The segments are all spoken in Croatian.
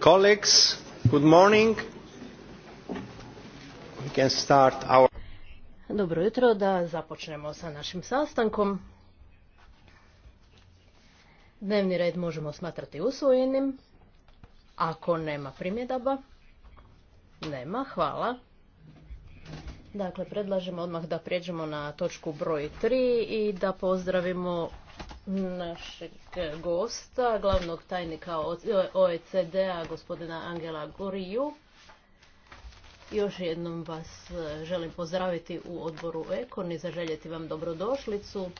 Colleagues, good morning. We can start our... Dobro jutro, da započnemo sa našim sastankom. Dnevni red možemo smatrati usvojenim. Ako nema primjedaba, nema, hvala. Dakle, predlažemo odmah da prijeđemo na točku broj 3 i da pozdravimo našeg gosta, glavnog tajnika OECD-a, gospodina Angela Goriju. Još jednom vas želim pozdraviti u odboru Ekon i zaželjeti vam dobrodošlicu.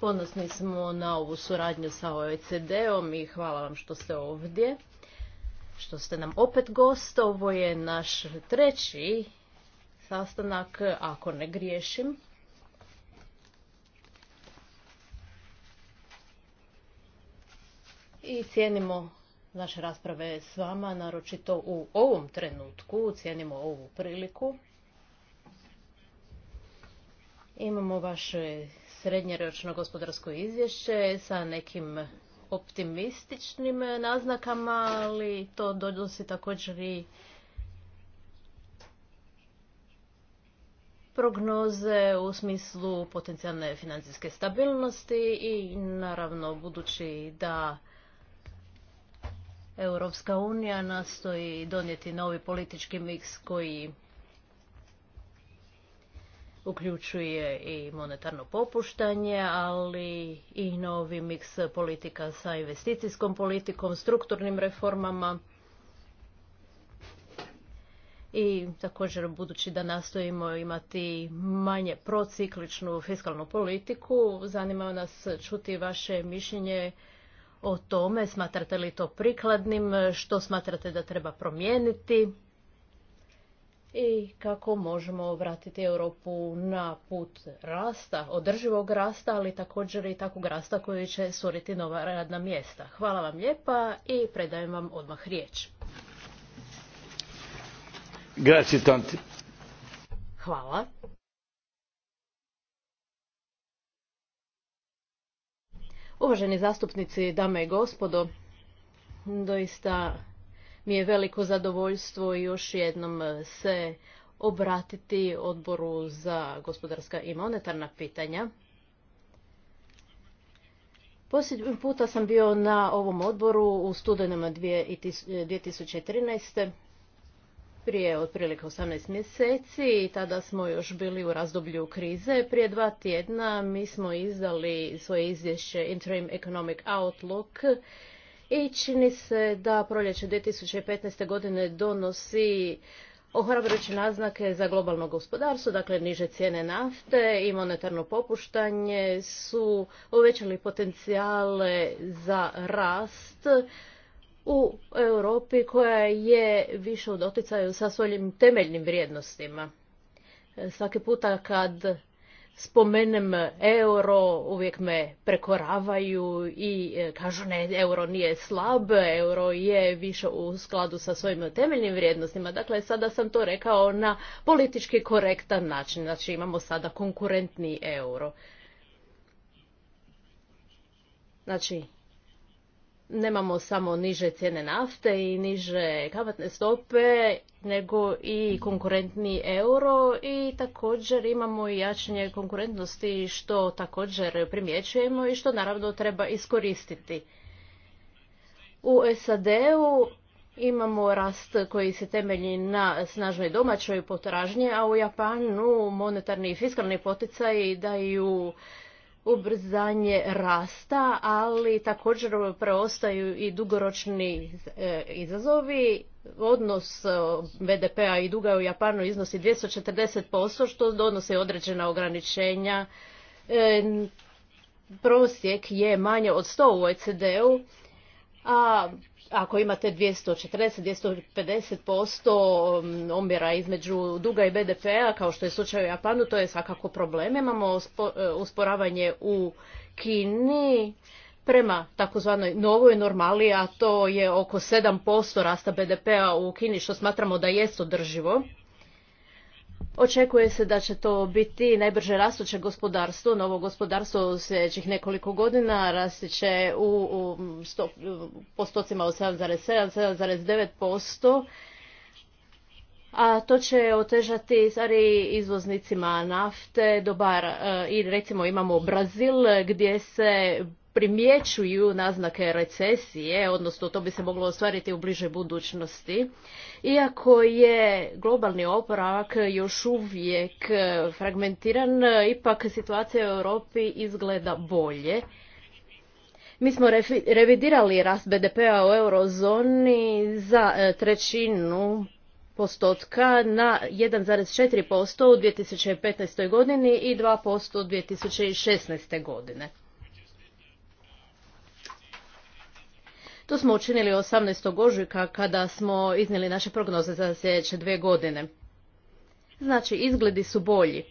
Ponosni smo na ovu suradnju sa OECD-om i hvala vam što ste ovdje, što ste nam opet gost. Ovo je naš treći sastanak, ako ne griješim. I cijenimo naše rasprave s vama, naročito u ovom trenutku, cijenimo ovu priliku. Imamo vaše srednjeročno gospodarsko izvješće sa nekim optimističnim naznakama, ali to se također i prognoze u smislu potencijalne financijske stabilnosti i naravno budući da Europska unija nastoji donijeti novi politički miks koji uključuje i monetarno popuštanje, ali i novi miks politika sa investicijskom politikom, strukturnim reformama i također budući da nastojimo imati manje procikličnu fiskalnu politiku, zanima nas čuti vaše mišljenje o tome, smatrate li to prikladnim, što smatrate da treba promijeniti i kako možemo vratiti Europu na put rasta, održivog rasta, ali također i takvog rasta koji će stvoriti nova radna mjesta. Hvala vam lijepa i predajem vam odmah riječ. Hvala. Uvaženi zastupnici, dame i gospodo, doista mi je veliko zadovoljstvo još jednom se obratiti odboru za gospodarska i monetarna pitanja. Posljednji puta sam bio na ovom odboru u studenama 2013 prije otprilike 18 mjeseci i tada smo još bili u razdoblju krize. Prije dva tjedna mi smo izdali svoje izvješće Interim Economic Outlook i čini se da proljeće 2015. godine donosi ohrabrujuće naznake za globalno gospodarstvo, dakle niže cijene nafte i monetarno popuštanje su uvećali potencijale za rast u Europi koja je više u doticaju sa svojim temeljnim vrijednostima. Svaki puta kad spomenem euro, uvijek me prekoravaju i e, kažu ne, euro nije slab, euro je više u skladu sa svojim temeljnim vrijednostima. Dakle, sada sam to rekao na politički korektan način, znači imamo sada konkurentni euro. Znači, nemamo samo niže cijene nafte i niže kamatne stope, nego i konkurentni euro i također imamo i jačanje konkurentnosti što također primjećujemo i što naravno treba iskoristiti. U SAD-u imamo rast koji se temelji na snažnoj domaćoj potražnji, a u Japanu monetarni i fiskalni poticaji daju ubrzanje rasta, ali također preostaju i dugoročni e, izazovi. Odnos BDP-a e, i duga u Japanu iznosi 240%, što donosi određena ograničenja. E, prosjek je manje od 100 u OECD-u, a ako imate 240-250% mm, omjera između duga i BDP-a, kao što je slučaj u Japanu, to je svakako problem. Imamo e, usporavanje u Kini prema takozvanoj novoj normali, a to je oko 7% rasta BDP-a u Kini, što smatramo da jest održivo. Očekuje se da će to biti najbrže rastuće gospodarstvo, novo gospodarstvo u sljedećih nekoliko godina rasti će u, postocima od 7,7, 7,9%, a to će otežati stvari izvoznicima nafte, dobar e, i recimo imamo Brazil gdje se primjećuju naznake recesije, odnosno to bi se moglo ostvariti u bližoj budućnosti. Iako je globalni oporavak još uvijek fragmentiran, ipak situacija u Europi izgleda bolje. Mi smo revidirali rast BDP-a u eurozoni za e, trećinu postotka na 1,4% u 2015. godini i 2% u 2016. godine. To smo učinili 18. ožujka kada smo iznijeli naše prognoze za sljedeće dvije godine. Znači, izgledi su bolji.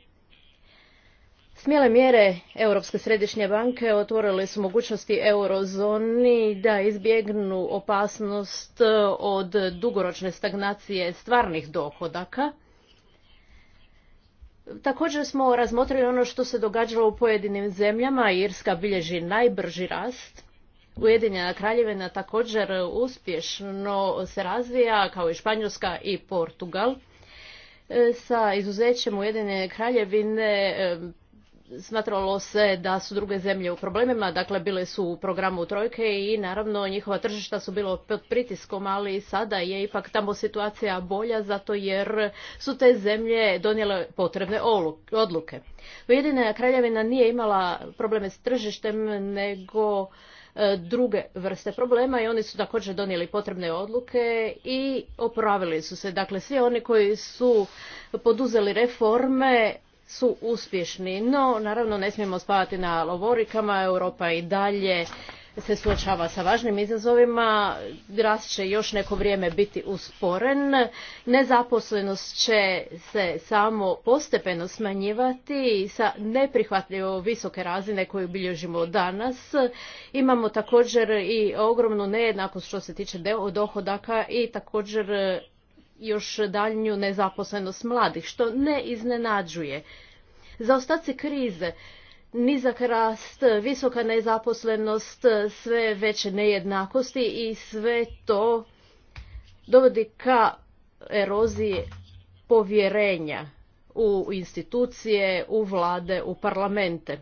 Smjele mjere Europske središnje banke otvorile su mogućnosti eurozoni da izbjegnu opasnost e, od dugoročne stagnacije stvarnih dohodaka. Također smo razmotrili ono što se događalo u pojedinim zemljama. Irska bilježi najbrži rast. Ujedinjena kraljevina također uspješno se razvija kao i Španjolska i Portugal. E, sa izuzećem Ujedinjene kraljevine e, smatralo se da su druge zemlje u problemima, dakle bile su u programu trojke i naravno njihova tržišta su bilo pod pritiskom, ali sada je ipak tamo situacija bolja zato jer su te zemlje donijele potrebne odluke. Ujedinjena kraljevina nije imala probleme s tržištem nego E, druge vrste problema i oni su također donijeli potrebne odluke i opravili su se. Dakle, svi oni koji su poduzeli reforme su uspješni, no naravno ne smijemo spavati na lovorikama, Europa i dalje se suočava sa važnim izazovima, rast će još neko vrijeme biti usporen, nezaposlenost će se samo postepeno smanjivati sa neprihvatljivo visoke razine koju bilježimo danas. Imamo također i ogromnu nejednakost što se tiče dohodaka i također e, još daljnju nezaposlenost mladih, što ne iznenađuje. Zaostaci krize nizak rast, visoka nezaposlenost, sve veće nejednakosti i sve to dovodi ka eroziji povjerenja u institucije, u vlade, u parlamente.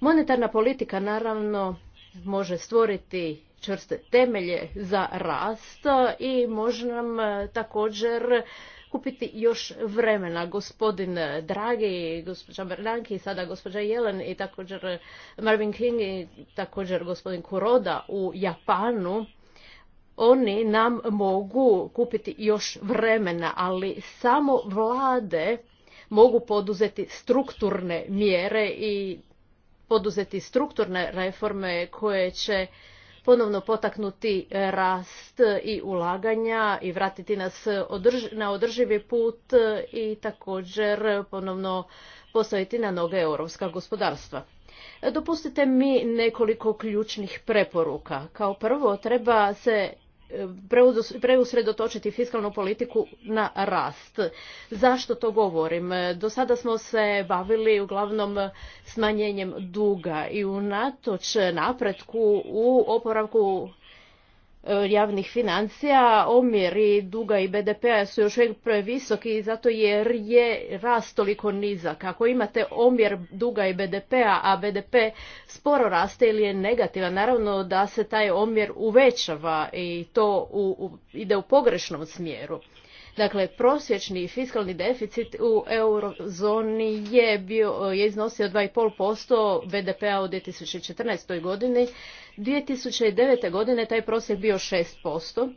Monetarna politika naravno može stvoriti čvrste temelje za rast i može nam eh, također kupiti još vremena. Gospodin Dragi, gospođa Bernanke i sada gospođa Jelen i također Marvin King i također gospodin Kuroda u Japanu oni nam mogu kupiti još vremena, ali samo vlade mogu poduzeti strukturne mjere i poduzeti strukturne reforme koje će ponovno potaknuti e, rast i ulaganja i vratiti nas na održivi put i također ponovno postaviti na noge europska gospodarstva. Dopustite mi nekoliko ključnih preporuka. Kao prvo treba se preusredotočiti fiskalnu politiku na rast. Zašto to govorim? Do sada smo se bavili uglavnom smanjenjem duga i unatoč napretku u oporavku E, javnih financija, omjeri duga i bdp p-a su još uvijek previsoki zato jer je rast toliko nizak. Ako imate omjer duga i BDP-a, a BDP sporo raste ili je negativan, naravno da se taj omjer uvećava i to u, ide u pogrešnom smjeru. Dakle, prosječni fiskalni deficit u eurozoni je, bio, je iznosio 2,5% BDP-a u 2014. godini. 2009. godine taj prosjek bio 6%.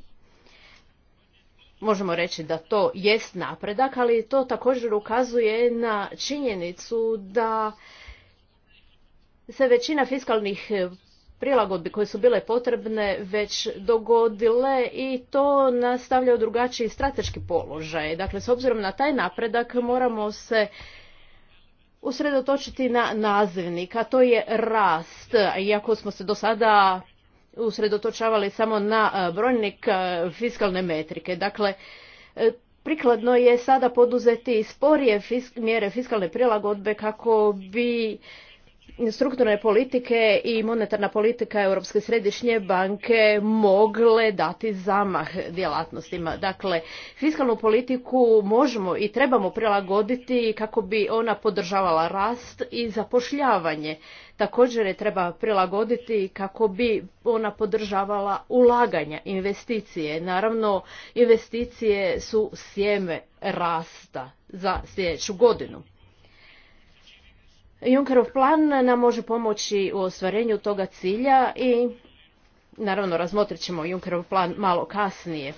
Možemo reći da to jest napredak, ali to također ukazuje na činjenicu da se većina fiskalnih prilagodbi koje su bile potrebne već dogodile i to nastavlja u drugačiji strateški položaj. Dakle, s obzirom na taj napredak moramo se usredotočiti na nazivnik, a to je rast. Iako smo se do sada usredotočavali samo na e, brojnik e, fiskalne metrike. Dakle, e, prikladno je sada poduzeti sporije mjere fiskalne prilagodbe kako bi strukturne politike i monetarna politika Europske središnje banke mogle dati zamah djelatnostima. Dakle, fiskalnu politiku možemo i trebamo prilagoditi kako bi ona podržavala rast i zapošljavanje. Također je treba prilagoditi kako bi ona podržavala ulaganja, investicije. Naravno, investicije su sjeme rasta za sljedeću godinu. Junckerov plan nam može pomoći u ostvarenju toga cilja i naravno razmotrit ćemo Junkerov plan malo kasnije.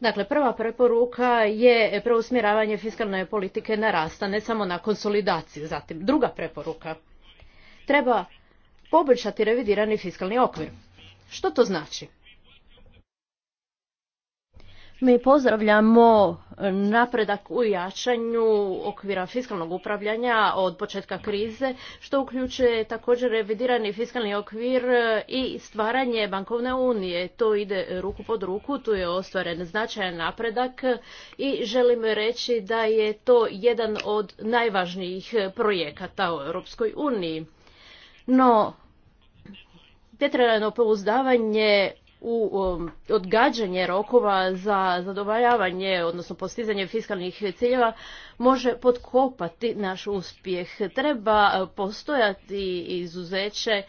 Dakle, prva preporuka je preusmjeravanje fiskalne politike na rasta, ne samo na konsolidaciju. Zatim, druga preporuka. Treba poboljšati revidirani fiskalni okvir. Što to znači? Mi pozdravljamo napredak u jačanju okvira fiskalnog upravljanja od početka krize, što uključuje također revidirani fiskalni okvir i stvaranje bankovne unije. To ide ruku pod ruku, tu je ostvaren značajan napredak i želim reći da je to jedan od najvažnijih projekata u Europskoj uniji. No, Pretjerano pouzdavanje u um, odgađanje rokova za zadovoljavanje, odnosno postizanje fiskalnih ciljeva, može potkopati naš uspjeh. Treba uh, postojati izuzeće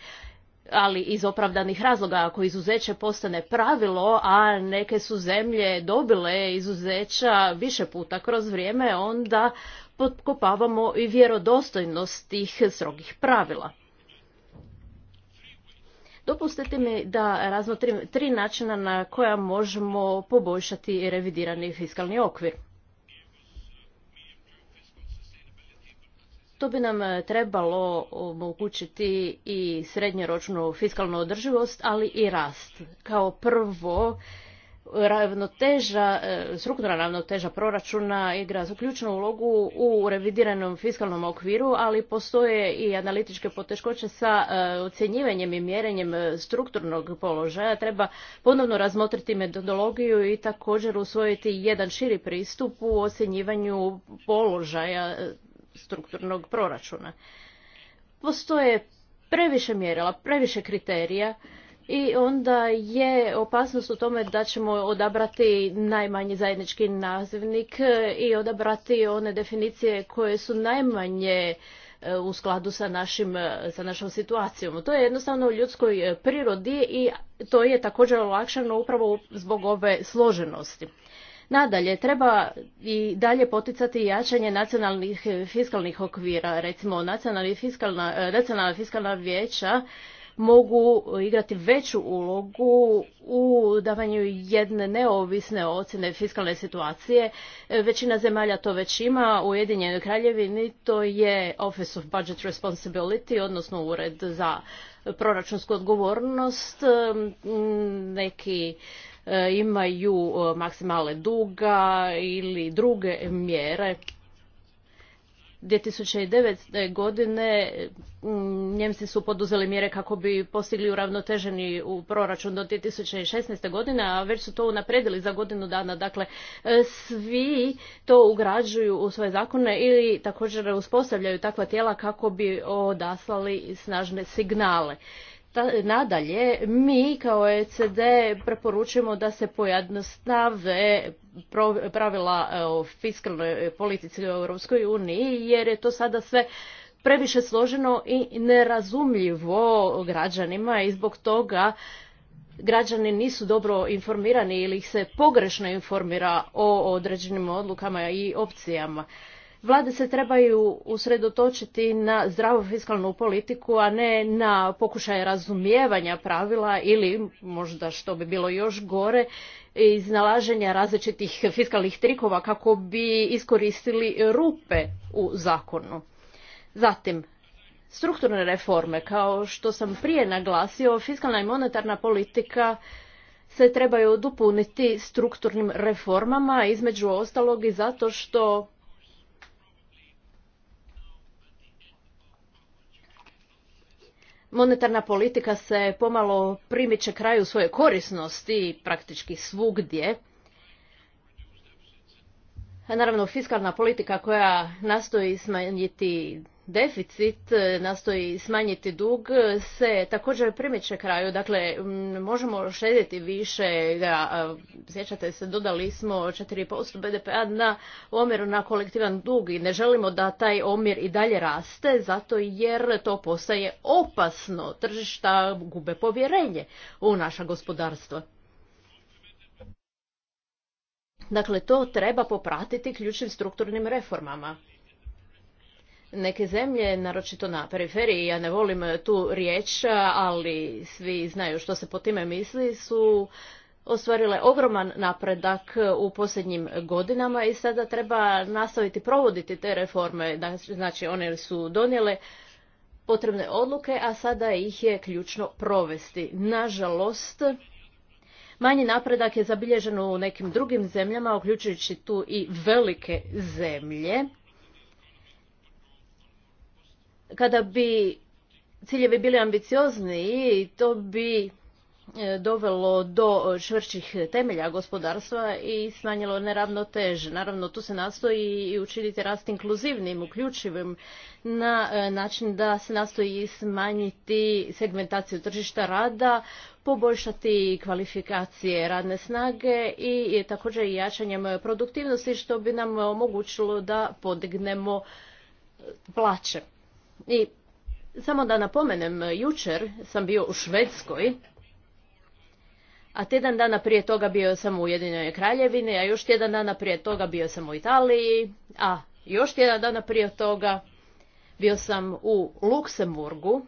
ali iz opravdanih razloga ako izuzeće postane pravilo, a neke su zemlje dobile izuzeća više puta kroz vrijeme, onda potkopavamo i vjerodostojnost tih strogih pravila. Dopustite mi da razmotrim tri načina na koja možemo poboljšati revidirani fiskalni okvir. To bi nam trebalo omogućiti i srednjoročnu fiskalnu održivost, ali i rast. Kao prvo, ravnoteža, e, strukturna ravnoteža proračuna igra ključnu ulogu u revidiranom fiskalnom okviru, ali postoje i analitičke poteškoće sa e, ocjenjivanjem i mjerenjem e, strukturnog položaja. Treba ponovno razmotriti metodologiju i također usvojiti jedan širi pristup u ocjenjivanju položaja strukturnog proračuna. Postoje previše mjerila, previše kriterija i onda je opasnost u tome da ćemo odabrati najmanji zajednički nazivnik e, i odabrati one definicije koje su najmanje e, u skladu sa, našim, e, sa našom situacijom. To je jednostavno u ljudskoj prirodi i to je također olakšano upravo zbog ove složenosti. Nadalje, treba i dalje poticati jačanje nacionalnih fiskalnih okvira, recimo nacionalna fiskalna, nacionalna fiskalna vijeća mogu igrati veću ulogu u davanju jedne neovisne ocjene fiskalne situacije. E, većina zemalja to već ima. U Ujedinjenoj kraljevini to je Office of Budget Responsibility, odnosno ured za proračunsku odgovornost. E, neki e, imaju maksimale duga ili druge mjere 2009. godine mm, Njemci su poduzeli mjere kako bi postigli uravnoteženi u proračun do 2016. godine, a već su to unapredili za godinu dana. Dakle, e, svi to ugrađuju u svoje zakone ili također uspostavljaju takva tijela kako bi odaslali snažne signale. Nadalje, mi kao ECD preporučujemo da se pojednostave pravila e, o fiskalnoj politici u Europskoj uniji jer je to sada sve previše složeno i nerazumljivo građanima i zbog toga građani nisu dobro informirani ili ih se pogrešno informira o određenim odlukama i opcijama. Vlade se trebaju usredotočiti na zdravu fiskalnu politiku, a ne na pokušaj razumijevanja pravila ili možda što bi bilo još gore, iznalaženja različitih fiskalnih trikova kako bi iskoristili rupe u zakonu. Zatim, strukturne reforme, kao što sam prije naglasio, fiskalna i monetarna politika se trebaju dopuniti strukturnim reformama, između ostalog i zato što monetarna politika se pomalo primiče kraju svoje korisnosti praktički svugdje. Naravno, fiskalna politika koja nastoji smanjiti deficit e, nastoji smanjiti dug e, se također primiče kraju. Dakle, možemo štedjeti više. Da, sjećate se, dodali smo 4% BDP-a na omjeru na kolektivan dug i ne želimo da taj omjer i dalje raste zato jer to postaje opasno. Tržišta gube povjerenje u naša gospodarstva. Dakle, to treba popratiti ključnim strukturnim reformama neke zemlje, naročito na periferiji, ja ne volim tu riječ, ali svi znaju što se po time misli, su ostvarile ogroman napredak u posljednjim godinama i sada treba nastaviti provoditi te reforme. Znači, one su donijele potrebne odluke, a sada ih je ključno provesti. Nažalost, manji napredak je zabilježen u nekim drugim zemljama, uključujući tu i velike zemlje kada bi ciljevi bili ambiciozniji, to bi e, dovelo do čvršćih temelja gospodarstva i smanjilo neravnoteže. Naravno, tu se nastoji i učiniti rast inkluzivnim, uključivim na e, način da se nastoji smanjiti segmentaciju tržišta rada, poboljšati kvalifikacije radne snage i također i jačanjem produktivnosti što bi nam omogućilo da podignemo plaće. I samo da napomenem, jučer sam bio u Švedskoj, a tjedan dana prije toga bio sam u Ujedinjenoj Kraljevini, a još tjedan dana prije toga bio sam u Italiji, a još tjedan dana prije toga bio sam u Luksemburgu.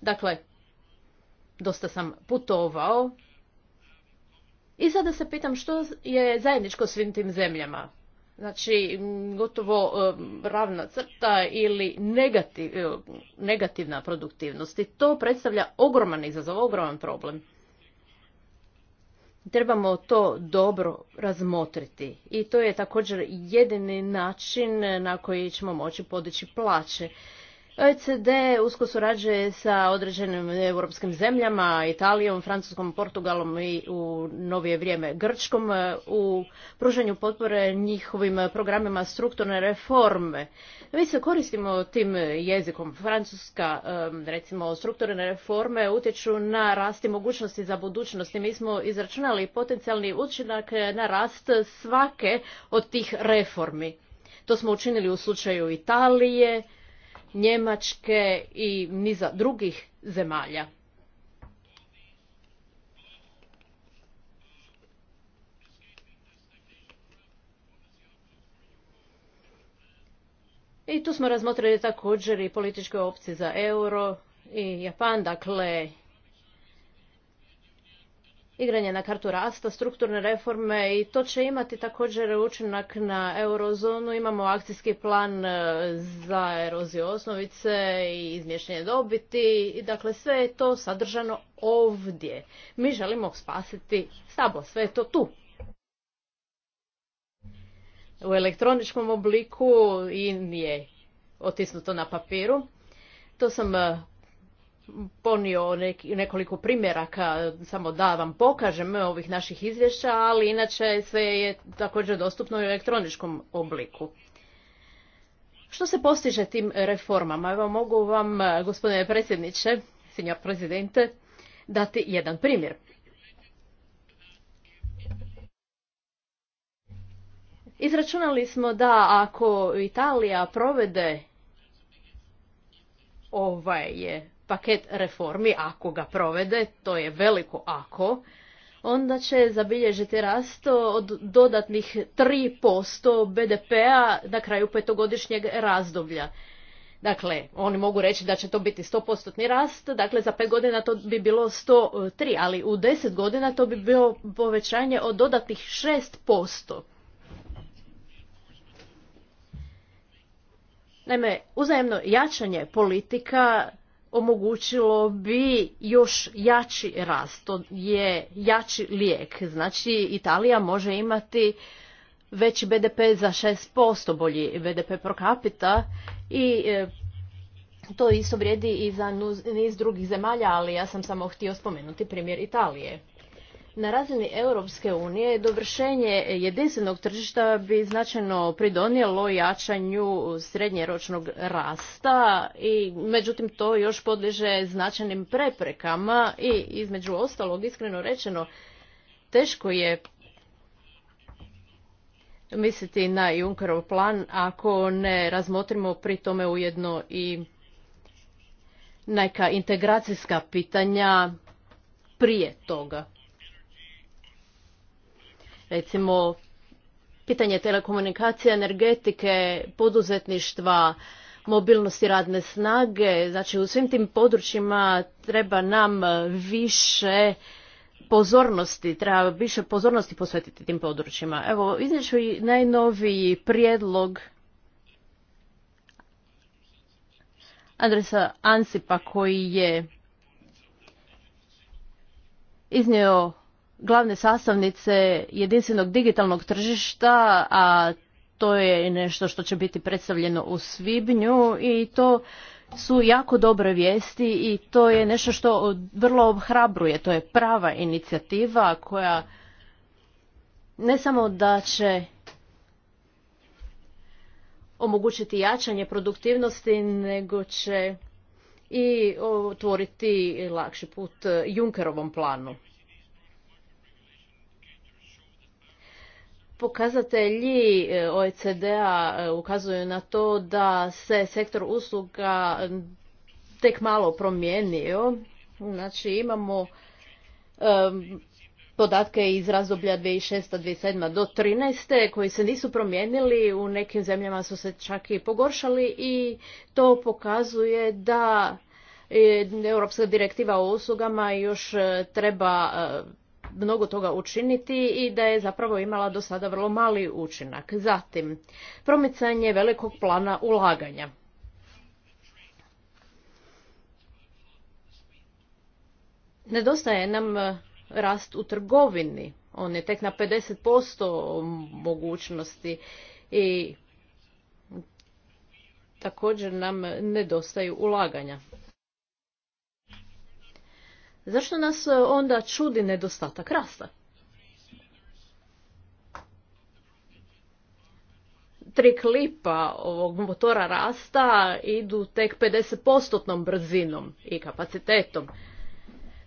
Dakle, dosta sam putovao. I sada se pitam što je zajedničko svim tim zemljama. Znači, gotovo ravna crta ili negativ, e, negativna produktivnost. I to predstavlja ogroman izazov, ogroman problem. Trebamo to dobro razmotriti i to je također jedini način na koji ćemo moći podići plaće. OECD usko surađuje sa određenim europskim zemljama, Italijom, Francuskom, Portugalom i u novije vrijeme Grčkom e, u pružanju potpore njihovim programima strukturne reforme. Mi se koristimo tim jezikom. Francuska, e, recimo, strukturne reforme utječu na rast i mogućnosti za budućnost i mi smo izračunali potencijalni učinak na rast svake od tih reformi. To smo učinili u slučaju Italije, Njemačke i niza drugih zemalja. I tu smo razmotrili također i političke opcije za euro i Japan, dakle igranje na kartu rasta, strukturne reforme i to će imati također učinak na eurozonu. Imamo akcijski plan e, za eroziju osnovice i izmješanje dobiti i dakle sve je to sadržano ovdje. Mi želimo spasiti sabo, sve je to tu u elektroničkom obliku i nije otisnuto na papiru. To sam e, ponio nekoliko primjeraka, samo da vam pokažem ovih naših izvješća, ali inače sve je također dostupno u elektroničkom obliku. Što se postiže tim reformama? Evo mogu vam, gospodine predsjedniče, senjor prezidente, dati jedan primjer. Izračunali smo da ako Italija provede ovaj paket reformi, ako ga provede, to je veliko ako, onda će zabilježiti rast od dodatnih 3% BDP-a na kraju petogodišnjeg razdoblja. Dakle, oni mogu reći da će to biti 100% rast, dakle za pet godina to bi bilo 103, ali u deset godina to bi bilo povećanje od dodatnih 6%. Naime, uzajemno jačanje politika omogućilo bi još jači rast. To je jači lijek. Znači Italija može imati veći BDP za 6%, bolji BDP pro capita i e, to isto vrijedi i za niz drugih zemalja, ali ja sam samo htio spomenuti primjer Italije. Na razini Europske unije dovršenje jedinstvenog tržišta bi značajno pridonijelo jačanju srednjeročnog rasta i međutim to još podliže značajnim preprekama i između ostalog iskreno rečeno teško je misliti na Junkerov plan ako ne razmotrimo pri tome ujedno i neka integracijska pitanja prije toga recimo pitanje telekomunikacije, energetike, poduzetništva, mobilnosti radne snage. Znači u svim tim područjima treba nam više pozornosti, treba više pozornosti posvetiti tim područjima. Evo, izneću i najnoviji prijedlog Andresa Ansipa koji je iznio glavne sastavnice jedinstvenog digitalnog tržišta, a to je nešto što će biti predstavljeno u svibnju i to su jako dobre vijesti i to je nešto što vrlo obhrabruje. To je prava inicijativa koja ne samo da će omogućiti jačanje produktivnosti, nego će i otvoriti lakši put Junkerovom planu. Pokazatelji e, OECD-a e, ukazuju na to da se sektor usluga tek malo promijenio. Znači imamo e, podatke iz razdoblja 2006. 2007. do 2013. koji se nisu promijenili, u nekim zemljama su se čak i pogoršali i to pokazuje da Europska direktiva o uslugama još treba mnogo toga učiniti i da je zapravo imala do sada vrlo mali učinak. Zatim, promicanje velikog plana ulaganja. Nedostaje nam e, rast u trgovini. On je tek na 50% mogućnosti i također nam nedostaju ulaganja zašto nas e, onda čudi nedostatak rasta? Tri klipa ovog motora rasta idu tek 50% brzinom i kapacitetom.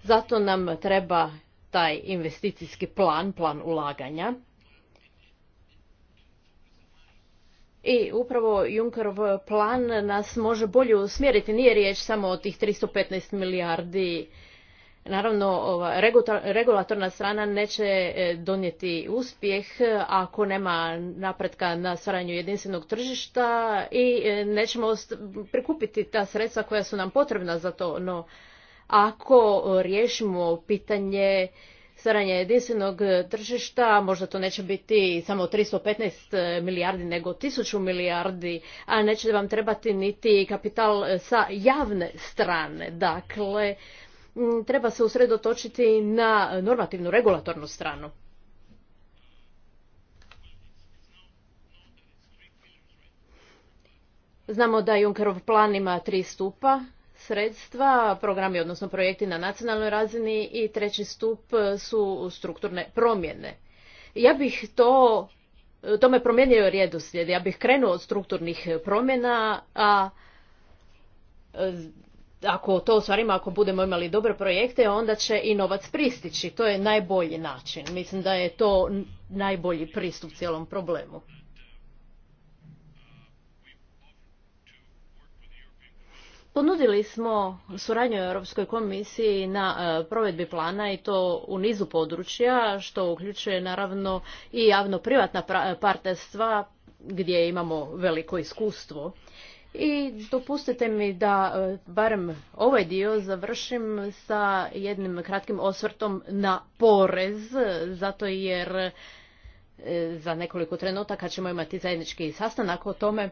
Zato nam treba taj investicijski plan, plan ulaganja. I upravo Junckerov plan nas može bolje usmjeriti. Nije riječ samo o tih 315 milijardi Naravno, regulatorna strana neće e, donijeti uspjeh e, ako nema napretka na stvaranju jedinstvenog tržišta i e, nećemo prikupiti ta sredstva koja su nam potrebna za to. No, ako riješimo pitanje stvaranja jedinstvenog tržišta, možda to neće biti samo 315 milijardi nego 1000 milijardi, a neće vam trebati niti kapital sa javne strane. Dakle, Mm, treba se usredotočiti na normativnu regulatornu stranu. Znamo da Junckerov plan ima tri stupa, sredstva, programi odnosno projekti na nacionalnoj razini i treći stup su strukturne promjene. Ja bih to, me promijenio redoslijed, ja bih krenuo od strukturnih promjena, a ako to ostvarimo, ako budemo imali dobre projekte, onda će i novac pristići. To je najbolji način. Mislim da je to najbolji pristup cijelom problemu. Ponudili smo suradnju Europskoj komisiji na e, provedbi plana i to u nizu područja, što uključuje naravno i javno-privatna partnerstva gdje imamo veliko iskustvo. I dopustite mi da e, barem ovaj dio završim sa jednim kratkim osvrtom na porez, zato jer e, za nekoliko trenutaka ćemo imati zajednički sastanak o tome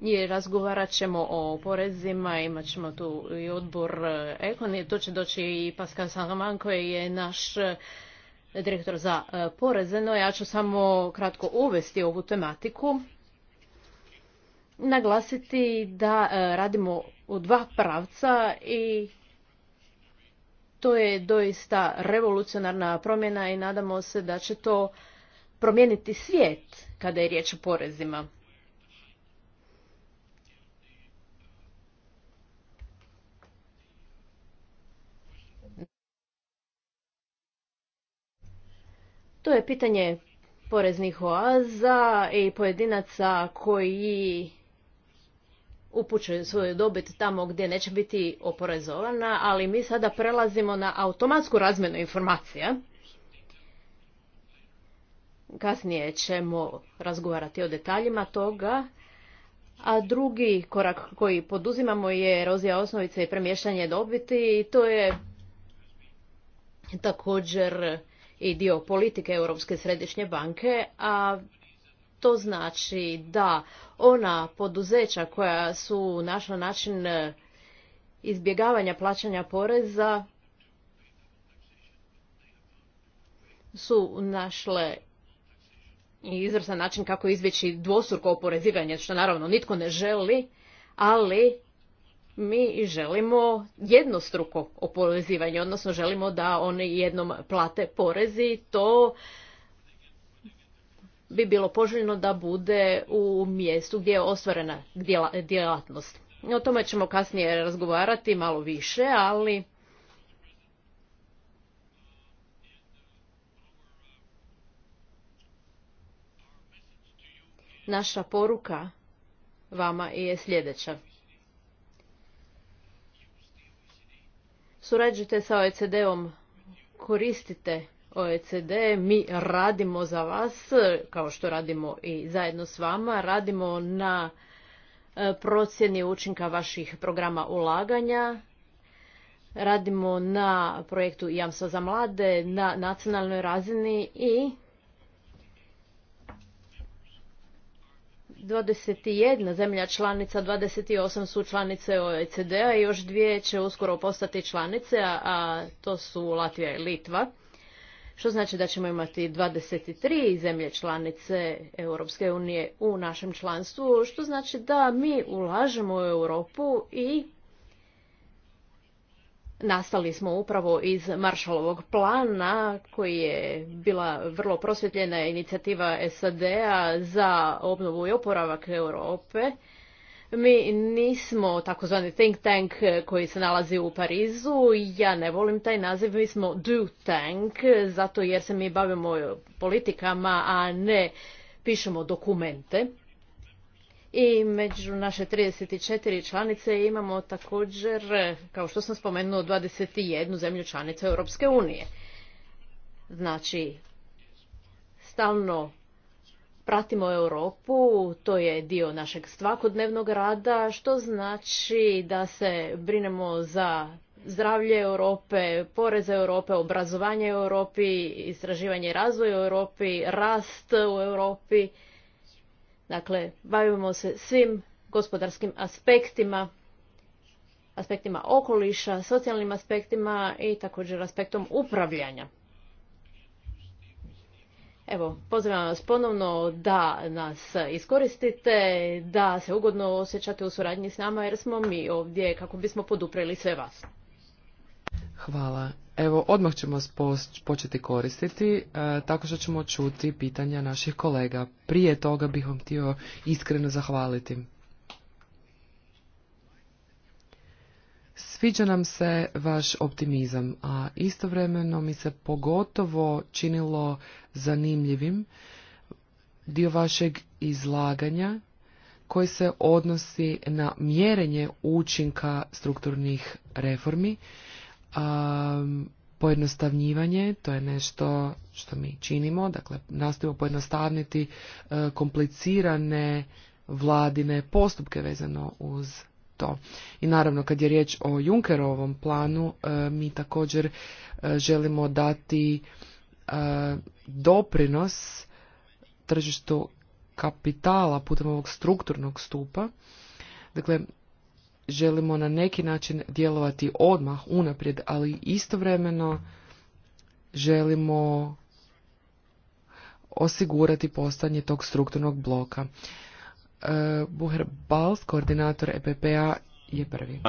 i razgovarat ćemo o porezima, imat ćemo tu i odbor e, Ekon, tu će doći i Pascal Salaman koji je naš direktor za poreze, no ja ću samo kratko uvesti ovu tematiku naglasiti da e, radimo u dva pravca i to je doista revolucionarna promjena i nadamo se da će to promijeniti svijet kada je riječ o porezima. To je pitanje poreznih oaza i pojedinaca koji upućuju svoju dobit tamo gdje neće biti oporezovana, ali mi sada prelazimo na automatsku razmjenu informacija. Kasnije ćemo razgovarati o detaljima toga. A drugi korak koji poduzimamo je erozija osnovice i premještanje dobiti i to je također i dio politike Europske središnje banke, a to znači da ona poduzeća koja su našla način e, izbjegavanja plaćanja poreza su našle i izvrstan način kako izbjeći dvostruko oporezivanje, što naravno nitko ne želi, ali mi želimo jednostruko oporezivanje, odnosno želimo da oni jednom plate porezi, to bi bilo poželjno da bude u mjestu gdje je ostvarena djelatnost. O tome ćemo kasnije razgovarati malo više, ali naša poruka vama je sljedeća. Surađujte sa OECD-om, koristite OECD, mi radimo za vas, kao što radimo i zajedno s vama, radimo na e, procjeni učinka vaših programa ulaganja, radimo na projektu Jamstva za mlade na nacionalnoj razini i 21 zemlja članica, 28 su članice OECD-a i još dvije će uskoro postati članice, a to su Latvija i Litva što znači da ćemo imati 23 zemlje članice Europske unije u našem članstvu, što znači da mi ulažemo u Europu i nastali smo upravo iz Maršalovog plana koji je bila vrlo prosvjetljena inicijativa SAD-a za obnovu i oporavak Europe mi nismo takozvani think tank eh, koji se nalazi u Parizu. Ja ne volim taj naziv, mi smo do tank, eh, zato jer se mi bavimo eh, politikama, a ne pišemo dokumente. I među naše 34 članice imamo također, kao što sam spomenuo, 21 zemlju članice Europske unije. Znači, stalno pratimo Europu, to je dio našeg svakodnevnog rada, što znači da se brinemo za zdravlje Europe, poreze Europe, obrazovanje Europi, istraživanje i razvoj Europi, rast u Europi. Dakle, bavimo se svim gospodarskim aspektima, aspektima okoliša, socijalnim aspektima i također aspektom upravljanja. Evo, pozivam vas ponovno da nas iskoristite, da se ugodno osjećate u suradnji s nama jer smo mi ovdje kako bismo podupreli sve vas. Hvala. Evo, odmah ćemo početi koristiti e, tako što ćemo čuti pitanja naših kolega. Prije toga bih vam htio iskreno zahvaliti. Sviđa nam se vaš optimizam, a istovremeno mi se pogotovo činilo zanimljivim dio vašeg izlaganja koji se odnosi na mjerenje učinka strukturnih reformi. Um, pojednostavnjivanje, to je nešto što mi činimo, dakle nastojimo pojednostavniti e, komplicirane vladine postupke vezano uz to. I naravno kad je riječ o Junkerovom planu e, mi također e, želimo dati e, doprinos tržištu kapitala putem ovog strukturnog stupa. Dakle, želimo na neki način djelovati odmah, unaprijed, ali istovremeno želimo osigurati postanje tog strukturnog bloka. Eh, Buher Bals, koordinator EPP-a, je prvi.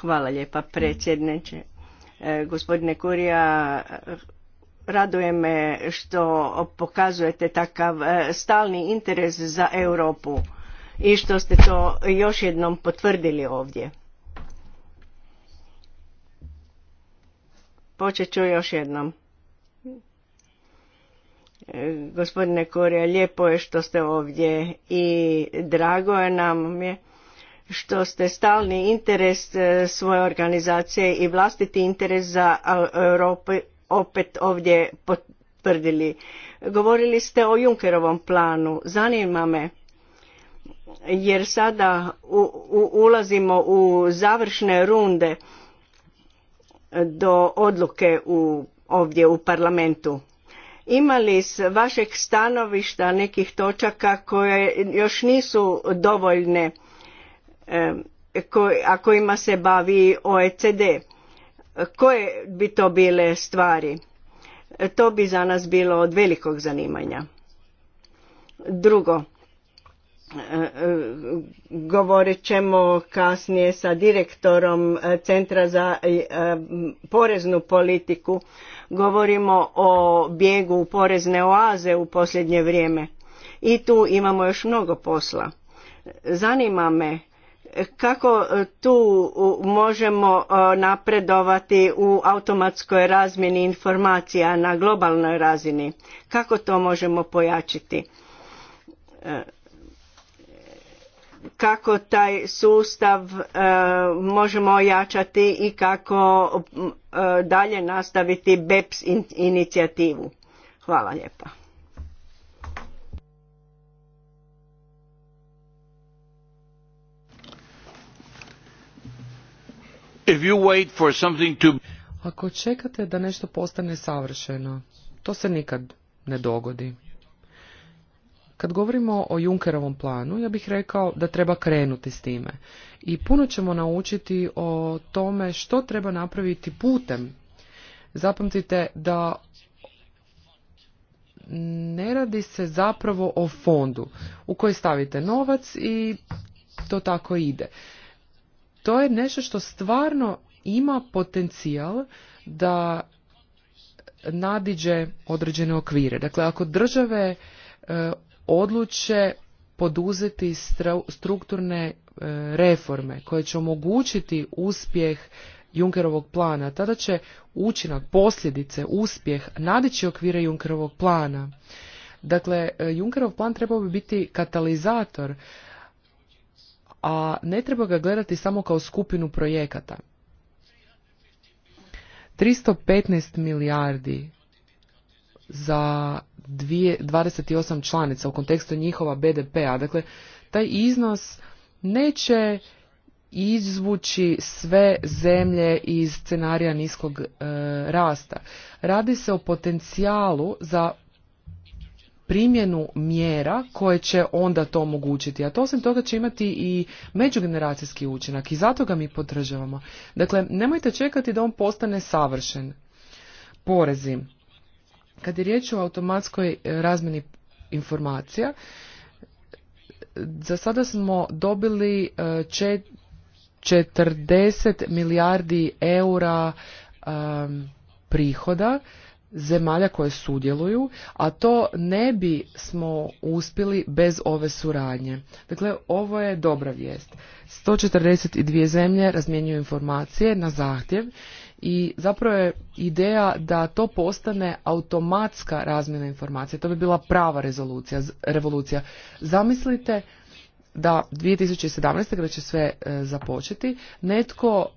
Hvala lijepa predsjedniče. Eh, gospodine Kurija, raduje me što pokazujete takav eh, stalni interes za Europu i što ste to još jednom potvrdili ovdje. Počet ću još jednom. Gospodine Korija, lijepo je što ste ovdje i drago je nam je što ste stalni interes e, svoje organizacije i vlastiti interes za Europu opet ovdje potvrdili. Govorili ste o Junkerovom planu. Zanima me jer sada ulazimo u završne runde do odluke u, ovdje u parlamentu. Ima li s vašeg stanovišta nekih točaka koje još nisu dovoljne, a kojima se bavi OECD? Koje bi to bile stvari? To bi za nas bilo od velikog zanimanja. Drugo, govorit ćemo kasnije sa direktorom e, Centra za e, poreznu politiku. Govorimo o bijegu u porezne oaze u posljednje vrijeme. I tu imamo još mnogo posla. Zanima me kako tu možemo e, napredovati u automatskoj razmjeni informacija na globalnoj razini. Kako to možemo pojačiti? kako taj sustav e, možemo ojačati i kako e, dalje nastaviti BEPS inicijativu. Hvala lijepa. something Ako čekate da nešto postane savršeno, to se nikad ne dogodi. Kad govorimo o Junkerovom planu, ja bih rekao da treba krenuti s time. I puno ćemo naučiti o tome što treba napraviti putem. Zapamtite da ne radi se zapravo o fondu u koji stavite novac i to tako ide. To je nešto što stvarno ima potencijal da nadiđe određene okvire. Dakle, ako države e, odluče poduzeti strukturne e, reforme koje će omogućiti uspjeh Junkerovog plana, tada će učinak, posljedice, uspjeh nadići okvire Junkerovog plana. Dakle, e, Junkerov plan trebao bi biti katalizator, a ne treba ga gledati samo kao skupinu projekata. 315 milijardi za 28 članica u kontekstu njihova BDP-a. Dakle, taj iznos neće izvući sve zemlje iz scenarija niskog e, rasta. Radi se o potencijalu za primjenu mjera koje će onda to omogućiti. A to osim toga će imati i međugeneracijski učinak i zato ga mi podržavamo. Dakle, nemojte čekati da on postane savršen. Porezi kad je riječ o automatskoj e, razmeni informacija, za sada smo dobili 40 e, milijardi eura prihoda zemalja koje sudjeluju, a to ne bi smo uspjeli bez ove suradnje. Dakle, ovo je dobra vijest. 142 zemlje razmjenjuju informacije na zahtjev i zapravo je ideja da to postane automatska razmjena informacija. To bi bila prava rezolucija, revolucija. Zamislite da 2017. kada će sve e, započeti, netko e,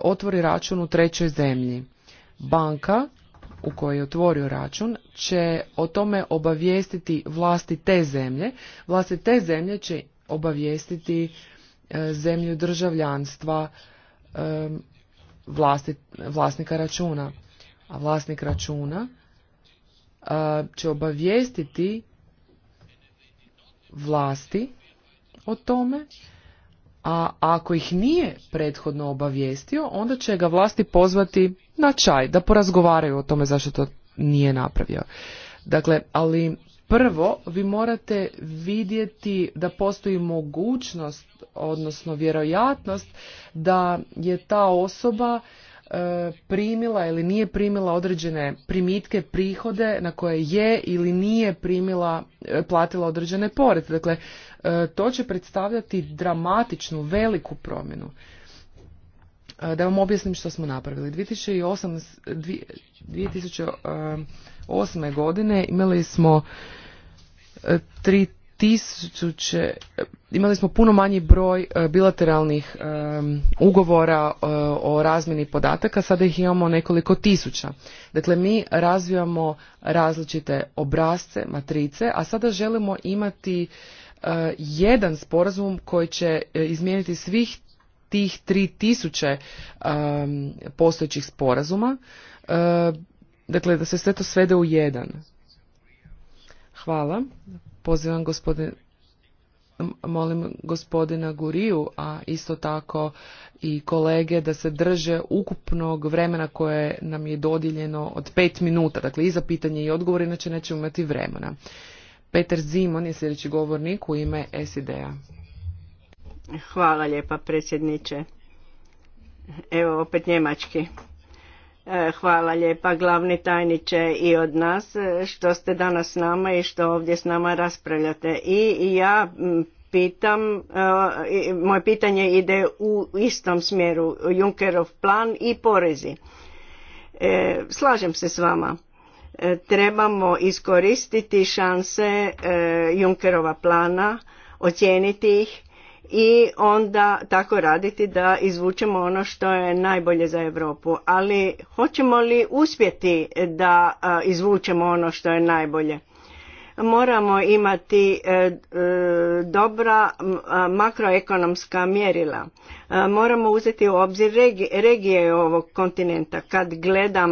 otvori račun u trećoj zemlji. Banka u kojoj je otvorio račun će o tome obavijestiti vlasti te zemlje. Vlasti te zemlje će obavijestiti e, zemlju državljanstva vlasnika računa. A vlasnik računa e, će obavijestiti vlasti o tome, a ako ih nije prethodno obavijestio, onda će ga vlasti pozvati na čaj, da porazgovaraju o tome zašto to nije napravio. Dakle, ali Prvo, vi morate vidjeti da postoji mogućnost, odnosno vjerojatnost da je ta osoba e, primila ili nije primila određene primitke, prihode na koje je ili nije primila, e, platila određene poreze. Dakle, e, to će predstavljati dramatičnu, veliku promjenu. Da vam objasnim što smo napravili. 2008, 2008. godine imali smo 3000, imali smo puno manji broj e, bilateralnih e, ugovora e, o razmjeni podataka, sada ih imamo nekoliko tisuća. Dakle, mi razvijamo različite obrazce, matrice, a sada želimo imati jedan sporazum koji će izmijeniti svih tih 3000 tisuće postojećih sporazuma, dakle da se sve to svede u jedan. Hvala. Pozivam gospodin, molim gospodina Guriju, a isto tako i kolege da se drže ukupnog vremena koje nam je dodijeljeno od pet minuta, dakle i za pitanje i odgovor, inače nećemo imati vremena. Peter Zimon je sljedeći govornik u ime SID-a. Hvala lijepa predsjedniče. Evo opet njemački. E, hvala lijepa glavni tajniče i od nas e, što ste danas s nama i što ovdje s nama raspravljate. I ja pitam, e, moje pitanje ide u istom smjeru, Junkerov plan i porezi. Slažem se s vama. Trebamo iskoristiti šanse Junkerova plana, ocijeniti ih i onda tako raditi da izvučemo ono što je najbolje za Europu. Ali hoćemo li uspjeti da izvučemo ono što je najbolje? Moramo imati e, e, dobra makroekonomska mjerila. Moramo uzeti u obzir regije ovog kontinenta. Kad gledam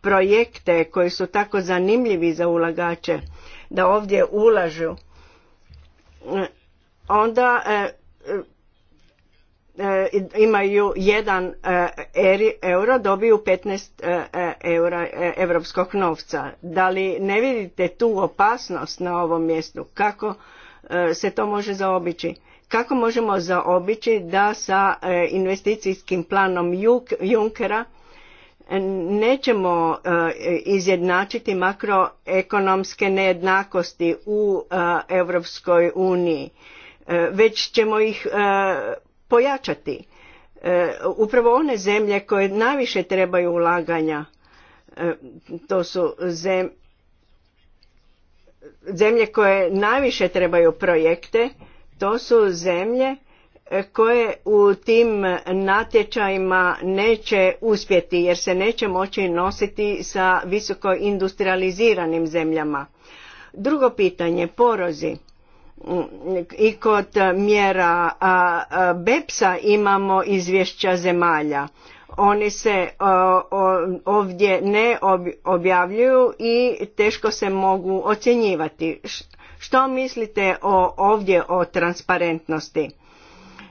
projekte koji su tako zanimljivi za ulagače da ovdje ulažu, e, onda E, imaju jedan e, euro, dobiju 15 e, eura evropskog novca. Da li ne vidite tu opasnost na ovom mjestu? Kako se to može zaobići? Kako možemo zaobići da sa investicijskim planom Junkera nećemo izjednačiti makroekonomske nejednakosti u Europskoj uniji? E, već ćemo ih e, pojačati. E, upravo one zemlje koje najviše trebaju ulaganja, to su zemlje koje najviše trebaju projekte, to su zemlje koje u tim natječajima neće uspjeti jer se neće moći nositi sa visoko industrializiranim zemljama. Drugo pitanje, porozi i kod e, mjera BEPS-a imamo izvješća zemalja. Oni se ovdje ne objavljuju i teško se mogu ocjenjivati. Što mislite o, ovdje o transparentnosti?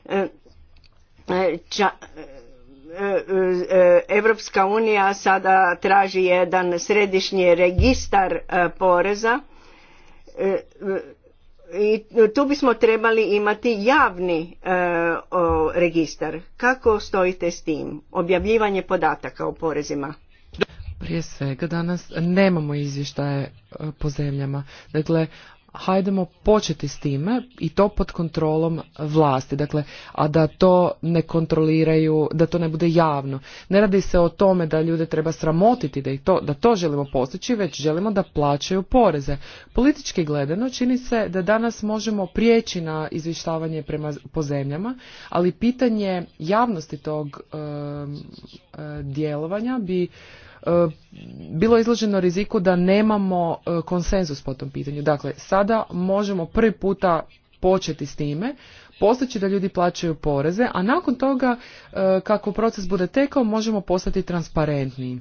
E, e, ča, Evropska unija sada traži jedan središnji registar poreza i tu bismo trebali imati javni e, o, registar. Kako stojite s tim? Objavljivanje podataka o porezima. Prije svega danas nemamo izvještaje e, po zemljama. Dakle, hajdemo početi s time i to pod kontrolom vlasti, dakle, a da to ne kontroliraju, da to ne bude javno. Ne radi se o tome da ljude treba sramotiti, da, i to, da to želimo postići, već želimo da plaćaju poreze. Politički gledano čini se da danas možemo prijeći na izvištavanje prema, po zemljama, ali pitanje javnosti tog djelovanja bi E, bilo izloženo riziku da nemamo e, konsenzus po tom pitanju. Dakle, sada možemo prvi puta početi s time, postići da ljudi plaćaju poreze, a nakon toga e, kako proces bude tekao možemo postati transparentniji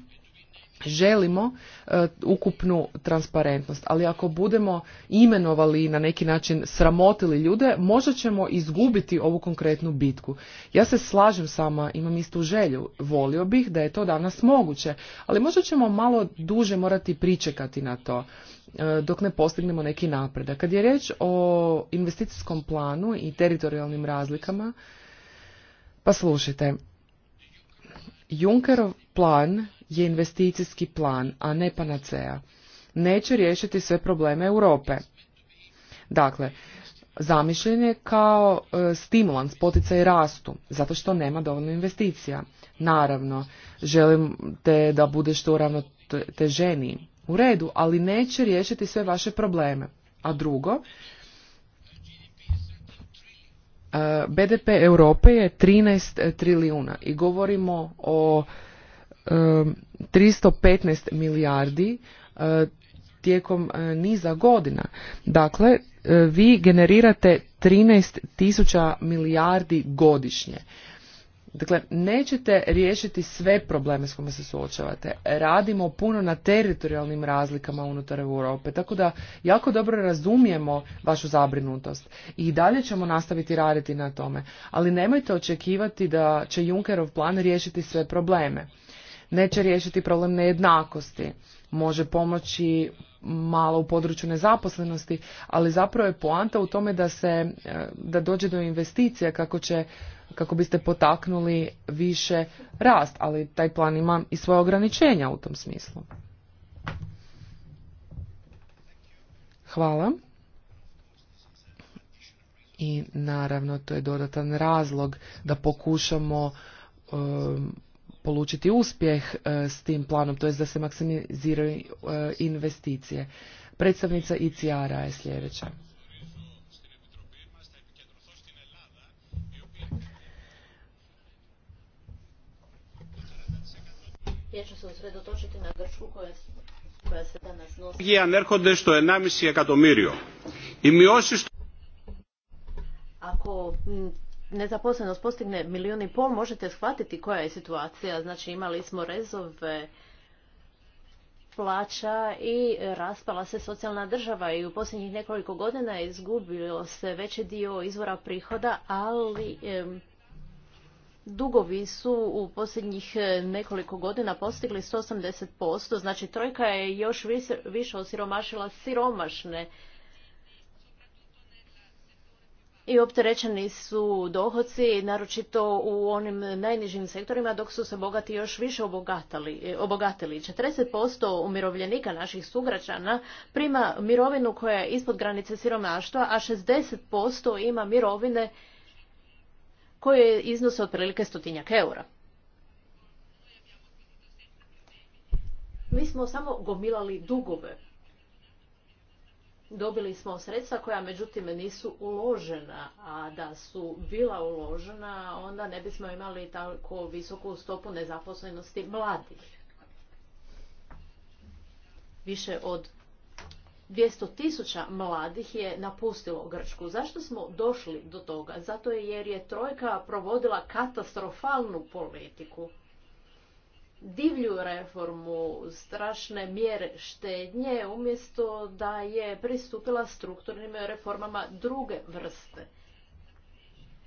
želimo e, ukupnu transparentnost ali ako budemo imenovali na neki način sramotili ljude možda ćemo izgubiti ovu konkretnu bitku ja se slažem sama imam istu želju volio bih da je to danas moguće ali možda ćemo malo duže morati pričekati na to e, dok ne postignemo neki napredak kad je riječ o investicijskom planu i teritorijalnim razlikama pa slušajte Junkerov plan je investicijski plan, a ne panacea. Neće riješiti sve probleme Europe. Dakle, zamišljen je kao e, stimulans, poticaj rastu, zato što nema dovoljno investicija. Naravno, želim te da budeš što uravnoteženiji. U redu, ali neće riješiti sve vaše probleme. A drugo, e, BDP Europe je 13 trilijuna i govorimo o 315 milijardi eh, tijekom eh, niza godina. Dakle, eh, vi generirate 13 tisuća milijardi godišnje. Dakle, nećete riješiti sve probleme s kojima se suočavate. Radimo puno na teritorijalnim razlikama unutar Europe, tako da jako dobro razumijemo vašu zabrinutost i dalje ćemo nastaviti raditi na tome. Ali nemojte očekivati da će Junckerov plan riješiti sve probleme neće riješiti problem nejednakosti, može pomoći malo u području nezaposlenosti, ali zapravo je poanta u tome da se, e, da dođe do investicija kako će, kako biste potaknuli više rast, ali taj plan ima i svoje ograničenja u tom smislu. Hvala. I naravno to je dodatan razlog da pokušamo e, polučiti uspjeh e, s tim planom, to je da se maksimiziraju e, investicije. Predstavnica ICR-a je sljedeća. Ja ću se usredotočiti na Grčku koja, koja se danas nosi. je έρχονται στο 1,5 εκατομμύριο. Οι μειώσει. Ako nezaposlenost postigne milijun i pol, možete shvatiti koja je situacija. Znači imali smo rezove plaća i raspala se socijalna država i u posljednjih nekoliko godina izgubilo se veći dio izvora prihoda, ali dugovi su u posljednjih e, nekoliko godina postigli 180%, znači trojka je još više osiromašila siromašne i opterećeni su dohoci, naročito u onim najnižim sektorima, dok su se bogati još više e, obogatili. 40% umirovljenika naših sugrađana prima mirovinu koja je ispod granice siromaštva, a 60% ima mirovine koje iznose otprilike stotinjak eura. Mi smo samo gomilali dugove dobili smo sredstva koja međutim nisu uložena, a da su bila uložena onda ne bismo imali tako visoku stopu nezaposlenosti mladih. Više od 200 tisuća mladih je napustilo Grčku. Zašto smo došli do toga? Zato jer je Trojka provodila katastrofalnu politiku divlju reformu, strašne mjere štednje, umjesto da je pristupila strukturnim reformama druge vrste.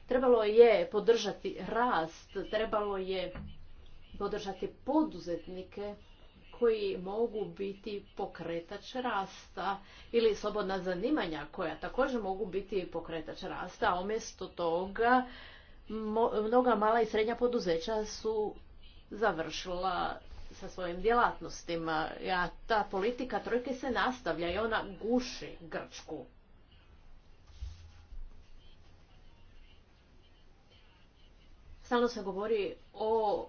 Trebalo je podržati rast, trebalo je podržati poduzetnike koji mogu biti pokretač rasta ili slobodna zanimanja koja također mogu biti pokretač rasta, a umjesto toga mnoga mala i srednja poduzeća su završila sa svojim djelatnostima. Ja, ta politika trojke se nastavlja i ona guši Grčku. Stalno se govori o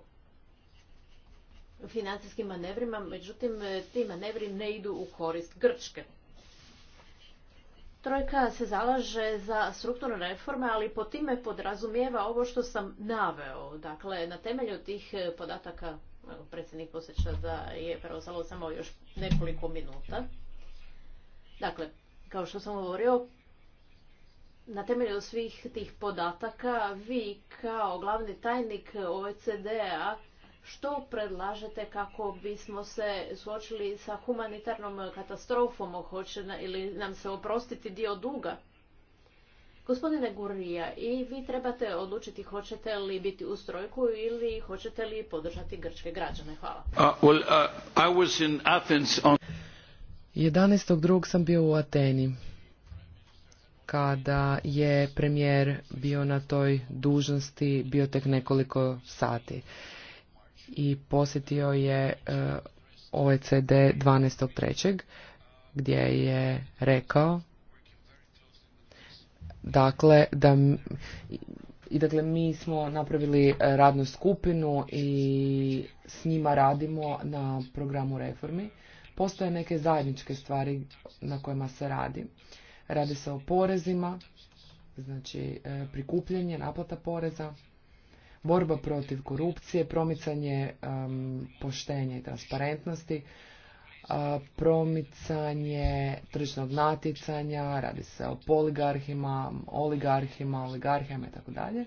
financijskim manevrima, međutim ti manevri ne idu u korist Grčke. Trojka se zalaže za strukturne reforme, ali po time podrazumijeva ovo što sam naveo. Dakle, na temelju tih e, podataka, e, predsjednik posjeća da je preostalo samo još nekoliko minuta. Dakle, kao što sam govorio, na temelju svih tih podataka vi kao glavni tajnik OECD-a što predlažete kako bismo se suočili sa humanitarnom katastrofom? Hoće ili nam se oprostiti dio duga? Gospodine Gurija, i vi trebate odlučiti hoćete li biti u strojku ili hoćete li podržati grčke građane. Hvala. Uh, uh sam bio u Ateni kada je premijer bio na toj dužnosti bio tek nekoliko sati i posjetio je e, OECD 12.3. gdje je rekao dakle da i dakle mi smo napravili e, radnu skupinu i s njima radimo na programu reformi. Postoje neke zajedničke stvari na kojima se radi. Radi se o porezima, znači e, prikupljanje, naplata poreza, borba protiv korupcije, promicanje poštenja i transparentnosti, promicanje tržnog natjecanja, radi se o poligarhima, oligarhima, oligarhijama i tako dalje,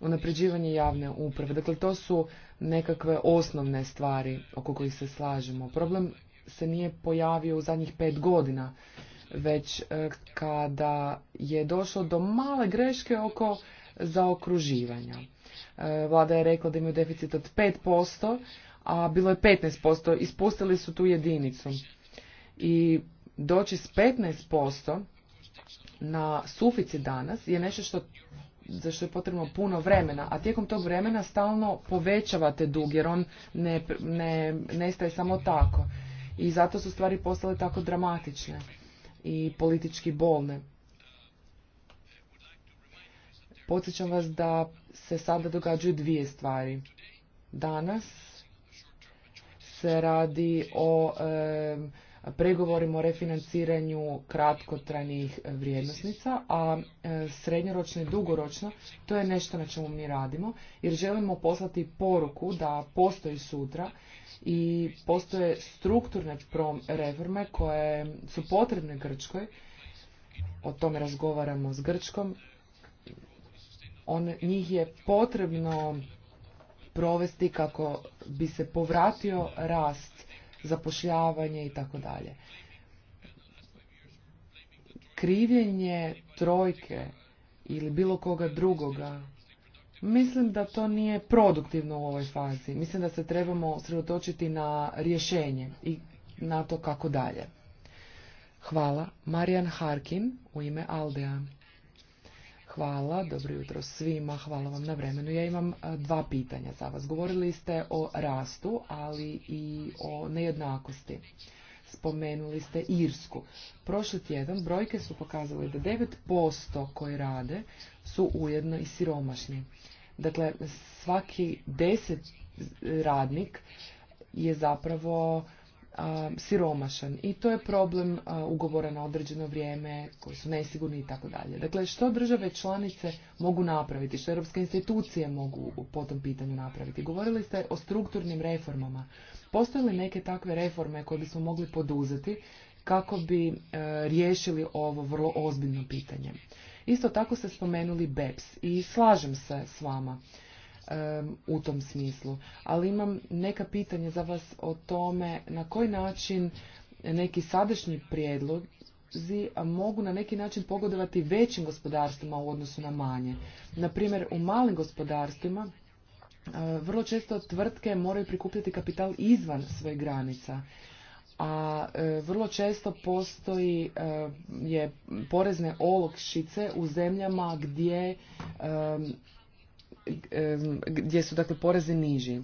unapređivanje javne uprave. Dakle, to su nekakve osnovne stvari oko kojih se slažemo. Problem se nije pojavio u zadnjih pet godina, već e, kada je došlo do male greške oko zaokruživanja. E, vlada je rekla da imaju deficit od 5%, a bilo je 15%. Ispustili su tu jedinicu. I doći s 15% na suficit danas je nešto što za što je potrebno puno vremena, a tijekom tog vremena stalno povećavate dug, jer on ne, ne, nestaje samo tako. I zato su stvari postale tako dramatične i politički bolne. Podsjećam vas da se sada događaju dvije stvari. Danas se radi o pregovorima o refinanciranju kratkotrajnih vrijednosnica, a srednjoročno i dugoročno to je nešto na čemu mi radimo, jer želimo poslati poruku da postoji sutra i postoje strukturne reforme koje su potrebne Grčkoj, o tome razgovaramo s Grčkom, on, njih je potrebno provesti kako bi se povratio rast, zapošljavanje i tako dalje. Krivljenje trojke ili bilo koga drugoga, mislim da to nije produktivno u ovoj fazi. Mislim da se trebamo sredotočiti na rješenje i na to kako dalje. Hvala. Marijan Harkin u ime Aldea. Hvala, dobro jutro svima, hvala vam na vremenu. Ja imam e, dva pitanja za vas. Govorili ste o rastu, ali i o nejednakosti. Spomenuli ste Irsku. Prošli tjedan brojke su pokazale da 9% koji rade su ujedno i siromašni. Dakle, svaki deset radnik je zapravo siromašan i to je problem ugovora na određeno vrijeme koji su nesigurni i tako dalje. Dakle, što države članice mogu napraviti, što europske institucije mogu po tom pitanju napraviti? Govorili ste o strukturnim reformama. Postoje li neke takve reforme koje bismo mogli poduzeti kako bi e, riješili ovo vrlo ozbiljno pitanje? Isto tako ste spomenuli BEPS i slažem se s vama u tom smislu. Ali imam neka pitanja za vas o tome na koji način neki sadašnji prijedlozi mogu na neki način pogodovati većim gospodarstvima u odnosu na manje. Na primjer, u malim gospodarstvima vrlo često tvrtke moraju prikupljati kapital izvan svojih granica a e, vrlo često postoji e, je porezne olakšice u zemljama gdje gdje su dakle porezi niži.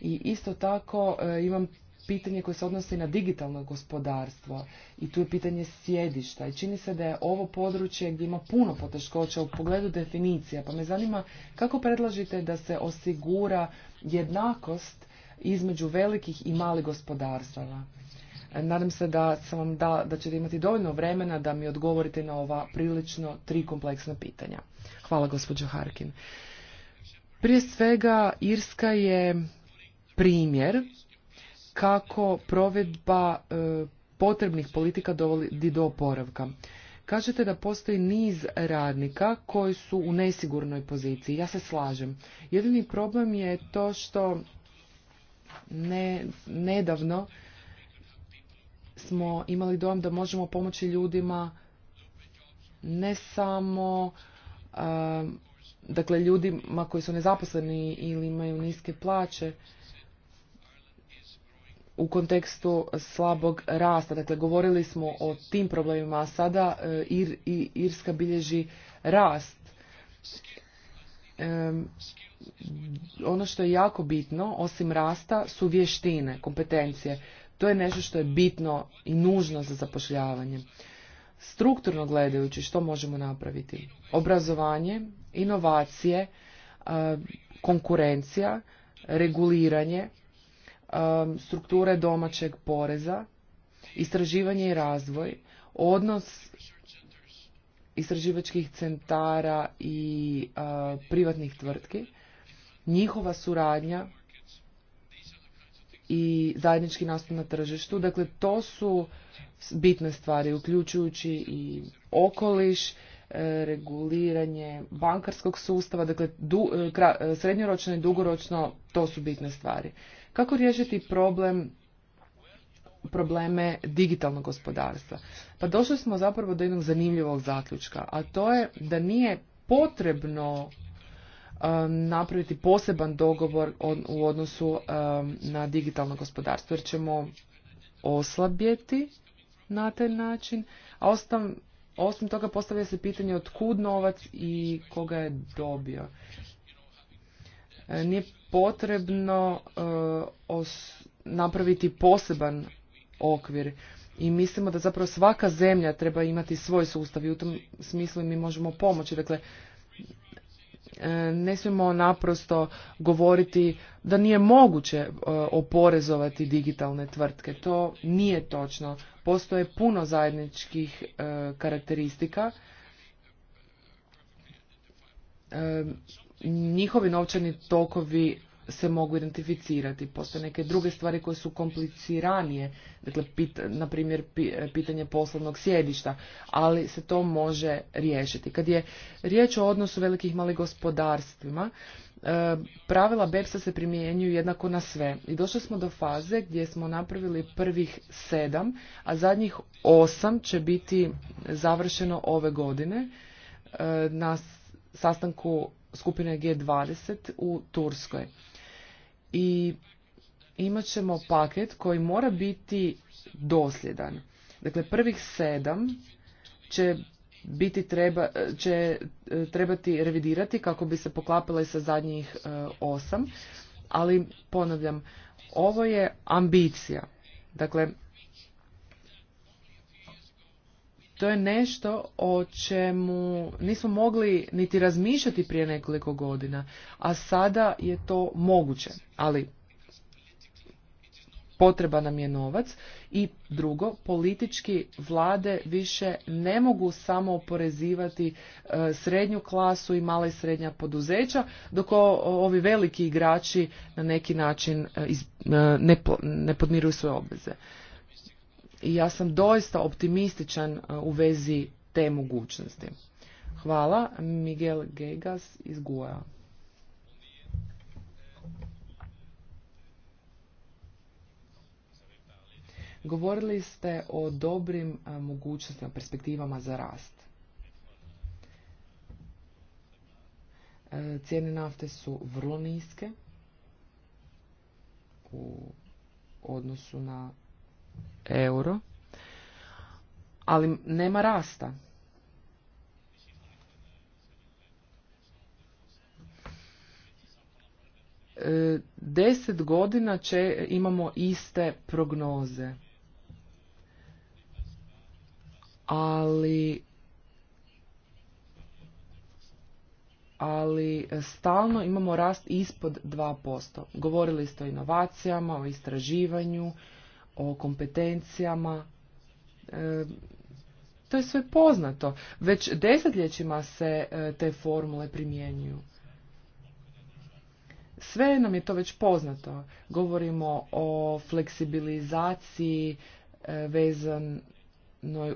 I isto tako e, imam pitanje koje se odnosi na digitalno gospodarstvo i tu je pitanje sjedišta i čini se da je ovo područje gdje ima puno poteškoća u pogledu definicija pa me zanima kako predlažete da se osigura jednakost između velikih i malih gospodarstava. E, nadam se da, sam vam da, da ćete imati dovoljno vremena da mi odgovorite na ova prilično tri kompleksna pitanja. Hvala gospođo Harkin. Prije svega, Irska je primjer kako provedba e, potrebnih politika dovodi do oporavka. Kažete da postoji niz radnika koji su u nesigurnoj poziciji. Ja se slažem. Jedini problem je to što ne, nedavno smo imali dojam da možemo pomoći ljudima ne samo dakle ljudima koji su nezaposleni ili imaju niske plaće u kontekstu slabog rasta. Dakle, govorili smo o tim problemima, a sada e, Ir, I, Irska bilježi rast. E, ono što je jako bitno, osim rasta, su vještine, kompetencije. To je nešto što je bitno i nužno za zapošljavanje. Strukturno gledajući, što možemo napraviti? Obrazovanje, inovacije, e, konkurencija, reguliranje, e, strukture domaćeg poreza, istraživanje i razvoj, odnos istraživačkih centara i e, privatnih tvrtki, njihova suradnja i zajednički nastup na tržištu. Dakle, to su bitne stvari, uključujući i okoliš reguliranje bankarskog sustava, dakle du, e, e, srednjoročno i dugoročno to su bitne stvari. Kako riješiti problem probleme digitalnog gospodarstva? Pa došli smo zapravo do jednog zanimljivog zaključka, a to je da nije potrebno e, napraviti poseban dogovor u odnosu na digitalno gospodarstvo jer ćemo oslabjeti na taj način, a ostam, osim toga postavlja se pitanje od kud novac i koga je dobio. E, nije potrebno e, napraviti poseban okvir i mislimo da zapravo svaka zemlja treba imati svoj sustav i u tom smislu mi možemo pomoći. Dakle, E, ne smijemo naprosto govoriti da nije moguće e, oporezovati digitalne tvrtke. To nije točno. Postoje puno zajedničkih e, karakteristika. Njihovi novčani tokovi se mogu identificirati. Postoje neke druge stvari koje su kompliciranije, dakle, pit, na primjer, pitanje poslovnog sjedišta, ali se to može riješiti. Kad je riječ o odnosu velikih malih gospodarstvima, e, pravila BEPS-a se primjenjuju jednako na sve. I došli smo do faze gdje smo napravili prvih sedam, a zadnjih osam će biti završeno ove godine e, na sastanku skupine G20 u Turskoj i imat ćemo paket koji mora biti dosljedan. Dakle, prvih sedam će biti treba, će e, trebati revidirati kako bi se i sa zadnjih e, osam, ali ponavljam, ovo je ambicija. Dakle, To je nešto o čemu nismo mogli niti razmišljati prije nekoliko godina, a sada je to moguće. Ali potreba nam je novac i drugo, politički vlade više ne mogu samo oporezivati e, srednju klasu i mala i srednja poduzeća, dok ovi veliki igrači na neki način e, e, ne podmiruju svoje obveze i ja sam doista optimističan e, u vezi te mogućnosti. Hvala. Miguel Gegas iz Guaja. Govorili ste o dobrim e, mogućnostima, perspektivama za rast. E, cijene nafte su vrlo niske u odnosu na euro, ali nema rasta. E, deset godina će, imamo iste prognoze. Ali ali stalno imamo rast ispod 2%. Govorili ste o inovacijama, o istraživanju, o kompetencijama. E, to je sve poznato. Već desetljećima se e, te formule primjenjuju. Sve nam je to već poznato. Govorimo o fleksibilizaciji e, vezanoj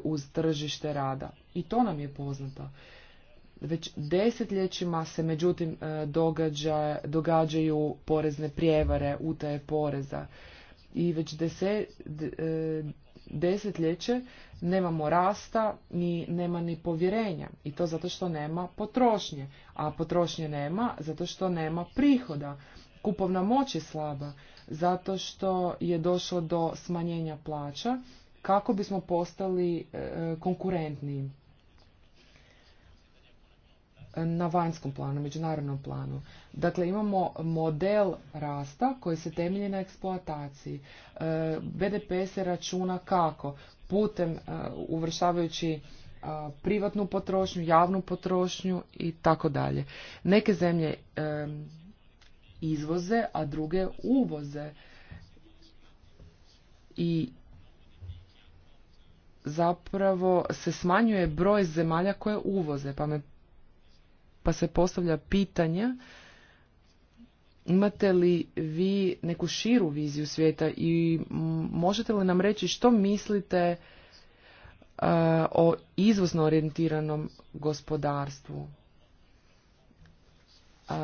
uz tržište rada. I to nam je poznato. Već desetljećima se međutim e, događa, događaju porezne prijevare, utaje poreza i već dese, e, desetljeće nemamo rasta ni nema ni povjerenja i to zato što nema potrošnje, a potrošnje nema zato što nema prihoda. Kupovna moć je slaba zato što je došlo do smanjenja plaća kako bismo postali e, konkurentniji na vanjskom planu, međunarodnom planu. Dakle, imamo model rasta koji se temelji na eksploataciji. E, BDP se računa kako? Putem e, uvršavajući e, privatnu potrošnju, javnu potrošnju i tako dalje. Neke zemlje izvoze, a druge uvoze. I zapravo se smanjuje broj zemalja koje uvoze, pa me pa se postavlja pitanje imate li vi neku širu viziju svijeta i možete li nam reći što mislite e, o izvozno orijentiranom gospodarstvu?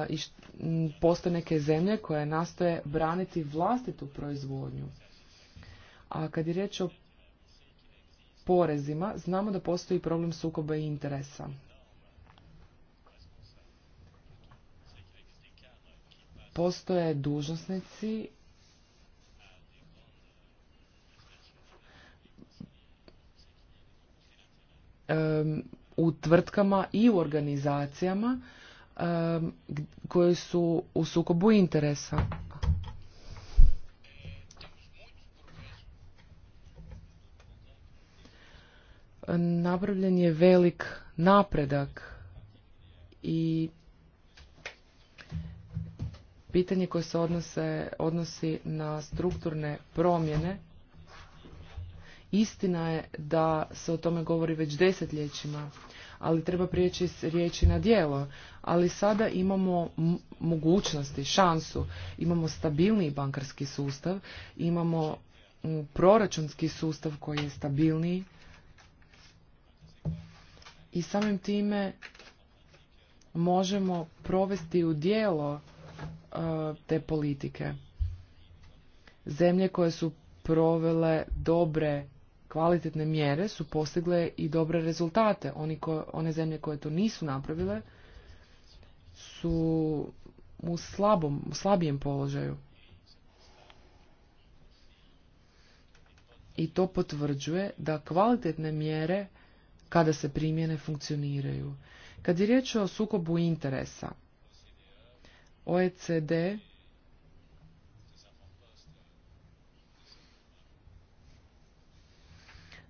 I postoje neke zemlje koje nastoje braniti vlastitu proizvodnju. A kad je riječ o porezima, znamo da postoji problem sukoba interesa. postoje dužnosnici u tvrtkama i u organizacijama koje su u sukobu interesa. Napravljen je velik napredak i pitanje koje se odnose, odnosi na strukturne promjene. Istina je da se o tome govori već desetljećima, ali treba prijeći s riječi na djelo. Ali sada imamo mogućnosti, šansu, imamo stabilniji bankarski sustav, imamo proračunski sustav koji je stabilniji i samim time možemo provesti u djelo te politike. Zemlje koje su provele dobre kvalitetne mjere su postigle i dobre rezultate. Oni one zemlje koje to nisu napravile su u slabom, u slabijem položaju. I to potvrđuje da kvalitetne mjere kada se primjene funkcioniraju. Kad je riječ o sukobu interesa, OECD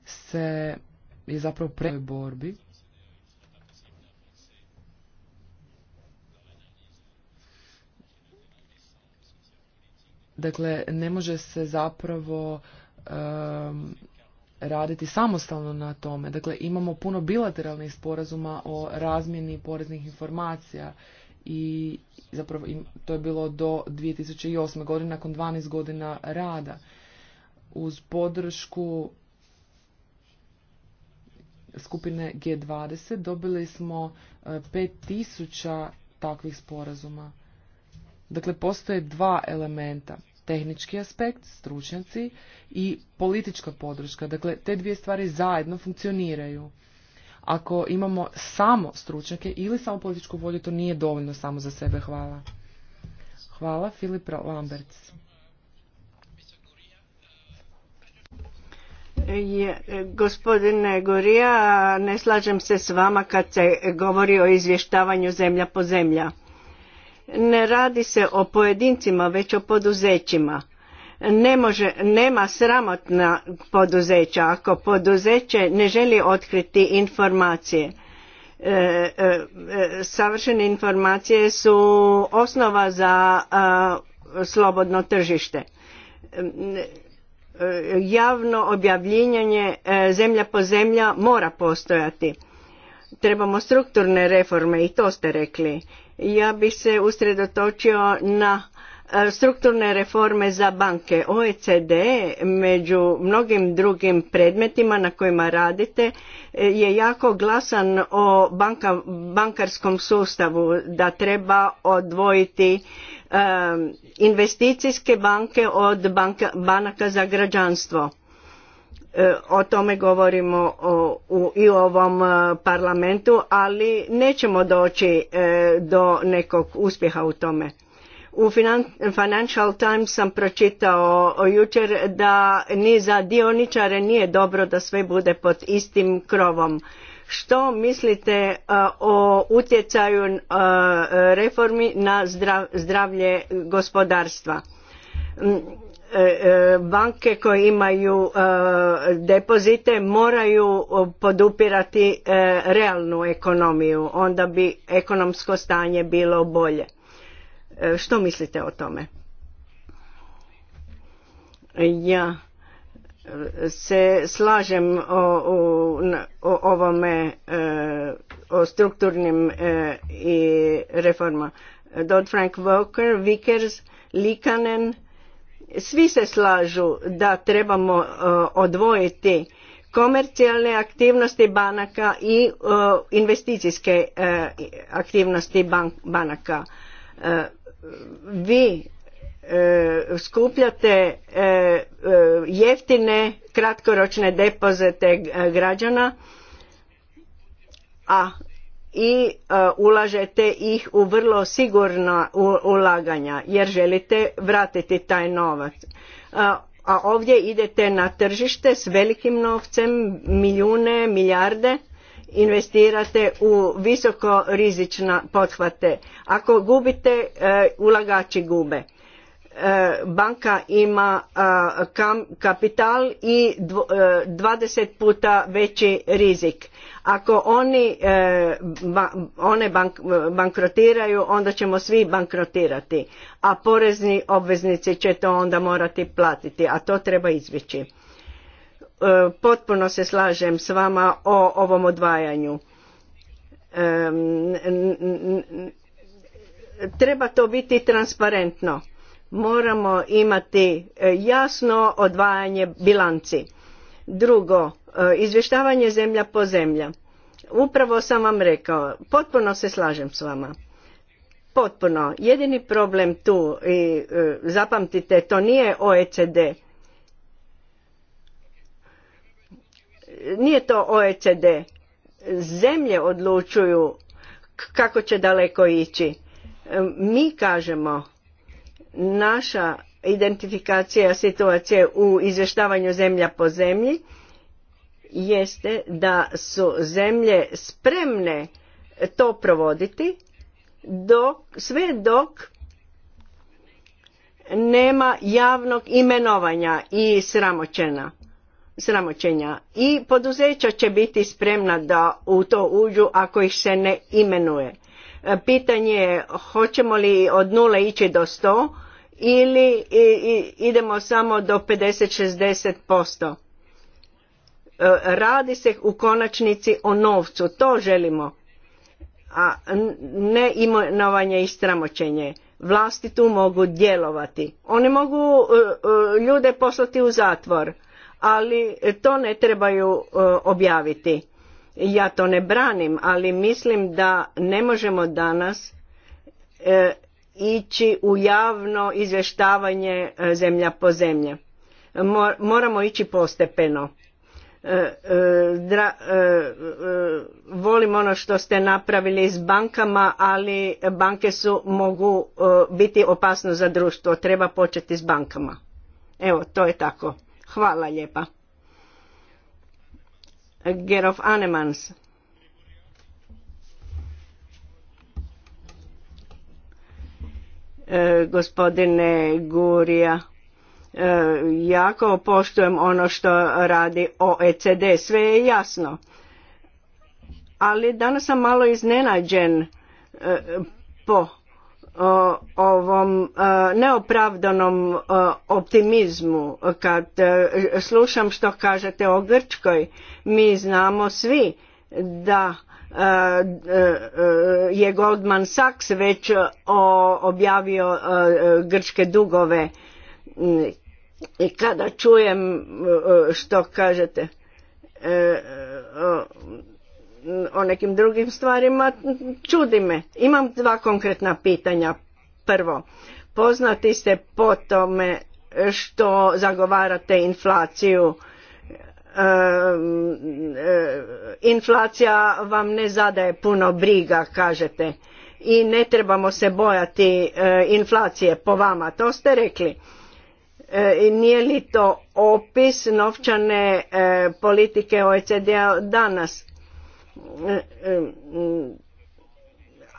se je zapravo pre borbi Dakle, ne može se zapravo raditi samostalno na tome. Dakle, imamo puno bilateralnih sporazuma o razmjeni poreznih informacija i zapravo to je bilo do 2008. godine nakon 12 godina rada uz podršku skupine G20 dobili smo 5000 e, takvih sporazuma. Dakle, postoje dva elementa. Tehnički aspekt, stručnjaci i politička podrška. Dakle, te dvije stvari zajedno funkcioniraju. Ako imamo samo stručnjake ili samo političku volju, to nije dovoljno samo za sebe. Hvala. Hvala, Filip Je, gospodine Gorija, ne slažem se s vama kad se govori o izvještavanju zemlja po zemlja. Ne radi se o pojedincima, već o poduzećima ne može, nema sramotna poduzeća ako poduzeće ne želi otkriti informacije. E, e, savršene informacije su osnova za slobodno tržište. javno objavljivanje e, zemlja po zemlja mora postojati. Trebamo strukturne reforme i to ste rekli. Ja bih se usredotočio na strukturne reforme za banke OECD među mnogim drugim predmetima na kojima radite e, je jako glasan o bankarskom sustavu da treba odvojiti e, investicijske banke od banaka za građanstvo e, o tome govorimo i u ovom parlamentu ali nećemo doći do nekog uspjeha u tome u Financial Times sam pročitao jučer da ni za dioničare nije dobro da sve bude pod istim krovom. Što mislite uh, o utjecaju uh, reformi na zdravlje gospodarstva? Mm, e, e, banke koje imaju uh, depozite moraju podupirati e, realnu ekonomiju, onda bi ekonomsko stanje bilo bolje. E, što mislite o tome? Ja e, se slažem o, ovome, e, o strukturnim i reforma. Dodd Frank Walker, Vickers, Likanen, svi se slažu da trebamo odvojiti komercijalne aktivnosti banaka i investicijske aktivnosti banaka vi e, skupljate e, e, jeftine kratkoročne depozite građana a i ulažete ih u vrlo sigurna ulaganja jer želite vratiti taj novac a ovdje idete na tržište s velikim novcem milijune milijarde investirate u visoko rizične pothvate. Ako gubite, e, ulagači gube. E, banka ima e, kapital i 20 puta veći rizik. Ako oni, one bankrotiraju, onda ćemo svi bankrotirati, a porezni obveznici će to onda morati platiti, a to treba izbjeći E, potpuno se slažem s vama o ovom odvajanju. E, treba to biti transparentno. Moramo imati e, jasno odvajanje bilanci. Drugo, izvještavanje zemlja po zemlja. Upravo sam vam rekao, potpuno se slažem s vama. Potpuno. Jedini problem tu, i zapamtite, to nije OECD, nije to OECD. Zemlje odlučuju kako će daleko ići. E, mi kažemo naša identifikacija situacije u izvještavanju zemlja po zemlji jeste da su zemlje spremne to provoditi dok, sve dok nema javnog imenovanja i sramoćena sramoćenja i poduzeća će biti spremna da u to uđu ako ih se ne imenuje. E, pitanje je hoćemo li od nula ići do sto ili idemo samo do 50-60%. E, radi se u konačnici o novcu, to želimo, a ne imenovanje i sramoćenje Vlasti tu mogu djelovati. Oni mogu e, ljude poslati u zatvor ali to ne trebaju e, objaviti. Ja to ne branim, ali mislim da ne možemo danas e, ići u javno izvještavanje e, zemlja po zemlje. Moramo ići postepeno. volim ono što ste napravili s bankama, ali banke su mogu biti opasno za društvo. Treba početi s bankama. Evo, to je tako. Hvala lijepa. Gerov Anemans. E, gospodine Gurija, e, jako poštujem ono što radi OECD, sve je jasno. Ali danas sam malo iznenađen e, po ovom e, neopravdanom e, optimizmu kad e, slušam što kažete o Grčkoj mi znamo svi da je Goldman Sachs već objavio grčke dugove i kada čujem što kažete o nekim drugim stvarima, čudi me. Imam dva konkretna pitanja. Prvo, poznati ste po tome što zagovarate inflaciju. inflacija vam ne zadaje puno briga, kažete. I ne trebamo se bojati e, inflacije po vama, to ste rekli. E, nije li to opis novčane e, politike OECD-a danas?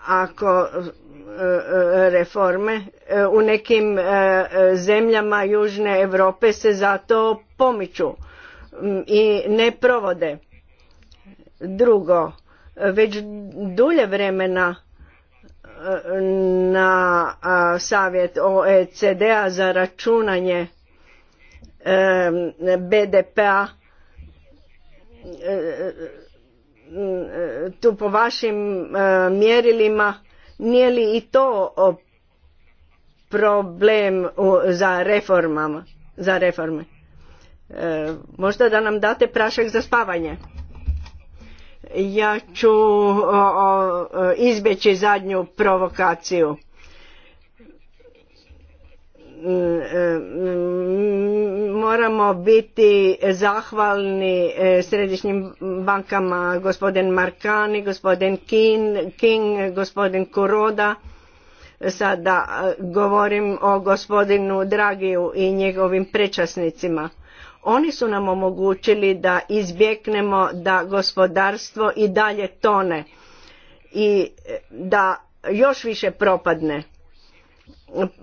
ako e, e, reforme e, u nekim zemljama Južne Europe se zato pomiču i ne provode. Drugo, već dulje vremena na savjet OECD-a za računanje BDP-a tu po vašim e, mjerilima nije li i to problem za reformama, za reforme? E, možda da nam date prašak za spavanje. Ja ću izbjeći zadnju provokaciju moramo biti zahvalni e, središnjim bankama gospodin Markani, gospodin King, King gospodin Kuroda sada e, govorim o gospodinu Dragiju i njegovim prečasnicima oni su nam omogućili da izbjegnemo da gospodarstvo i dalje tone i e, da još više propadne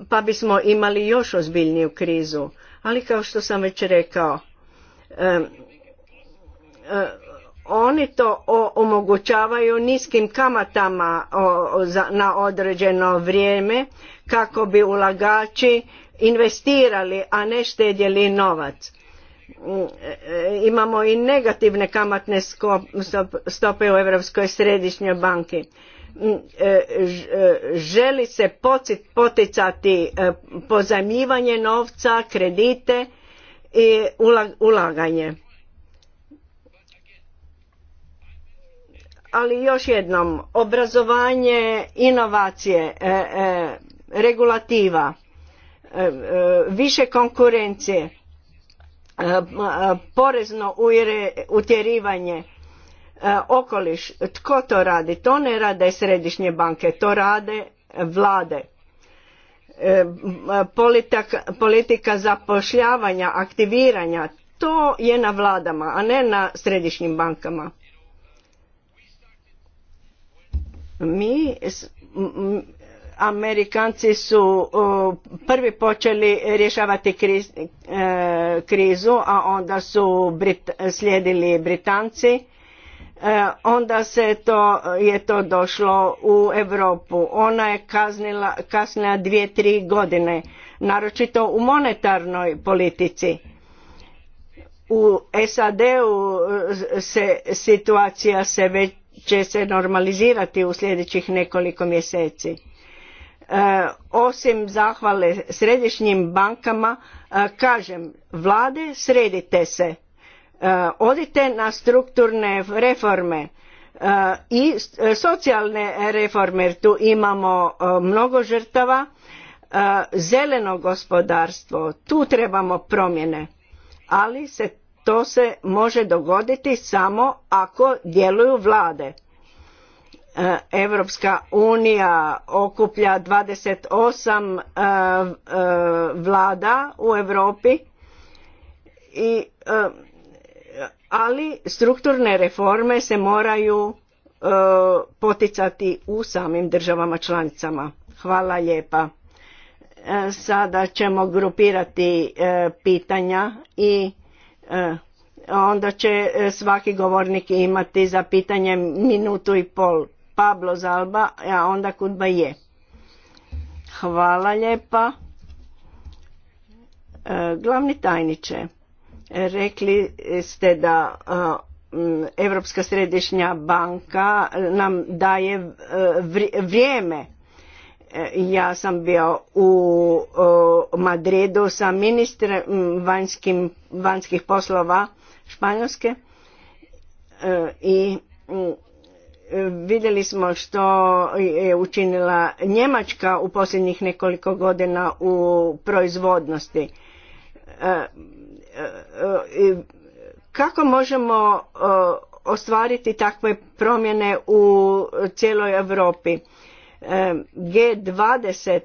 pa bismo imali još ozbiljniju krizu. Ali kao što sam već rekao, oni to omogućavaju niskim kamatama na određeno vrijeme kako bi ulagači investirali, a ne štedjeli novac. Mm, e, imamo i negativne kamatne stope u Europskoj središnjoj banki. E, e, želi se poticati e, pozajmljivanje novca, kredite i ulaganje. Ali još jednom, obrazovanje, inovacije, regulativa, više konkurencije, porezno utjerivanje, E, okoliš. Tko to radi? To ne rade središnje banke, to rade vlade. E, politika zapošljavanja, aktiviranja, to je na vladama, a ne na središnjim bankama. Mi, Amerikanci su prvi počeli rješavati e, krizu, a onda su slijedili Britanci E, onda se to, je to došlo u Europu. Ona je kaznila, kasnila dvije, tri godine, naročito u monetarnoj politici. U SAD-u e, se, situacija se već će se normalizirati u sljedećih nekoliko mjeseci. E, osim zahvale središnjim bankama, kažem, vlade sredite se E, odite na strukturne reforme e, i e, socijalne reforme jer tu imamo mnogo žrtava zeleno gospodarstvo tu trebamo promjene ali se to se može dogoditi samo ako djeluju vlade Europska unija okuplja 28 vlada u Europi i ali strukturne reforme se moraju e, poticati u samim državama članicama. Hvala lijepa. E, sada ćemo grupirati e, pitanja i onda će svaki govornik imati za pitanje minutu i pol. Pablo Zalba, a onda Kudba je. Hvala lijepa. Glavni tajniče Rekli ste da Europska središnja banka nam daje e, vrijeme. E, ja sam bio u Madredu sa ministrem vanjskih poslova Španjolske e, i vidjeli smo što je učinila Njemačka u posljednjih nekoliko godina u proizvodnosti E, e, kako možemo e, ostvariti takve promjene u cijeloj Europi? G20,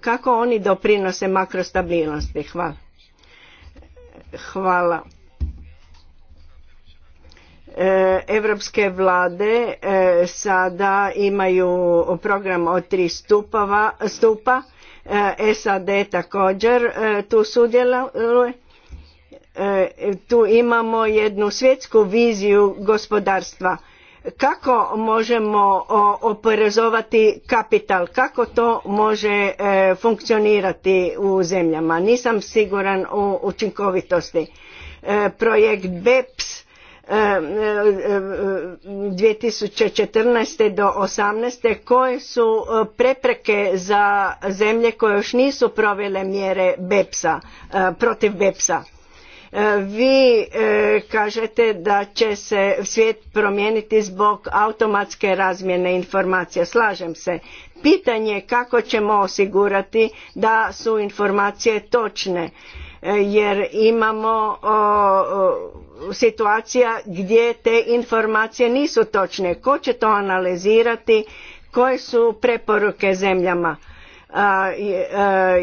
kako oni doprinose makrostabilnosti? Hvala. Hvala. Evropske vlade sada imaju program od tri stupa E, SAD također e, tu sudjeluje. E, tu imamo jednu svjetsku viziju gospodarstva. Kako možemo oporezovati kapital? Kako to može funkcionirati u zemljama? Nisam siguran u učinkovitosti. Projekt BEPS 2014. do 2018. koje su e, prepreke za zemlje koje još nisu provele mjere beps e, protiv BEPS-a. E, vi kažete da će se svijet promijeniti zbog automatske razmjene informacija. Slažem se. Pitanje je kako ćemo osigurati da su informacije točne jer imamo situacija gdje te informacije nisu točne. Ko će to analizirati? Koje su preporuke zemljama?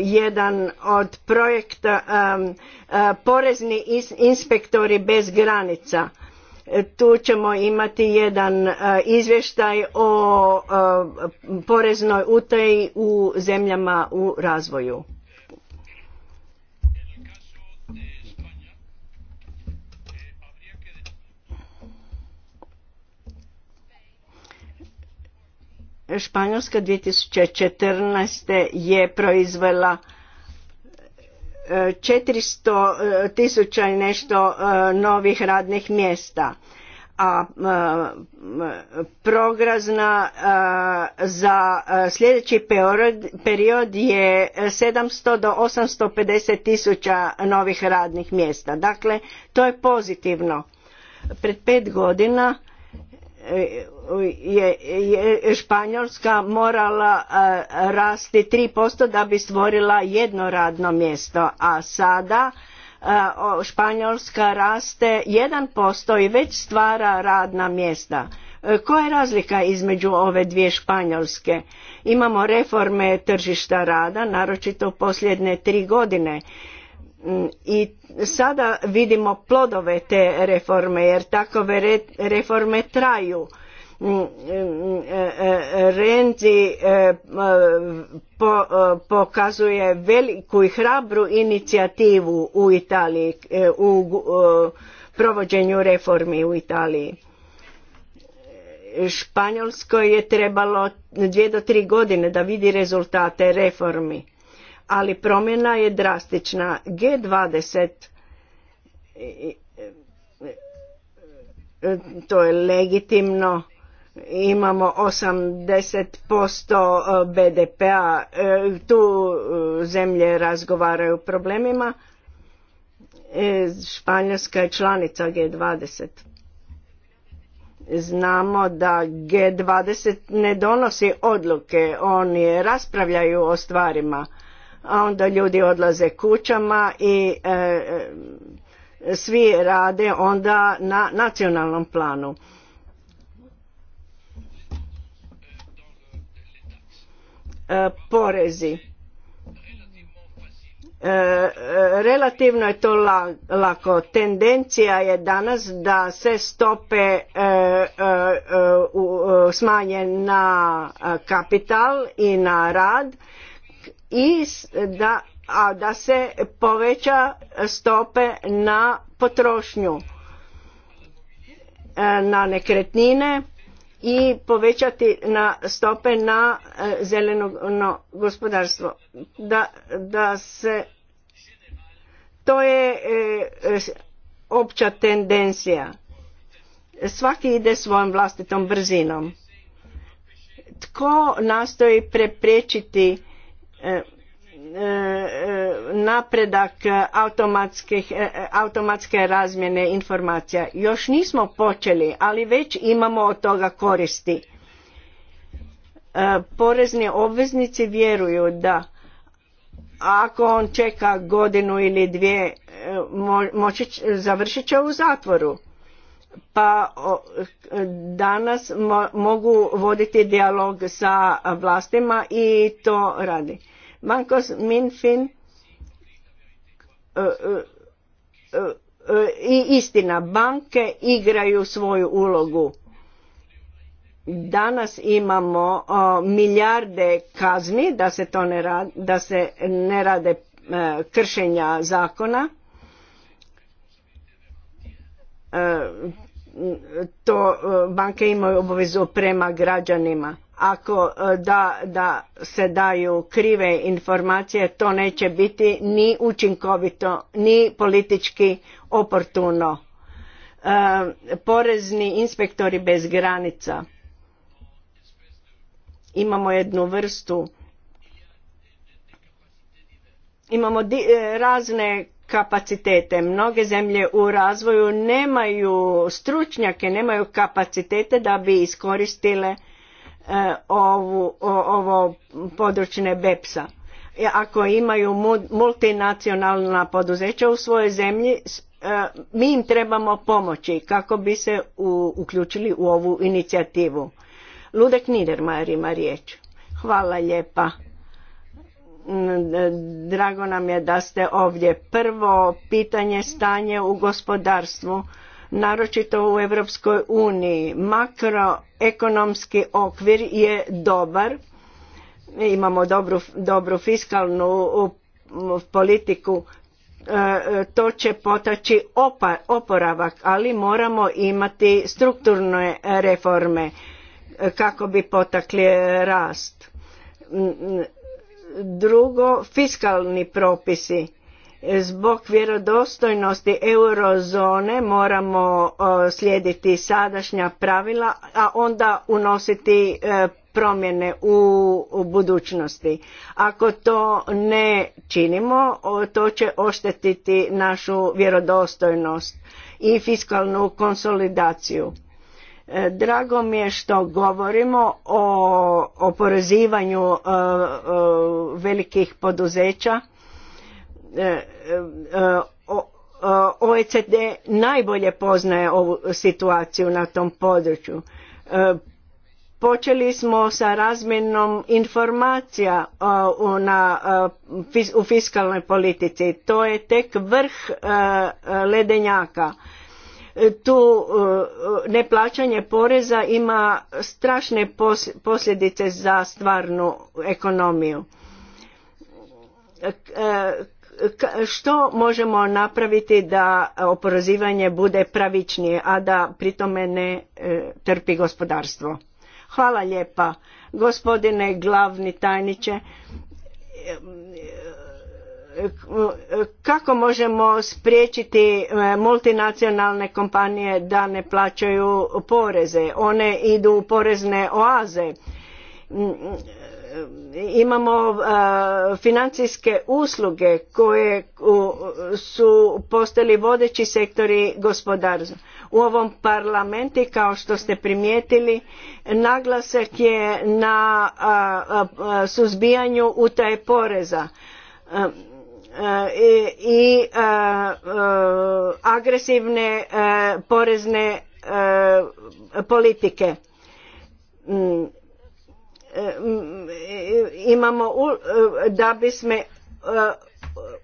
jedan od projekta porezni inspektori bez granica tu ćemo imati jedan izvještaj o poreznoj utaji u zemljama u razvoju Španjolska 2014. je proizvela 400 e, e, tisuća i nešto e, novih radnih mjesta a prograzna za sljedeći period je 700 do 850 tisuća novih radnih mjesta. Dakle, to je pozitivno. Pred pet godina je Španjolska morala e, rasti 3% da bi stvorila jedno radno mjesto, a sada e, Španjolska raste 1% i već stvara radna mjesta. E, koja je razlika između ove dvije Španjolske? Imamo reforme tržišta rada, naročito posljedne tri godine i sada vidimo plodove te reforme jer takove reforme traju. Mm, mm, e, e, Renzi e, pokazuje veliku i hrabru inicijativu u Italiji u provođenju reformi u Italiji. Španjolskoj je trebalo dvije do tri godine da vidi rezultate reformi ali promjena je drastična. G20 to je legitimno imamo 80% e, BDP-a, e, tu e, zemlje razgovaraju o problemima. Španjolska je članica G20. Znamo da G20 ne donosi odluke, oni raspravljaju o stvarima a onda ljudi odlaze kućama i e, e, svi rade onda na nacionalnom planu. E, porezi. E, relativno je to lako. Tendencija je danas da se stope e, u, smanje na kapital i na rad i da, a da se poveća stope na potrošnju e, na nekretnine i povećati na stope na e, zeleno gospodarstvo. Da, da se to je e, opća tendencija. Svaki ide svojom vlastitom brzinom. Tko nastoji preprečiti E, e, napredak e, automatske razmjene informacija. Još nismo počeli, ali već imamo od toga koristi. Porezni obveznici vjeruju da ako on čeka godinu ili dvije, moći, završit će u zatvoru pa danas mogu voditi dijalog sa vlastima i to radi. Mankos Minfin e, e, e, i istina, banke igraju svoju ulogu. Danas imamo milijarde kazni da se, to ne, radi, da se ne rade kršenja zakona to e, banke imaju obavezu prema građanima. Ako e, da, da se daju krive informacije, to neće biti ni učinkovito, ni politički oportuno. E, porezni inspektori bez granica. Imamo jednu vrstu imamo razne kapacitete. Mnoge zemlje u razvoju nemaju stručnjake, nemaju kapacitete da bi iskoristile eh, ovu, ovo područne BEPS-a. E, ako imaju multinacionalna poduzeća u svojoj zemlji, eh, mi im trebamo pomoći kako bi se uključili u ovu inicijativu. Ludek Niedermayer ima riječ. Hvala lijepa. Drago nam je da ste ovdje. Prvo pitanje stanje u gospodarstvu, naročito u Europskoj uniji. Makroekonomski okvir je dobar. Imamo dobru, dobru fiskalnu politiku. E, to će potaći oporavak, ali moramo imati strukturne reforme kako bi potakli rast Drugo, fiskalni propisi. Zbog vjerodostojnosti eurozone moramo e, slijediti sadašnja pravila, a onda unositi e, promjene u budućnosti. Ako to ne činimo, to će oštetiti našu vjerodostojnost i fiskalnu konsolidaciju E, drago mi je što govorimo o oporezivanju e, e, velikih poduzeća. OECD najbolje poznaje ovu situaciju na tom području. Počeli smo sa razmjenom informacija u fiskalnoj politici. To je tek vrh ledenjaka tu e, neplaćanje poreza ima strašne posljedice za stvarnu ekonomiju e, što možemo napraviti da oporezivanje bude pravičnije a da pritome ne e, trpi gospodarstvo hvala lijepa gospodine glavni tajniče kako možemo spriječiti e, multinacionalne kompanije da ne plaćaju poreze one idu u porezne oaze mm, e, imamo e, financijske usluge koje su postali vodeći sektori gospodarstva u ovom parlamentu kao što ste primijetili naglasak je na suzbijanju utaje poreza i agresivne porezne politike imamo da bismo e,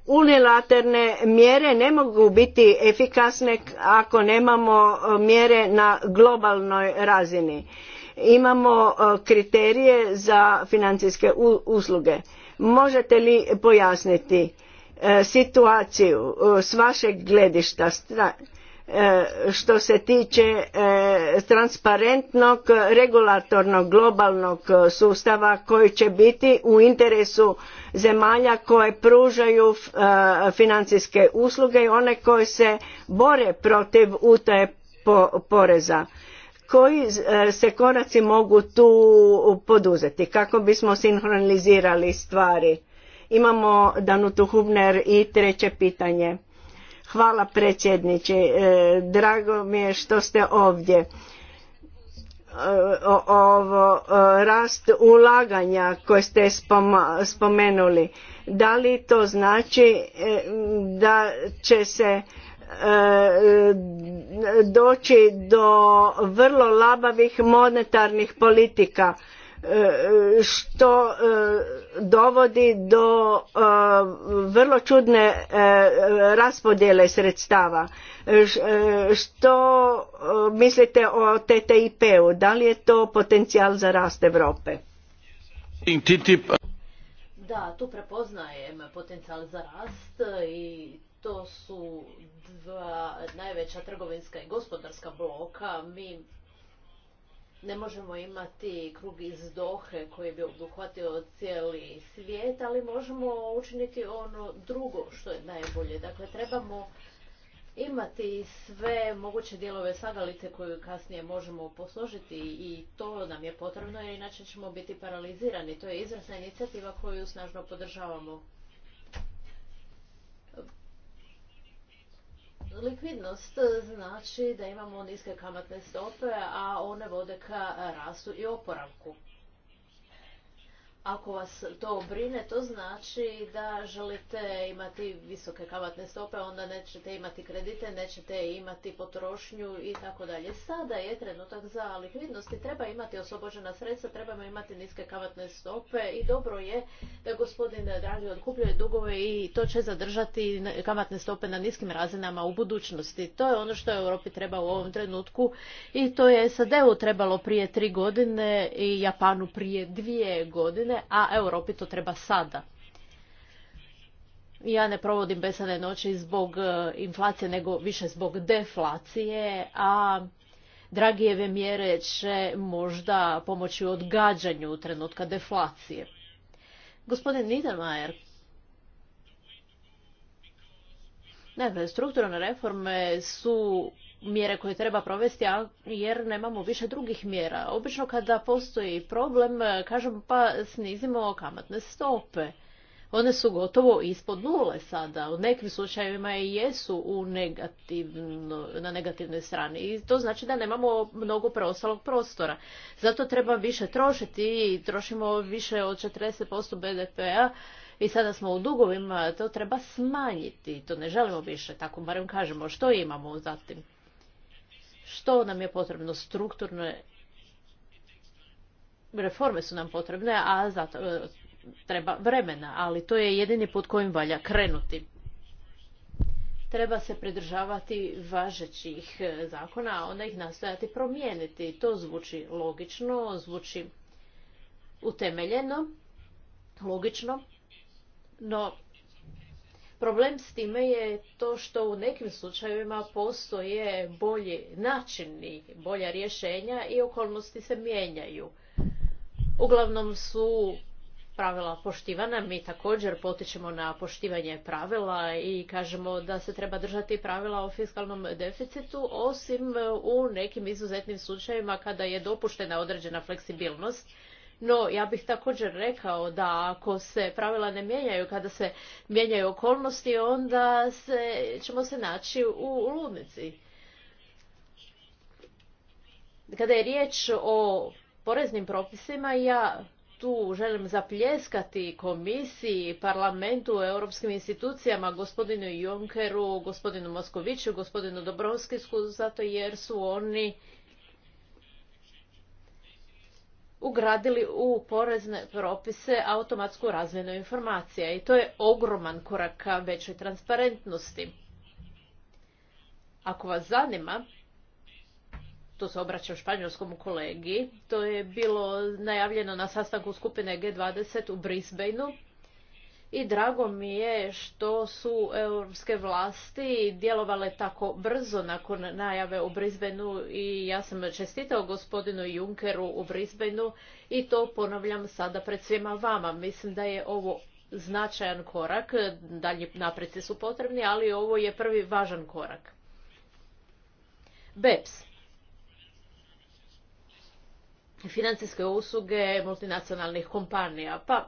unilaterne mjere ne mogu biti efikasne ako nemamo e, mjere na globalnoj razini imamo e, kriterije za financijske usluge možete li pojasniti E, situaciju e, s vašeg gledišta e, što se tiče transparentnog regulatornog globalnog sustava koji će biti u interesu zemalja koje pružaju financijske usluge i one koje se bore protiv utaje poreza koji se koraci mogu tu poduzeti kako bismo sinhronizirali stvari Imamo Danutu Hubner i treće pitanje. Hvala predsjedniče, e, drago mi je što ste ovdje. E, ovo e, rast ulaganja koje ste spomenuli da li to znači da će se doći do vrlo labavih monetarnih politika što e, dovodi do e, vrlo čudne e, raspodjele sredstava. Što mislite o TTIP-u? Da li je to potencijal za rast Europe? Da, tu prepoznajem potencijal za rast i to su dva najveća trgovinska i gospodarska bloka. Mi ne možemo imati krug iz Dohe koji bi obuhvatio cijeli svijet, ali možemo učiniti ono drugo što je najbolje. Dakle, trebamo imati sve moguće dijelove sagalice koju kasnije možemo posložiti i to nam je potrebno jer inače ćemo biti paralizirani. To je izvrsna inicijativa koju snažno podržavamo. Likvidnost e, znači da imamo niske kamatne stope, a one vode ka rastu i oporavku. Ako vas to brine, to znači da želite imati visoke kamatne stope, onda nećete imati kredite, nećete imati potrošnju i tako dalje. Sada je trenutak za likvidnost i treba imati oslobođena sredstva, trebamo imati niske kamatne stope i dobro je da gospodin Dragi otkupljuje dugove i to će zadržati kamatne stope na niskim razinama u budućnosti. To je ono što Europi treba u ovom trenutku i to je SAD-u trebalo prije tri godine i Japanu prije dvije godine a Europi to treba sada. Ja ne provodim besane noći zbog e, inflacije, nego više zbog deflacije, a Dragijeve mjere će možda pomoći u odgađanju trenutka deflacije. Gospodin Niedermayer, ne, strukturne reforme su mjere koje treba provesti jer nemamo više drugih mjera. Obično kada postoji problem e, kažemo pa snizimo kamatne stope. One su gotovo ispod nule sada. U nekim slučajevima i jesu u negativno, na negativnoj strani. I to znači da nemamo mnogo preostalog prostora. Zato treba više trošiti i trošimo više od 40% BDP-a i sada smo u dugovima, to treba smanjiti, to ne želimo više, tako barem kažemo, što imamo zatim što nam je potrebno strukturne reforme su nam potrebne, a zato e, treba vremena, ali to je jedini put kojim valja krenuti. Treba se pridržavati važećih e, zakona, a onda ih nastojati promijeniti. To zvuči logično, zvuči utemeljeno, logično, no Problem s time je to što u nekim slučajevima postoje bolji načini, bolja rješenja i okolnosti se mijenjaju. Uglavnom su pravila poštivana, mi također potičemo na poštivanje pravila i kažemo da se treba držati pravila o fiskalnom deficitu, osim u nekim izuzetnim slučajevima kada je dopuštena određena fleksibilnost no, ja bih također rekao da ako se pravila ne mijenjaju, kada se mijenjaju okolnosti, onda se, ćemo se naći u ludnici. Kada je riječ o poreznim propisima, ja tu želim zapljeskati komisiji, parlamentu, europskim institucijama, gospodinu Junkeru, gospodinu Moskoviću, gospodinu Dobrovskisku, zato jer su oni ugradili u porezne propise automatsku razmjenu informacija i to je ogroman korak ka većoj transparentnosti. Ako vas zanima, to se obraća u španjolskom kolegi, to je bilo najavljeno na sastanku skupine G20 u Brisbaneu i drago mi je što su europske vlasti djelovale tako brzo nakon najave u Brisbaneu i ja sam čestitao gospodinu Junckeru u Brisbaneu i to ponavljam sada pred svima vama. Mislim da je ovo značajan korak, dalji napreci su potrebni, ali ovo je prvi važan korak. BEPS financijske usluge multinacionalnih kompanija. Pa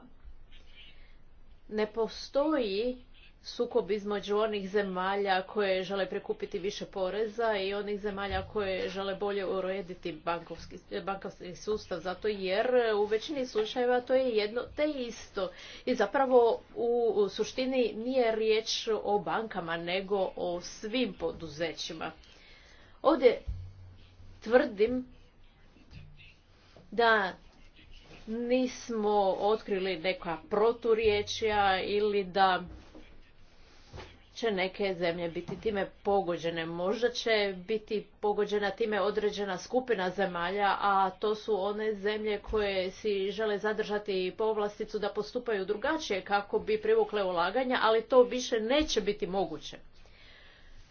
ne postoji sukob između onih zemalja koje žele prekupiti više poreza i onih zemalja koje žele bolje urediti bankovski sustav zato jer u većini slučajeva to je jedno te isto i zapravo u suštini nije riječ o bankama nego o svim poduzećima ovdje tvrdim da nismo otkrili neka proturječja ili da će neke zemlje biti time pogođene. Možda će biti pogođena time određena skupina zemalja, a to su one zemlje koje si žele zadržati povlasticu da postupaju drugačije kako bi privukle ulaganja, ali to više neće biti moguće.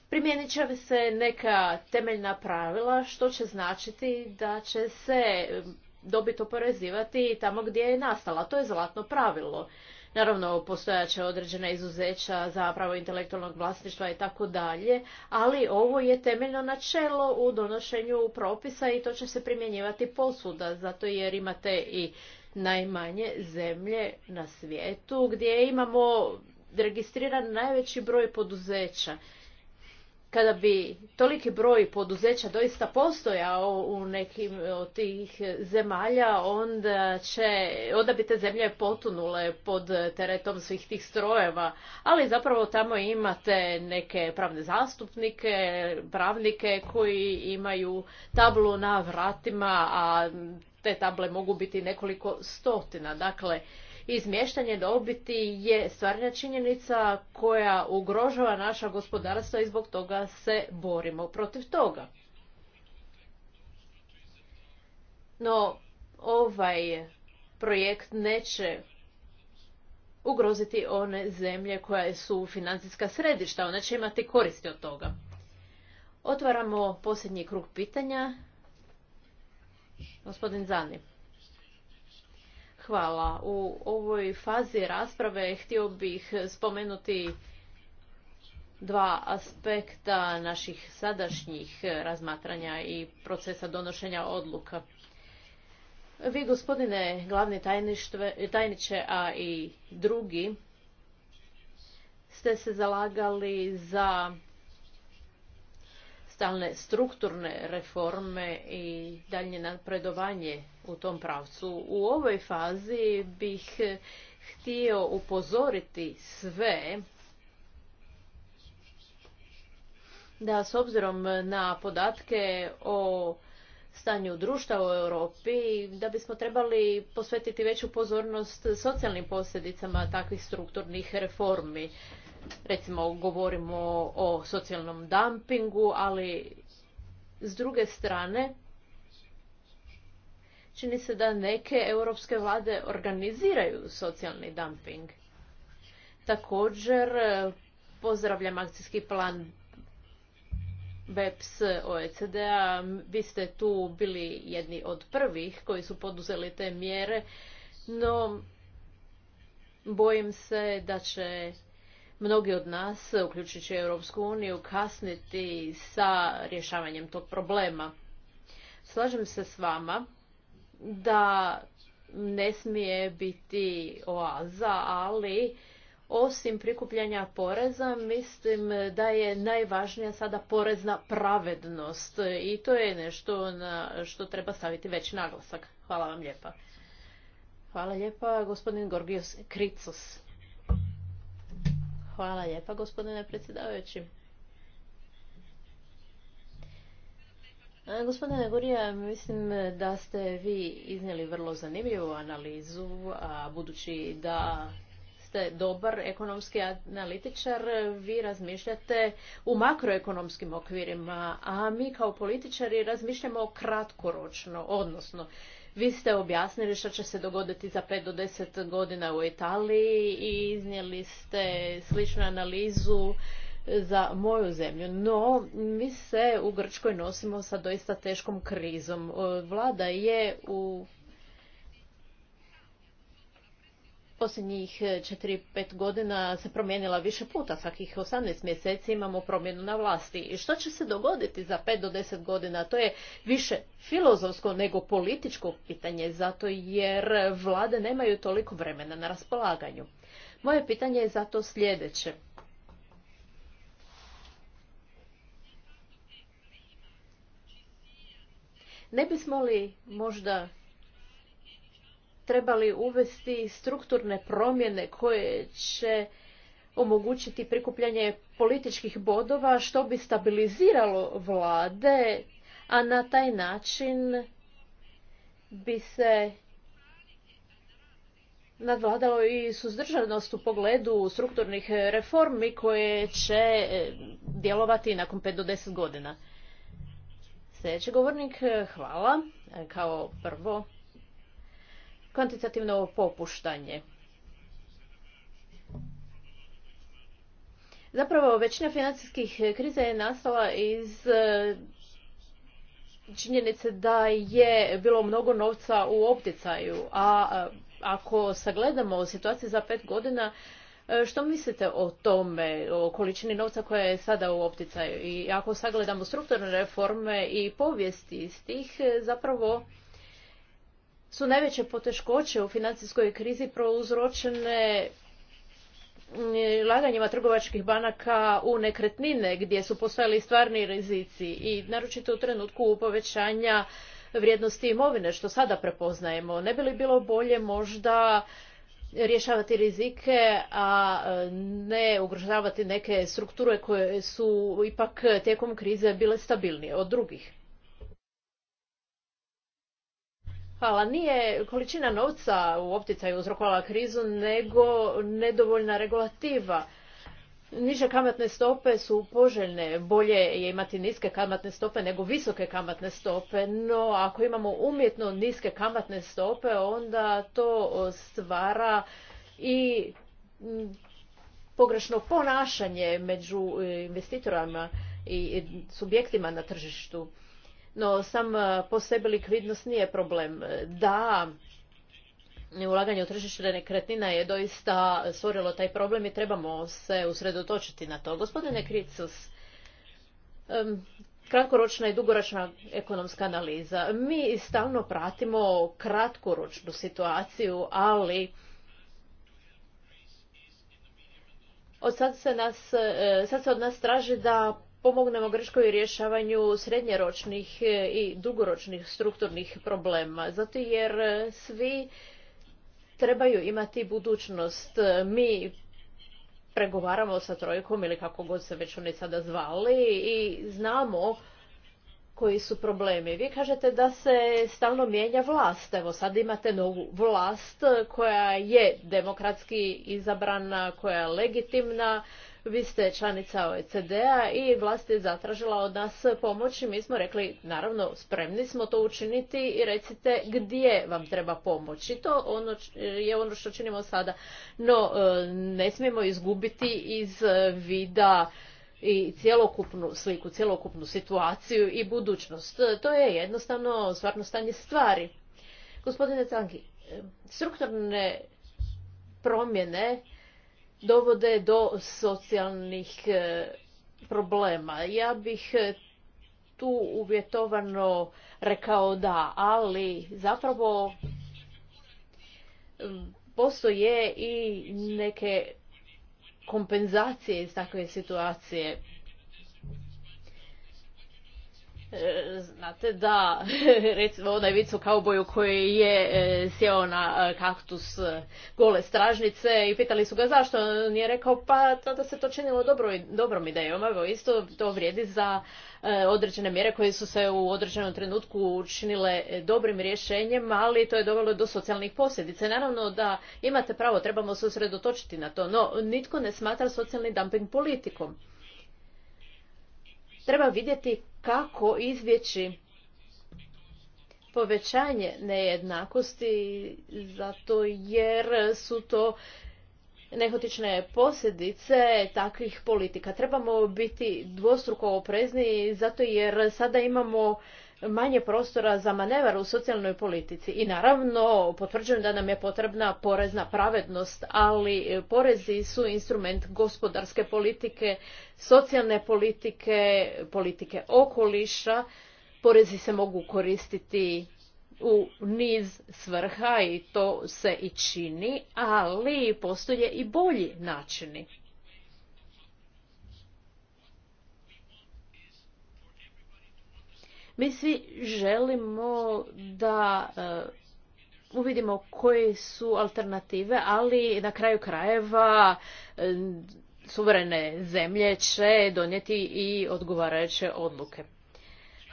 Primijenit će se neka temeljna pravila, što će značiti da će se dobit oporezivati tamo gdje je nastala. To je zlatno pravilo. Naravno, postojaće određena izuzeća za pravo intelektualnog vlasništva i tako dalje, ali ovo je temeljno načelo u donošenju propisa i to će se primjenjivati posuda. zato jer imate i najmanje zemlje na svijetu gdje imamo registriran najveći broj poduzeća kada bi toliki broj poduzeća doista postojao u nekim od tih zemalja, onda, će, onda bi te zemlje potunule pod teretom svih tih strojeva. Ali zapravo tamo imate neke pravne zastupnike, pravnike koji imaju tablu na vratima, a te table mogu biti nekoliko stotina. Dakle, izmještanje dobiti je stvarna činjenica koja ugrožava naša gospodarstva i zbog toga se borimo protiv toga. No, ovaj projekt neće ugroziti one zemlje koje su financijska središta. One će imati koristi od toga. Otvaramo posljednji krug pitanja. Gospodin Zani. Hvala. U ovoj fazi rasprave htio bih spomenuti dva aspekta naših sadašnjih razmatranja i procesa donošenja odluka. Vi, gospodine glavni tajniče, a i drugi, ste se zalagali za stalne strukturne reforme i daljnje napredovanje u tom pravcu. U ovoj fazi bih htio upozoriti sve da s obzirom na podatke o stanju društva u Europi, da bismo trebali posvetiti veću pozornost socijalnim posljedicama takvih strukturnih reformi. Recimo, govorimo o socijalnom dumpingu, ali s druge strane, čini se da neke europske vlade organiziraju socijalni dumping. Također e, pozdravljam akcijski plan BEPS OECD-a. Vi ste tu bili jedni od prvih koji su poduzeli te mjere, no bojim se da će mnogi od nas, uključujući Europsku uniju, kasniti sa rješavanjem tog problema. Slažem se s vama da ne smije biti oaza, ali osim prikupljanja poreza, mislim da je najvažnija sada porezna pravednost i to je nešto na što treba staviti veći naglasak. Hvala vam lijepa. Hvala lijepa, gospodin Gorgios Kricos. Hvala lijepa, gospodine predsjedavajući. Gospodine Gorija, mislim e, da ste vi iznijeli vrlo zanimljivu analizu, a budući da ste dobar ekonomski analitičar, vi razmišljate u makroekonomskim okvirima, a mi kao političari razmišljamo kratkoročno, odnosno vi ste objasnili što će se dogoditi za 5 do 10 godina u Italiji i iznijeli ste sličnu analizu za moju zemlju. No, mi se u Grčkoj nosimo sa doista teškom krizom. E, Vlada je u posljednjih 4-5 e, godina se promijenila više puta, svakih 18 mjeseci imamo promjenu na vlasti. I što će se dogoditi za 5 do 10 godina? To je više filozofsko nego političko pitanje, zato jer vlade nemaju toliko vremena na raspolaganju. Moje pitanje je zato sljedeće. Ne bismo li možda trebali uvesti strukturne promjene koje će omogućiti prikupljanje političkih bodova što bi stabiliziralo vlade, a na taj način bi se nadvladalo i suzdržanost u pogledu strukturnih reformi koje će eh, djelovati nakon 5 do 10 godina. Sljedeći govornik, e, hvala. E, kao prvo, kvantitativno popuštanje. Zapravo, većina financijskih kriza je nastala iz e, činjenice da je bilo mnogo novca u opticaju, a ako sagledamo situaciju za pet godina, E, što mislite o tome, o količini novca koja je sada u opticaju? I ako sagledamo strukturne reforme i povijesti iz tih, e, zapravo su najveće poteškoće u financijskoj krizi prouzročene mm, laganjima trgovačkih banaka u nekretnine gdje su postojali stvarni rizici i naročito u trenutku povećanja vrijednosti imovine što sada prepoznajemo. Ne bi li bilo bolje možda rješavati rizike, a e, ne ugrožavati neke strukture koje su ipak tijekom krize bile stabilnije od drugih. Hvala. Nije količina novca u opticaju uzrokovala krizu, nego nedovoljna regulativa niže kamatne stope su poželjne. Bolje je imati niske kamatne stope nego visoke kamatne stope, no ako imamo umjetno niske kamatne stope, onda to stvara i pogrešno ponašanje među e, investitorama i e, subjektima na tržištu. No, sam e, po sebi likvidnost nije problem. Da, ulaganje u tržište nekretnina je doista stvorilo taj problem i trebamo se usredotočiti na to. Gospodine Kricus, kratkoročna i dugoročna ekonomska analiza. Mi stalno pratimo kratkoročnu situaciju, ali od sad se, e, se od nas traži da pomognemo Grčkoj rješavanju srednjeročnih i dugoročnih strukturnih problema. Zato jer svi trebaju imati budućnost. E, mi pregovaramo sa trojkom ili kako god se već oni sada zvali i znamo koji su problemi. Vi kažete da se stalno mijenja vlast. Evo sad imate novu vlast koja je demokratski izabrana, koja je legitimna, vi ste članica OECD-a i vlast je zatražila od nas pomoć i mi smo rekli naravno spremni smo to učiniti i recite gdje vam treba pomoć. I to ono, je ono što činimo sada. No, e, ne smijemo izgubiti iz vida i cjelokupnu sliku, cjelokupnu situaciju i budućnost. To je jednostavno stvarno stanje stvari. Gospodine Canki, e, strukturne promjene dovode do socijalnih e, problema. Ja bih e, tu uvjetovano rekao da, ali zapravo postoje i neke kompenzacije iz takve situacije. E, znate da, recimo onaj vic kauboju koji je e, sjeo na e, kaktus gole stražnice i pitali su ga zašto, on je rekao pa tada se to činilo dobro, dobrom idejom, evo isto to vrijedi za određene mjere koje su se u određenom trenutku učinile dobrim rješenjem, ali to je dovelo do socijalnih posljedica. Naravno da imate pravo, trebamo se usredotočiti na to, no nitko ne smatra socijalni dumping politikom treba vidjeti kako izbjeći povećanje nejednakosti zato jer su to nehotične posljedice takvih politika. Trebamo biti dvostruko oprezni zato jer sada imamo manje prostora za manevar u socijalnoj politici. I naravno, potvrđujem da nam je potrebna porezna pravednost, ali e, porezi su instrument gospodarske politike, socijalne politike, politike okoliša. Porezi se mogu koristiti u niz svrha i to se i čini, ali postoje i bolji načini. Mi svi želimo da e, uvidimo koje su alternative, ali na kraju krajeva e, suverene zemlje će donijeti i odgovarajuće odluke.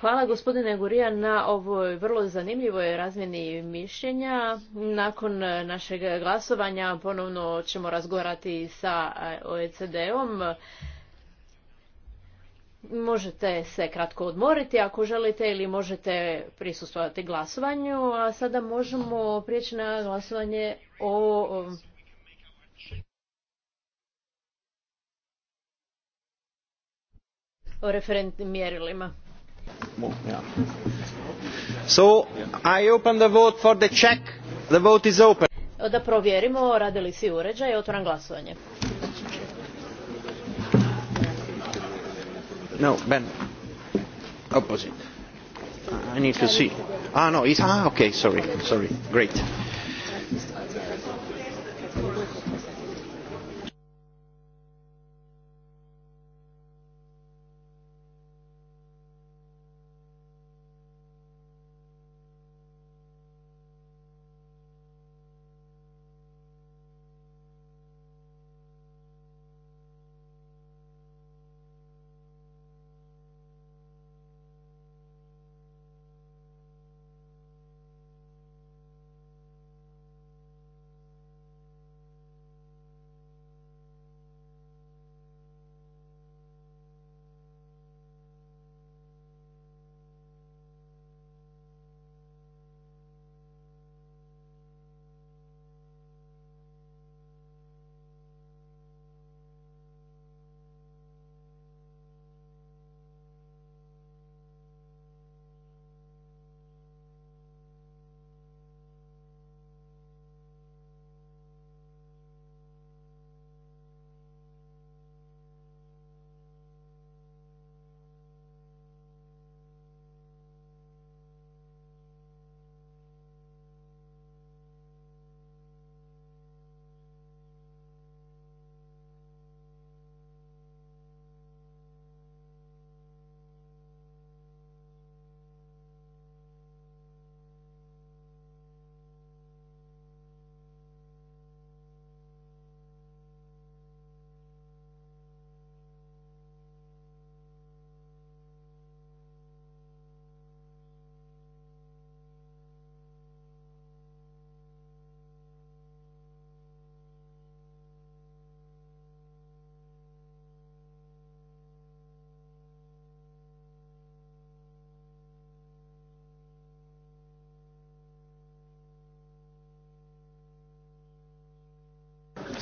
Hvala gospodine Gurija na ovoj vrlo zanimljivoj razmjeni mišljenja. Nakon našeg glasovanja ponovno ćemo razgovarati sa e, OECD-om Možete se kratko odmoriti ako želite ili možete prisustvovati glasovanju, a sada možemo prijeći na glasovanje o o referentnim mjerilima. So, I open the vote for the check. The vote is open. Da provjerimo radili si uređaj, otvoram glasovanje. No, Ben. Opposite. I need to see. Ah, no, it's, ah, okay, sorry, sorry, great.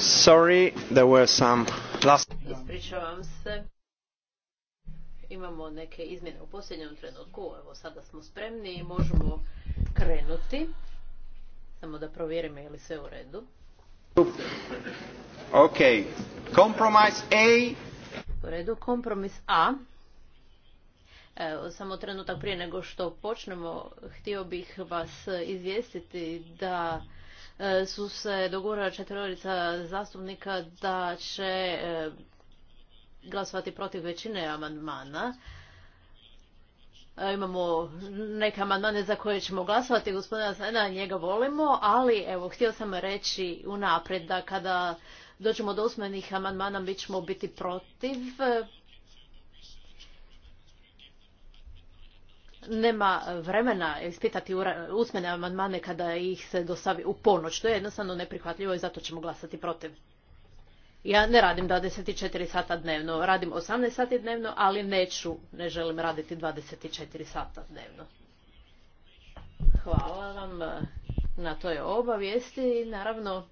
Sorry, there were some last... Ispričavam se. Imamo neke izmjene u posljednjem trenutku. Evo sada smo spremni i možemo krenuti. Samo da provjerimo je li sve u redu. Ok. Kompromis A. U redu, kompromis A. Evo, samo trenutak prije nego što počnemo, htio bih vas izvijestiti da E, su se dogovorila četvrorica zastupnika da će e, glasovati protiv većine amandmana. E, imamo neke amandmane za koje ćemo glasovati, gospodina Sena, njega volimo, ali evo, htio sam reći unaprijed da kada dođemo do usmenih amandmana mi ćemo biti protiv, nema vremena ispitati usmene amandmane kada ih se dostavi u ponoć. To je jednostavno neprihvatljivo i zato ćemo glasati protiv. Ja ne radim 24 sata dnevno, radim 18 sati dnevno, ali neću, ne želim raditi 24 sata dnevno. Hvala vam eh, na toj obavijesti i naravno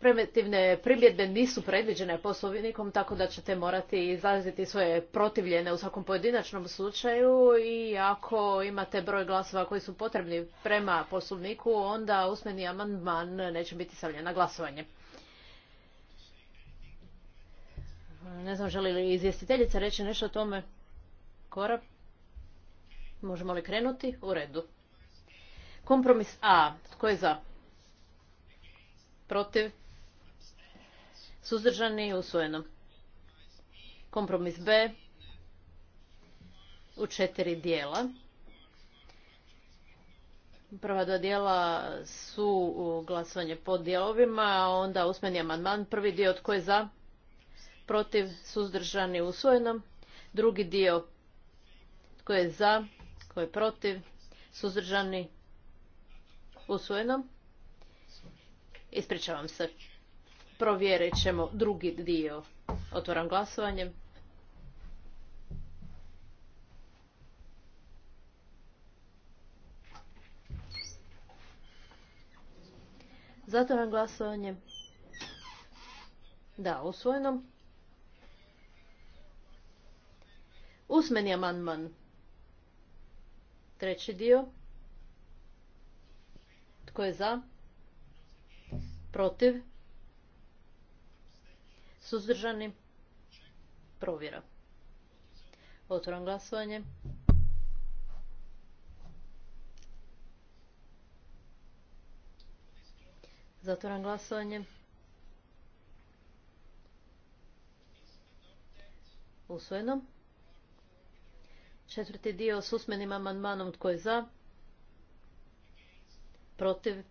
Primitivne primjedbe nisu predviđene poslovnikom, tako da ćete morati izraziti svoje protivljene u svakom pojedinačnom slučaju i ako imate broj glasova koji su potrebni prema poslovniku, onda usmeni amandman neće biti stavljen na glasovanje. Ne znam, želi li izvjestiteljica reći nešto o tome? Kora? Možemo li krenuti? U redu. Kompromis A. Tko je za? Protiv? Suzdržani usvojeno. Kompromis B u četiri dijela. Prva dva dijela su glasovanje po dijelovima, onda usmeni amandman. Prvi dio tko je za, protiv, suzdržani, usvojeno. Drugi dio tko je za, tko je protiv, suzdržani, usvojeno. Ispričavam se. Provjerit ćemo drugi dio. Otvoram glasovanje. vam glasovanje. Da, usvojeno. Usmeni amandman. Treći dio. Tko je za? Protiv? Suzdržani? Provjera. Otvoram glasovanje. Zatvoram glasovanje. Usvojeno. Četvrti dio s usmenim amandmanom tko je za? Protiv?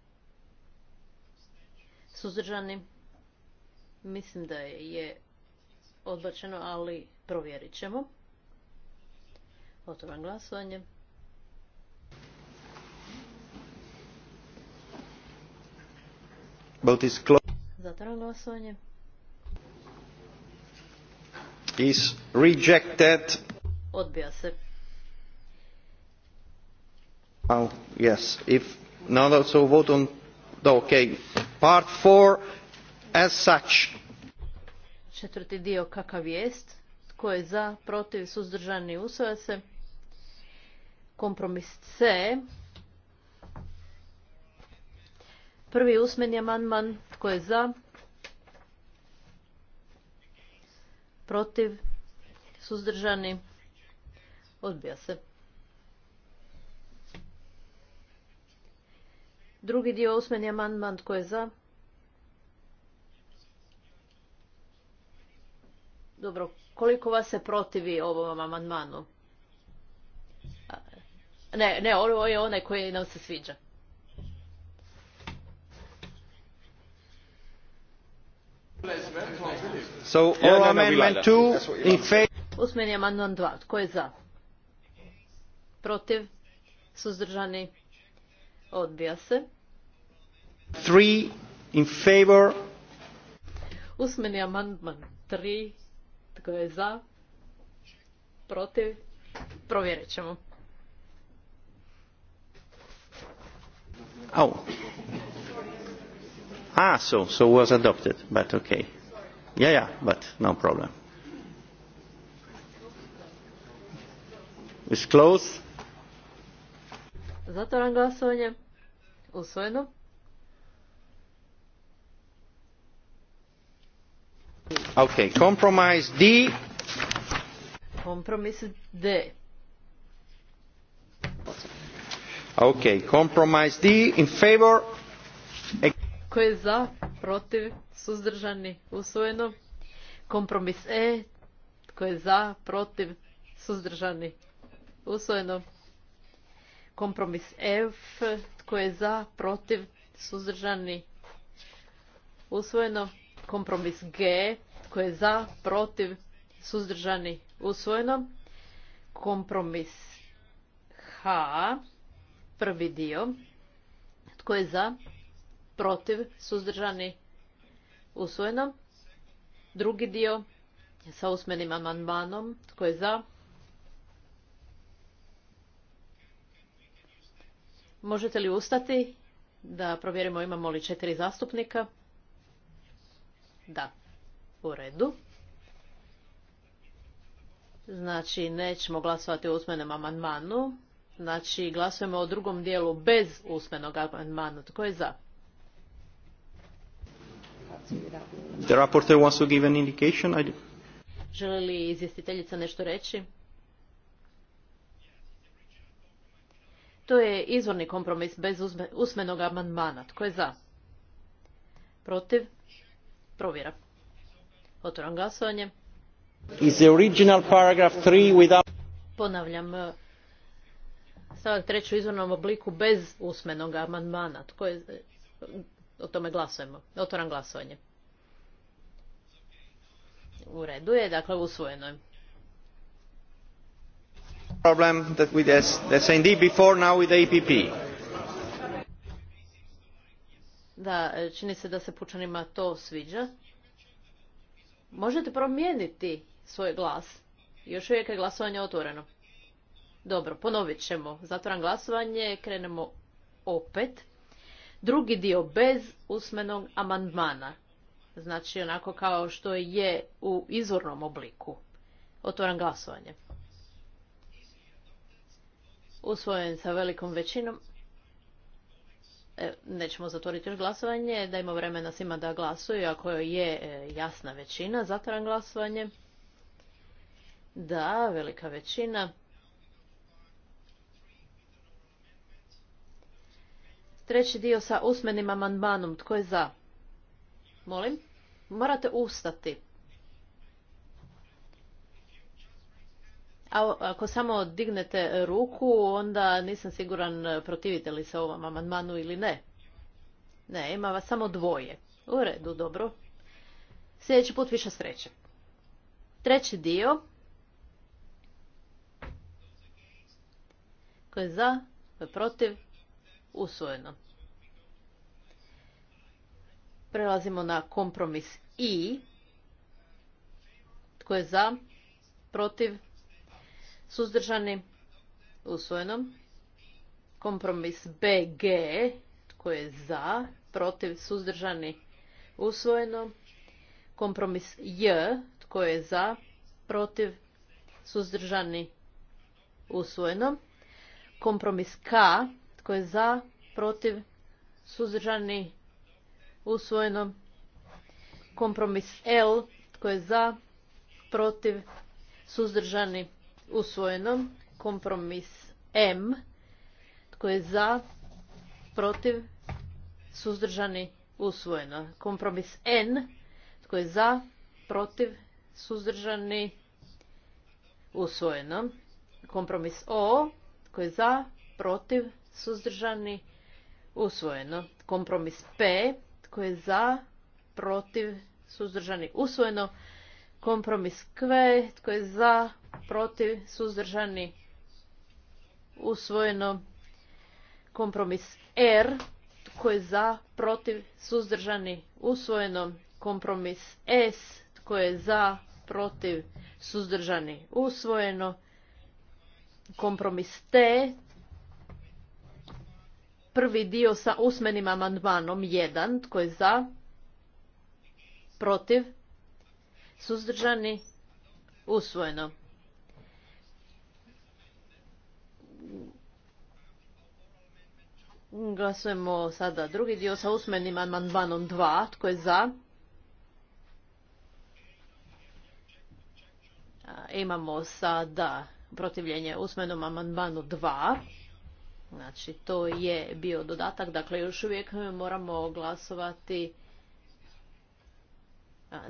Suzdržani? Mislim da je odbačeno, ali provjerit ćemo. Otvoram glasovanje. Zatvoram glasovanje. Is rejected. Odbija se. Oh, yes. If not also vote on... Okay. Part 4 as such. Četvrti dio kakav jest, tko je za, protiv, suzdržani, usvaja se. Kompromis C. Prvi usmeni amandman, tko je za, protiv, suzdržani, odbija se. Drugi dio usmeni amandman, tko je za, Dobro, koliko vas se protivi ovom amandmanu? Ne, ne, ovo je onaj koji nam se sviđa. Usmeni amandman 2. Tko je za? Protiv? Suzdržani? Odbija se. 3 in favor... Usmeni amandman 3 tko je za? Protiv? Provjerit ćemo. Oh. Ah, so, so was adopted, but okay. Yeah, yeah, but no problem. It's close. Zatvoram glasovanje. Usvojeno. Okay, compromise D. Kompromis D. Okay, compromise D in favor. Ko je za, protiv, suzdržani, usvojeno. Kompromis E. Ko je za, protiv, suzdržani, usvojeno. Kompromis F. Tko je za, protiv, suzdržani, usvojeno. Kompromis G tko je za, protiv, suzdržani, usvojeno. Kompromis H, prvi dio. Tko je za, protiv, suzdržani, usvojeno. Drugi dio sa usmenim amandmanom. Tko je za? Možete li ustati da provjerimo imamo li četiri zastupnika? Da. U redu. Znači, nećemo glasovati o usmenom amandmanu. Znači, glasujemo o drugom dijelu bez usmenog amandmana. Tko je za? The rapporteur wants to give an indication. Želi li izvjestiteljica nešto reći? To je izvorni kompromis bez usmenog amandmana. Tko je za? Protiv? Provjera. Otvoram glasovanje. Is original paragraph 3 without... Ponavljam, e, stavak treću izvornom obliku bez usmenog amandmana. Tko je, e, o tome glasujemo. Otvoram glasovanje. U redu je, dakle usvojeno je. Problem that with SND before now with APP. Da, e, čini se da se pučanima to sviđa možete promijeniti svoj glas. Još uvijek je glasovanje otvoreno. Dobro, ponovit ćemo. Zatvoram glasovanje, krenemo opet. Drugi dio bez usmenog amandmana. Znači onako kao što je u izvornom obliku. Otvaram glasovanje. Usvojen sa velikom većinom. E, nećemo zatvoriti još glasovanje, dajmo vremena svima da glasuju, ako je e, jasna većina, zatvaram glasovanje. Da, velika većina. Treći dio sa usmenim amandmanom, tko je za? Molim, morate ustati. ako samo dignete ruku, onda nisam siguran protivite li se ovom amandmanu ili ne. Ne, ima vas samo dvoje. U redu, dobro. Sljedeći put više sreće. Treći dio. Ko je za, ko je protiv, usvojeno. Prelazimo na kompromis I. Tko je za, protiv, Suzdržani? usvojenom Kompromis BG. Tko je za? Protiv? Suzdržani? Usvojeno. Kompromis J. Tko je za? Protiv? Suzdržani? Usvojeno. Kompromis K. Tko je za? Protiv? Suzdržani? Usvojeno. Kompromis L. Tko je za? Protiv? Suzdržani? usvojeno. Kompromis M. Tko je za, protiv, suzdržani, usvojeno. Kompromis N. Tko je za, protiv, suzdržani, usvojeno. Kompromis O. Tko je za, protiv, suzdržani, usvojeno. Kompromis P. Tko je za, protiv, suzdržani, usvojeno. Kompromis Q. Tko je za, protiv, suzdržani, usvojeno. Kompromis R, tko je za, protiv, suzdržani, usvojeno. Kompromis S, tko je za, protiv, suzdržani, usvojeno. Kompromis T, prvi dio sa usmenim amandmanom 1, tko je za, protiv, suzdržani, usvojeno. Glasujemo sada drugi dio sa usmenim amandmanom 2. Tko je za? Imamo sada protivljenje usmenom amandmanu 2. Znači, to je bio dodatak. Dakle, još uvijek moramo glasovati...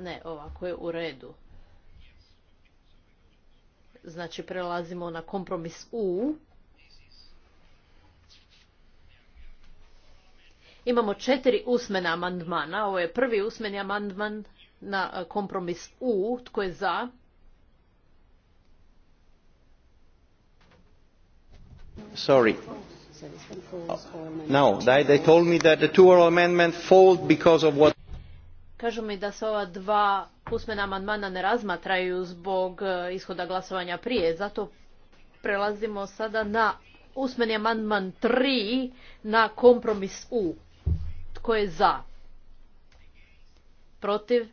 ne, ovako je u redu. Znači, prelazimo na kompromis U. Imamo četiri usmena amandmana. Ovo je prvi usmeni amandman na e, kompromis U. Tko je za? Sorry. they told me that the two because of what... Kažu mi da se ova dva usmena amandmana ne razmatraju zbog e, ishoda glasovanja prije. Zato prelazimo sada na usmeni amandman 3 na kompromis U. Tko je za? Protiv?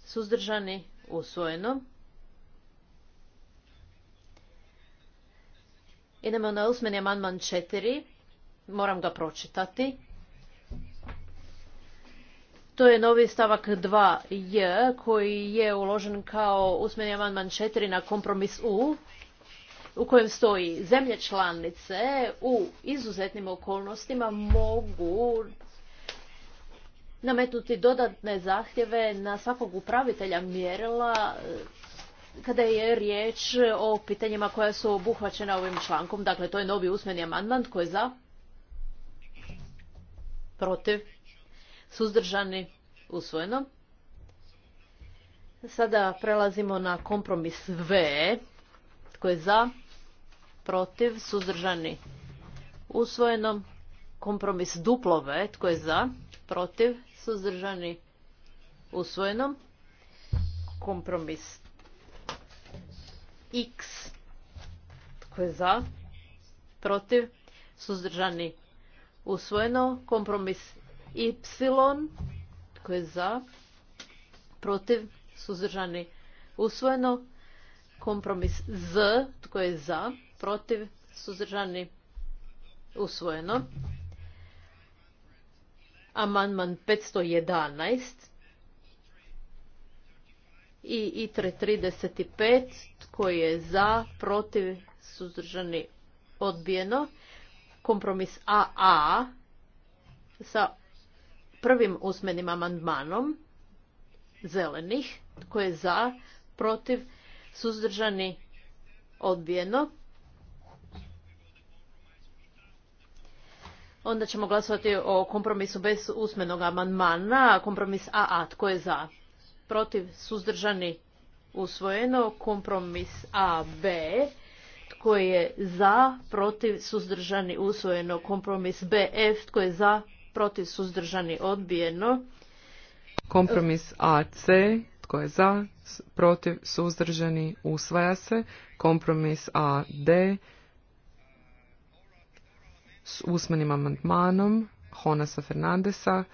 Suzdržani? Usvojeno. Idemo na usmeni amandman 4. Moram ga pročitati. To je novi stavak 2j koji je uložen kao usmeni amandman 4 na kompromis U u kojem stoji zemlje članice u izuzetnim okolnostima mogu nametnuti dodatne zahtjeve na svakog upravitelja mjerila e, kada je riječ o pitanjima koja su obuhvaćena ovim člankom. Dakle, to je novi usmeni amandman. koji je za? Protiv? Suzdržani? Usvojeno. Sada prelazimo na kompromis V. koji je za? protiv, suzdržani, usvojenom. Kompromis duplove. tko je za, protiv, suzdržani, usvojenom, Kompromis X, tko je za, protiv, suzdržani, usvojeno. Kompromis Y, tko je za, protiv, suzdržani, usvojeno. Kompromis Z, tko je za, protiv, suzdržani, usvojeno. Amandman 511 i ITRE 35 koji je za, protiv, suzdržani, odbijeno. Kompromis AA sa prvim usmenim amandmanom zelenih koji je za, protiv, suzdržani, odbijeno. Onda ćemo glasovati o kompromisu bez usmenog amandmana. Kompromis A. Tko je za? Protiv? Suzdržani? Usvojeno. Kompromis AB. Tko je za? Protiv? Suzdržani? Usvojeno. Kompromis BF. Tko je za? Protiv? Suzdržani? Odbijeno. Kompromis AC. Tko je za? Protiv? Suzdržani? Usvaja se. Kompromis AD s usmenim amandmanom Honasa Fernandesa.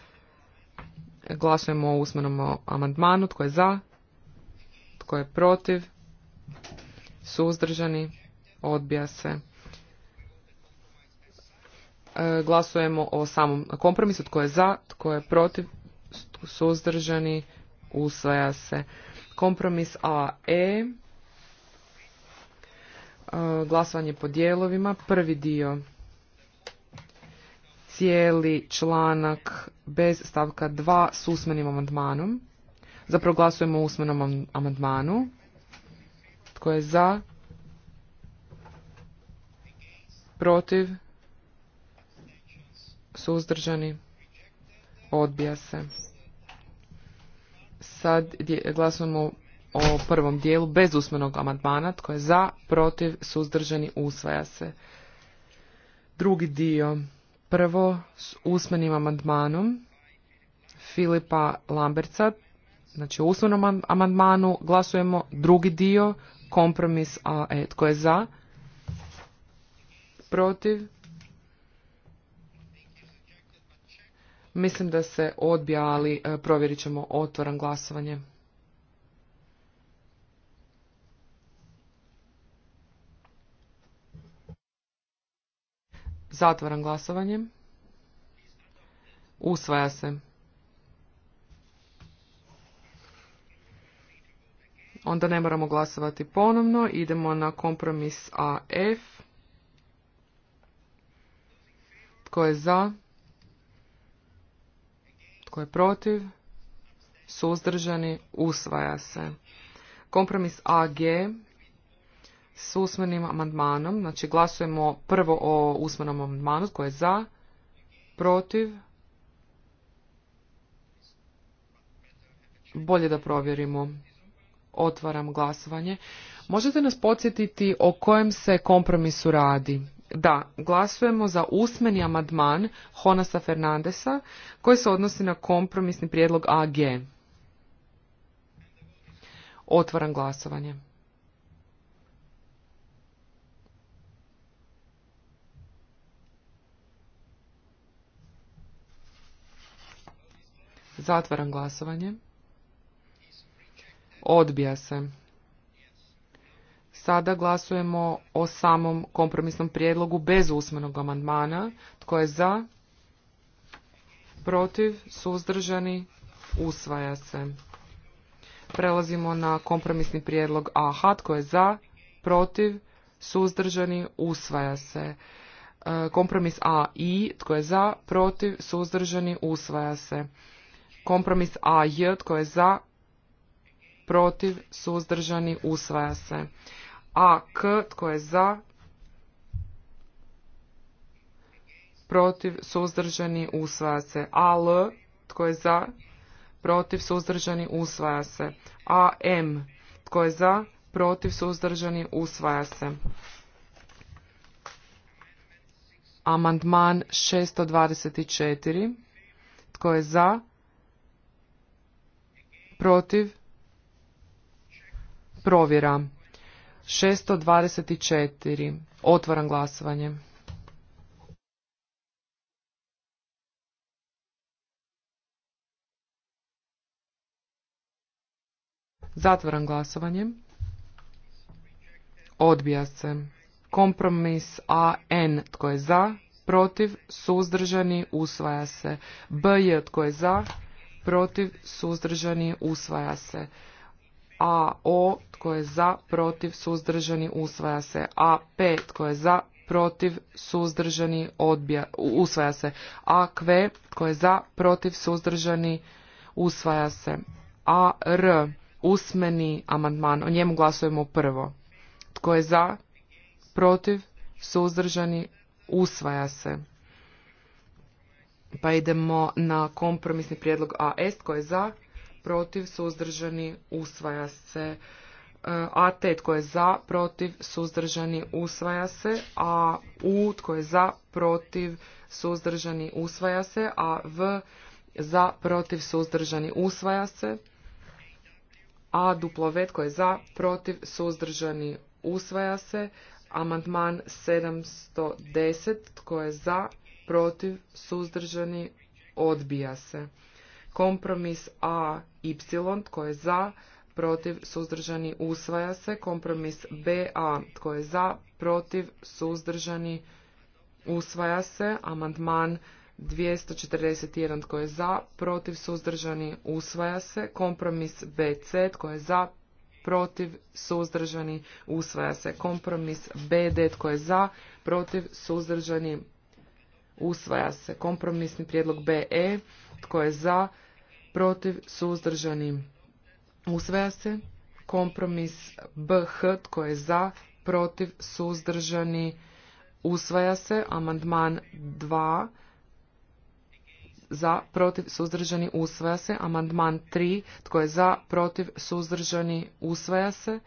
Glasujemo o usmenom amandmanu. Tko je za? Tko je protiv? Suzdržani? Odbija se. E, glasujemo o samom kompromisu. Tko je za? Tko je protiv? Suzdržani? Usvaja se. Kompromis AE. E, glasovanje po dijelovima. Prvi dio cijeli članak bez stavka 2 s usmenim amandmanom. Zapravo glasujemo usmenom amandmanu. Tko je za? Protiv? Suzdržani? Odbija se. Sad glasujemo o prvom dijelu bez usmenog amandmana. Tko je za? Protiv? Suzdržani? Usvaja se. Drugi dio Prvo s usmenim amandmanom Filipa Lamberca, znači u usmenom amandmanu glasujemo drugi dio, kompromis A, e, tko je za, protiv, mislim da se odbija, ali e, provjerit ćemo otvoran glasovanje. Zatvaram glasovanjem. Usvaja se. Onda ne moramo glasovati ponovno. Idemo na kompromis AF. Tko je za? Tko je protiv? Suzdržani? Usvaja se. Kompromis AG s usmenim amandmanom. Znači glasujemo prvo o usmenom amandmanu koje je za, protiv. Bolje da provjerimo. Otvaram glasovanje. Možete nas podsjetiti o kojem se kompromisu radi? Da, glasujemo za usmeni amandman Honasa Fernandesa koji se odnosi na kompromisni prijedlog AG. Otvaram glasovanje. Zatvaram glasovanje. Odbija se. Sada glasujemo o samom kompromisnom prijedlogu bez usmenog amandmana. Tko je za? Protiv? Suzdržani? Usvaja se. Prelazimo na kompromisni prijedlog AH. Tko je za? Protiv? Suzdržani? Usvaja se. E, kompromis AI. Tko je za? Protiv? Suzdržani? Usvaja se. Kompromis AJ, tko je za, protiv, suzdržani, usvaja se. K tko je za, protiv, suzdržani, usvaja se. AL, tko je za, protiv, suzdržani, usvaja se. AM, tko je za, protiv, suzdržani, usvaja se. Amandman 624, tko je za, protiv, provjera. 624. Otvaram glasovanje. Zatvaram glasovanje. Odbija se. Kompromis AN tko je za, protiv, suzdržani, usvaja se. BJ tko je za, protiv, suzdržani, usvaja se. A O tko je za, protiv, suzdržani, usvaja se. A P tko je za, protiv, suzdržani, odbija, usvaja se. A Q tko je za, protiv, suzdržani, usvaja se. A R usmeni amandman, o njemu glasujemo prvo. Tko je za, protiv, suzdržani, usvaja se. Pa idemo na kompromisni prijedlog AS tko je za, protiv, suzdržani, usvaja se. E, A te tko je za, protiv, suzdržani, usvaja se. A U tko je za, protiv, suzdržani, usvaja se. A V za, protiv, suzdržani, usvaja se. A duplo V tko je za, protiv, suzdržani, usvaja se. Amandman 710 tko je za, protiv, suzdržani, odbija se. Kompromis A, Y, tko je za, protiv, suzdržani, usvaja se. Kompromis B, A, tko je za, protiv, suzdržani, usvaja se. Amandman 241, tko je za, protiv, suzdržani, usvaja se. Kompromis B, C, tko je za, protiv, suzdržani, usvaja se. Kompromis B, D, tko je za, protiv, suzdržani, Usvaja se kompromisni prijedlog BE. Tko je za? Protiv? Suzdržani? Usvaja se kompromis BH. Tko je za? Protiv? Suzdržani? Usvaja se amandman 2. Za, protiv, suzdržani, usvaja se. Amandman 3. Tko je za, protiv, suzdržani, usvaja se.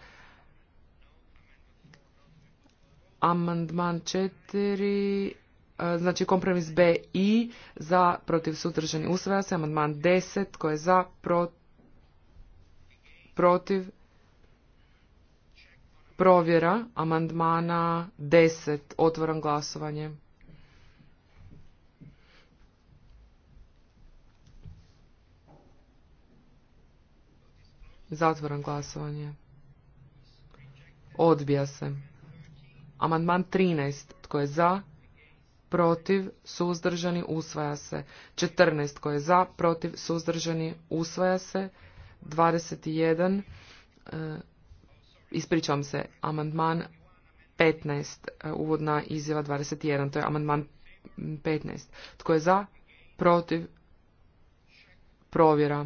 Amandman 4 E, znači kompromis B i za protiv suzdržani usvaja se amandman 10 koji je za pro, protiv provjera amandmana 10 otvoram glasovanje Zatvoram glasovanje. Odbija se. Amandman 13. Tko je za? protiv, suzdržani, usvaja se. 14 tko je za, protiv, suzdržani, usvaja se. 21, e, ispričavam se, amandman 15, e, uvodna izjava 21, to je amandman 15. Tko je za, protiv, provjera.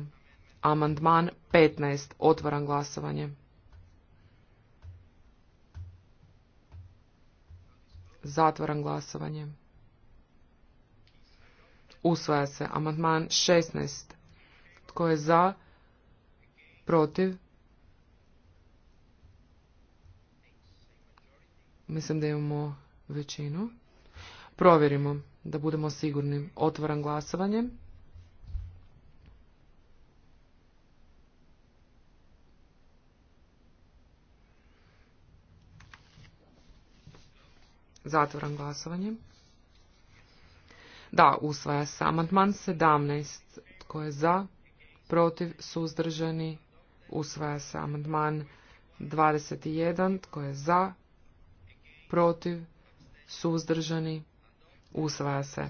Amandman 15, otvaram glasovanje. Zatvaram glasovanje. Usvaja se. Amandman 16. Tko je za? Protiv? Mislim da imamo većinu. Provjerimo da budemo sigurni. Otvoran glasovanje. Zatvaram glasovanje. Da, usvaja se. Amandman 17. Tko je za? Protiv? Suzdržani? Usvaja se. Amandman 21. Tko je za? Protiv? Suzdržani? Usvaja se.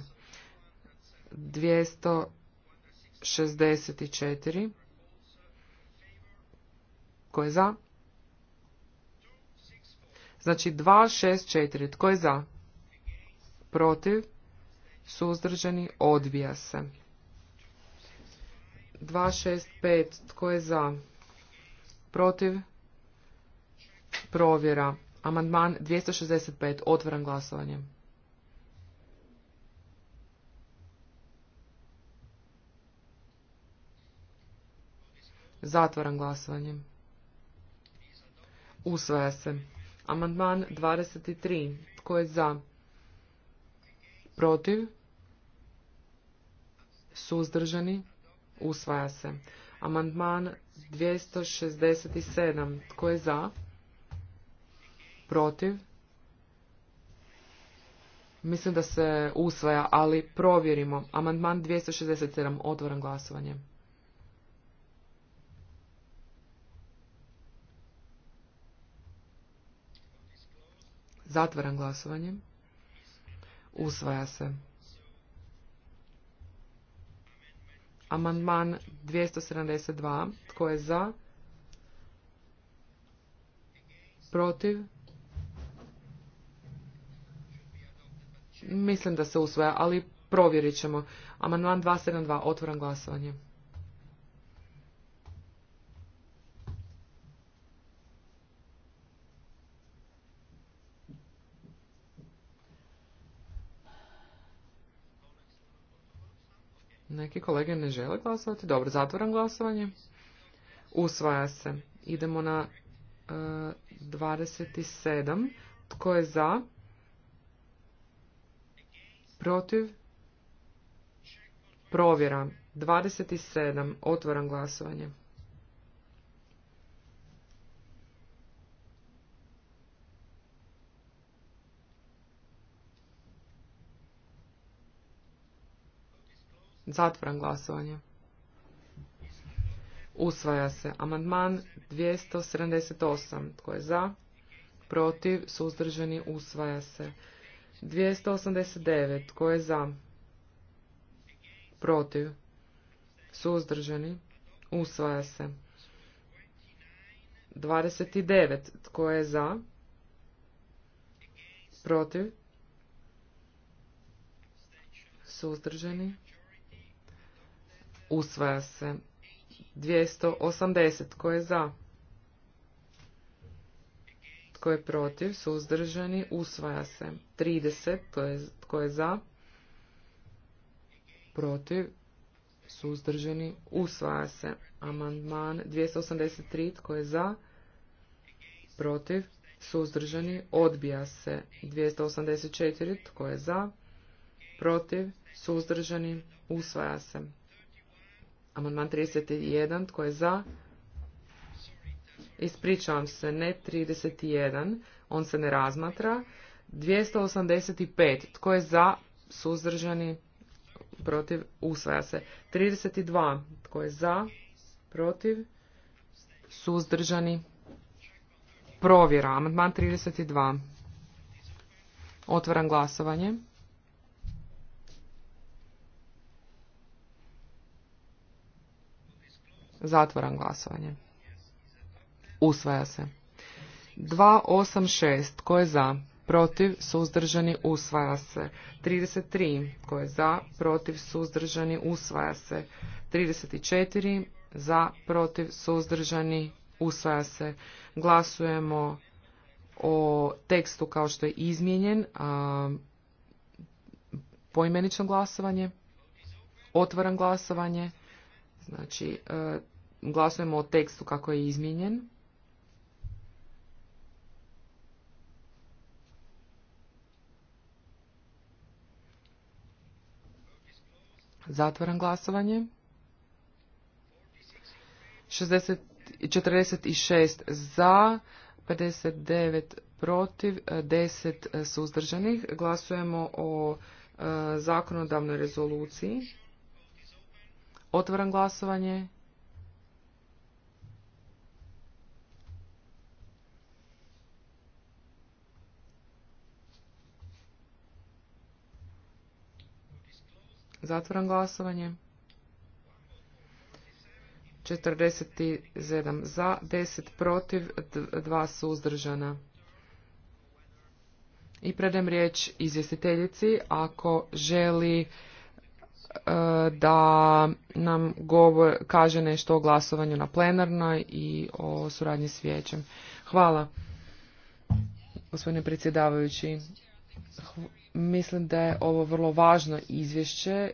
264. Tko je za? Znači 264. Tko je za? Protiv? suzdržani, odbija se. 265, tko je za? Protiv? Provjera. Amandman 265, Otvoran glasovanje. Zatvaram glasovanje. Usvaja se. Amandman 23. Tko je za? Protiv? suzdržani, usvaja se. Amandman 267. Tko je za? Protiv? Mislim da se usvaja, ali provjerimo. Amandman 267. Otvoram glasovanje. Zatvaram glasovanje. Usvaja se. Amandman 272. Tko je za? Protiv? Mislim da se usvaja, ali provjerit ćemo. Amandman 272. Otvoram glasovanje. Neki kolege ne žele glasovati. Dobro, zatvoram glasovanje. Usvaja se. Idemo na 27. E, Tko je za? Protiv? Provjera. 27. otvaram glasovanje. Zatvaram glasovanje. Usvaja se amandman 278. Tko je za? Protiv? Suzdržani? Usvaja se. 289. Tko je za? Protiv? Suzdržani? Usvaja se. 29. Tko je za? Protiv? Suzdržani? Usvaja se. 280. Tko je za? Tko je protiv? Suzdržani. Usvaja se. 30. tko je za? Protiv. Suzdržani. Usvaja se. Amandman 283. Tko je za? Protiv. Suzdržani. Odbija se. 284. Tko je za? Protiv. Suzdržani. Usvaja se. Amandman 31. Tko je za? Ispričavam se, ne 31. On se ne razmatra. 285. Tko je za? Suzdržani? Protiv? Usvaja se. 32. Tko je za? Protiv? Suzdržani? Provjera. Amandman 32. Otvaram glasovanje. Zatvoram glasovanje. Usvaja se. 286. Tko je za? Protiv? Suzdržani? Usvaja se. 33. Tko je za? Protiv? Suzdržani? Usvaja se. 34. Za? Protiv? Suzdržani? Usvaja se. Glasujemo o tekstu kao što je izmijenjen. A, poimenično glasovanje. Otvoran glasovanje. Znači, e, Glasujemo o tekstu kako je izmijenjen. Zatvaram glasovanje. 60, 46 za, 59 protiv, 10 suzdržanih. Glasujemo o e, zakonodavnoj rezoluciji. Otvaram glasovanje. Zatvoram glasovanje. 47 za, 10 protiv, 2 suzdržana. I predem riječ izvjestiteljici ako želi e, da nam govor, kaže nešto o glasovanju na plenarnoj i o suradnji s vijećem. Hvala, gospodine predsjedavajući. Mislim da je ovo vrlo važno izvješće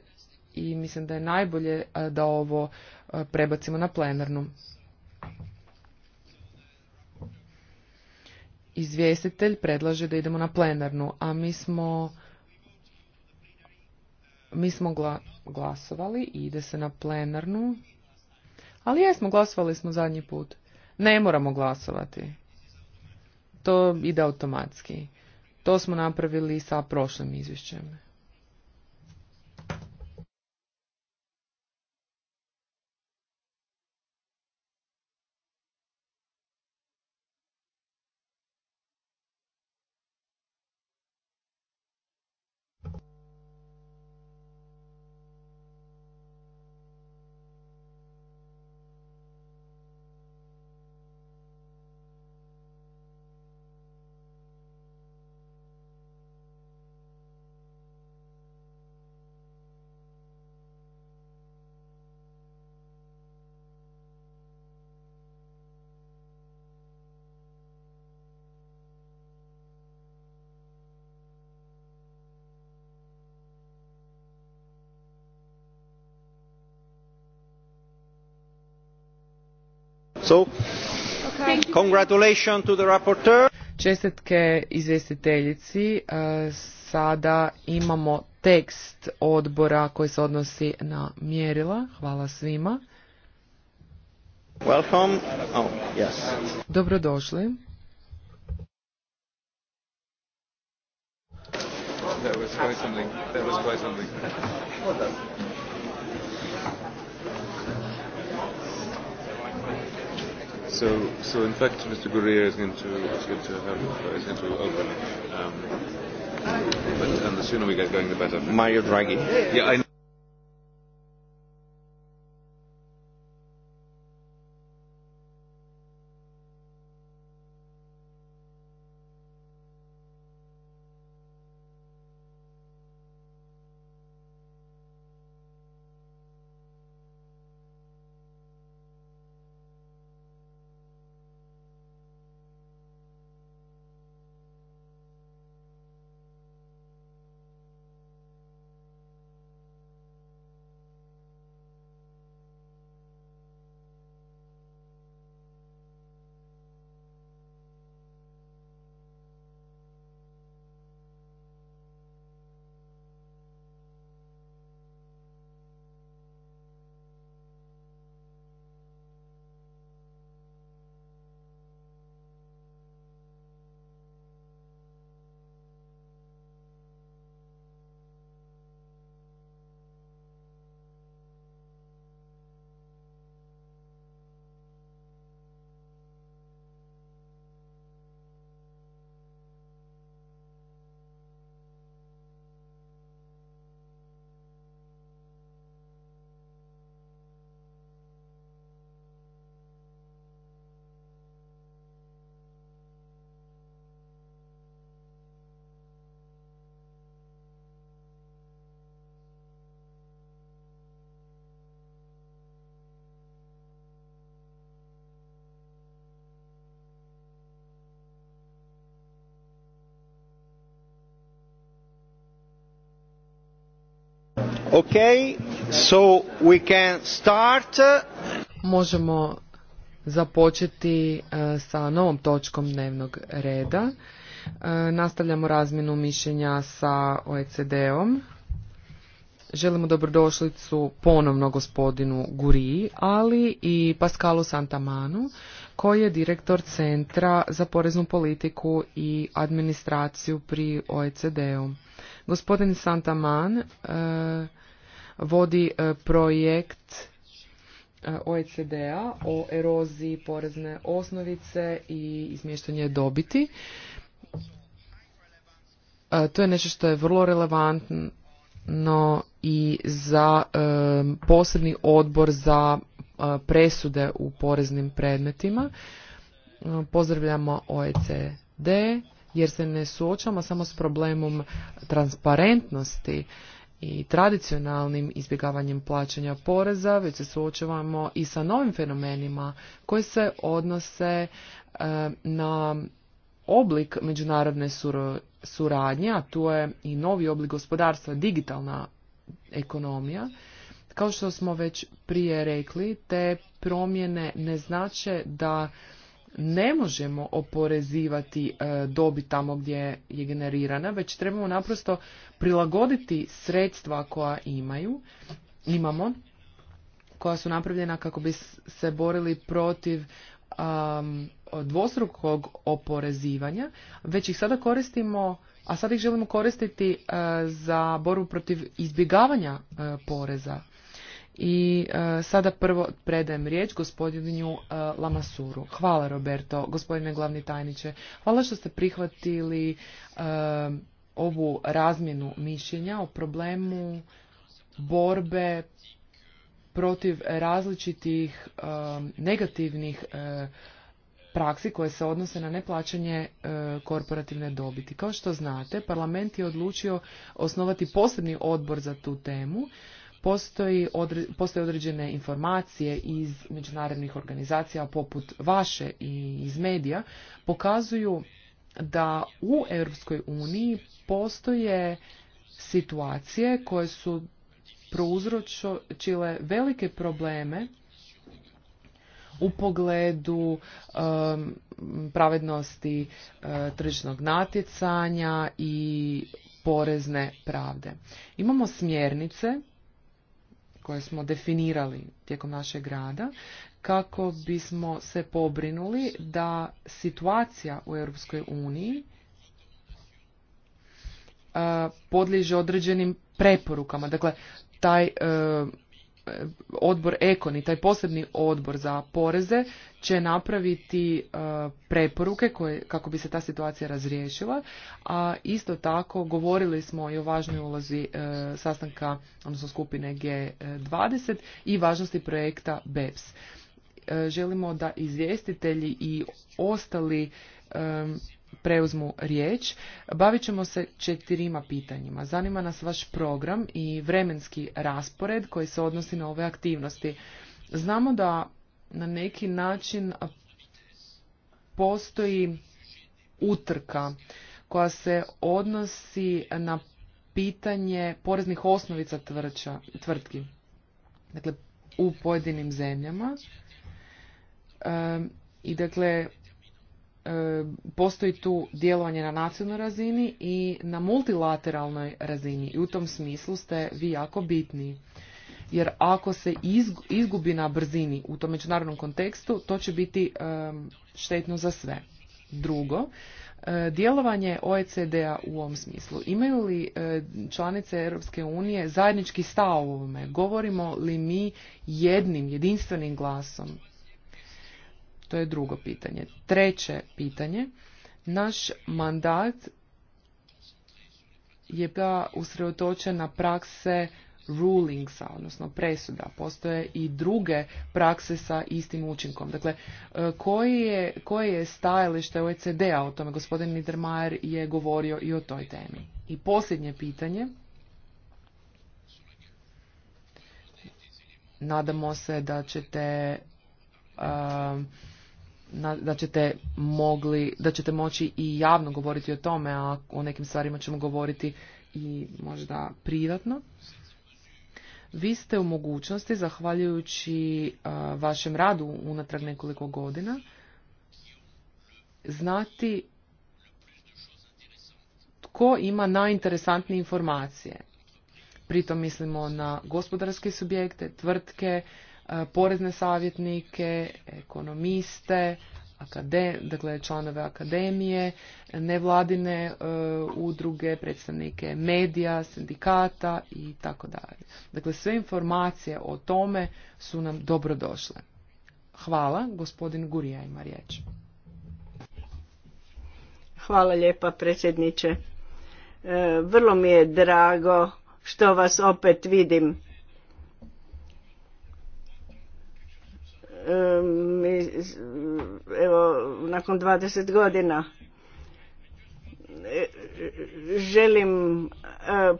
i mislim da je najbolje e, da ovo e, prebacimo na plenarnu. Izvjestitelj predlaže da idemo na plenarnu, a mi smo mi smo gla, glasovali i ide se na plenarnu. Ali jesmo, glasovali smo zadnji put. Ne moramo glasovati. To ide automatski. To smo napravili sa prošlim izvješćem. So, congratulations to the rapporteur. Čestitke izvjestiteljici. E, sada imamo tekst odbora koji se odnosi na mjerila. Hvala svima. Welcome. Oh, yes. Dobrodošli. There was quite something. There was quite something. So, so in fact, Mr. Gurria is going to is going to have is going to open. Um, but, and the sooner we get going, the better. Mario Draghi. Yeah, I know. Okay, so start. Možemo započeti e, sa novom točkom dnevnog reda. E, nastavljamo razmjenu mišljenja sa OECD-om. Želimo dobrodošlicu ponovno gospodinu Guri ali i Paskalu Santamanu, koji je direktor Centra za poreznu politiku i administraciju pri OECD-u. Gospodin Santaman e, vodi e, projekt e, OECD-a o eroziji porezne osnovice i izmještanje dobiti. To je nešto što je vrlo relevantno i za posebni odbor za presude u poreznim predmetima. Pozdravljamo OECD jer se ne suočamo samo s problemom transparentnosti i tradicionalnim izbjegavanjem plaćanja poreza, već se suočavamo i sa novim fenomenima koji se odnose e, na oblik međunarodne suradnje, a tu je i novi oblik gospodarstva, digitalna ekonomija. Kao što smo već prije rekli, te promjene ne znače da ne možemo oporezivati e, dobit tamo gdje je generirana, već trebamo naprosto prilagoditi sredstva koja imaju, imamo, koja su napravljena kako bi se borili protiv um, dvostrukog oporezivanja, već ih sada koristimo, a sada ih želimo koristiti e, za borbu protiv izbjegavanja e, poreza. I e, sada prvo predajem riječ gospodinu e, Lamasuru. Hvala Roberto, gospodine glavni tajniče. Hvala što ste prihvatili e, ovu razmjenu mišljenja o problemu borbe protiv različitih e, negativnih praksi koje se odnose na neplaćanje korporativne dobiti. Kao što znate, parlament je odlučio osnovati posebni odbor za tu temu postoje određene informacije iz međunarodnih organizacija poput vaše i iz medija pokazuju da u Europskoj uniji postoje situacije koje su prouzročile velike probleme u pogledu um, pravednosti uh, tržišnog natjecanja i porezne pravde. Imamo smjernice koje smo definirali tijekom našeg grada kako bismo se pobrinuli da situacija u Europskoj uniji eh, podliježe određenim preporukama. Dakle, taj eh, odbor Ekon i taj posebni odbor za poreze će napraviti e, preporuke koje, kako bi se ta situacija razriješila, a isto tako govorili smo i o važnoj ulozi e, sastanka, odnosno skupine G20 i važnosti projekta BEPS. E, želimo da izvjestitelji i ostali preuzmu riječ, bavit ćemo se četirima pitanjima. Zanima nas vaš program i vremenski raspored koji se odnosi na ove aktivnosti. Znamo da na neki način postoji utrka koja se odnosi na pitanje poreznih osnovica tvrtki. Dakle, u pojedinim zemljama. Ehm, I dakle, E, postoji tu djelovanje na nacionalnoj razini i na multilateralnoj razini i u tom smislu ste vi jako bitni. Jer ako se izgubi na brzini u tom međunarodnom kontekstu, to će biti štetno za sve. Drugo, e, djelovanje OECD-a u ovom smislu. Imaju li e, članice Europske unije zajednički stav o ovome? Govorimo li mi jednim, jedinstvenim glasom? To je drugo pitanje. Treće pitanje. Naš mandat je bila usredotočen na prakse rulingsa, odnosno presuda. Postoje i druge prakse sa istim učinkom. Dakle, e, koji je, koje je stajalište OECD-a o tome? Gospodin Niedermayer je govorio i o toj temi. I posljednje pitanje. Nadamo se da ćete e, da ćete mogli, da ćete moći i javno govoriti o tome, a o nekim stvarima ćemo govoriti i možda privatno. Vi ste u mogućnosti, zahvaljujući vašem radu unatrag nekoliko godina, znati tko ima najinteresantnije informacije. Pritom mislimo na gospodarske subjekte, tvrtke, E, porezne savjetnike, ekonomiste, dakle članove akademije, nevladine e, udruge, predstavnike medija, sindikata i tako dalje. Dakle, sve informacije o tome su nam dobrodošle. Hvala, gospodin Gurija ima riječ. Hvala lijepa predsjedniče. E, vrlo mi je drago što vas opet vidim evo, nakon 20 godina e, želim e,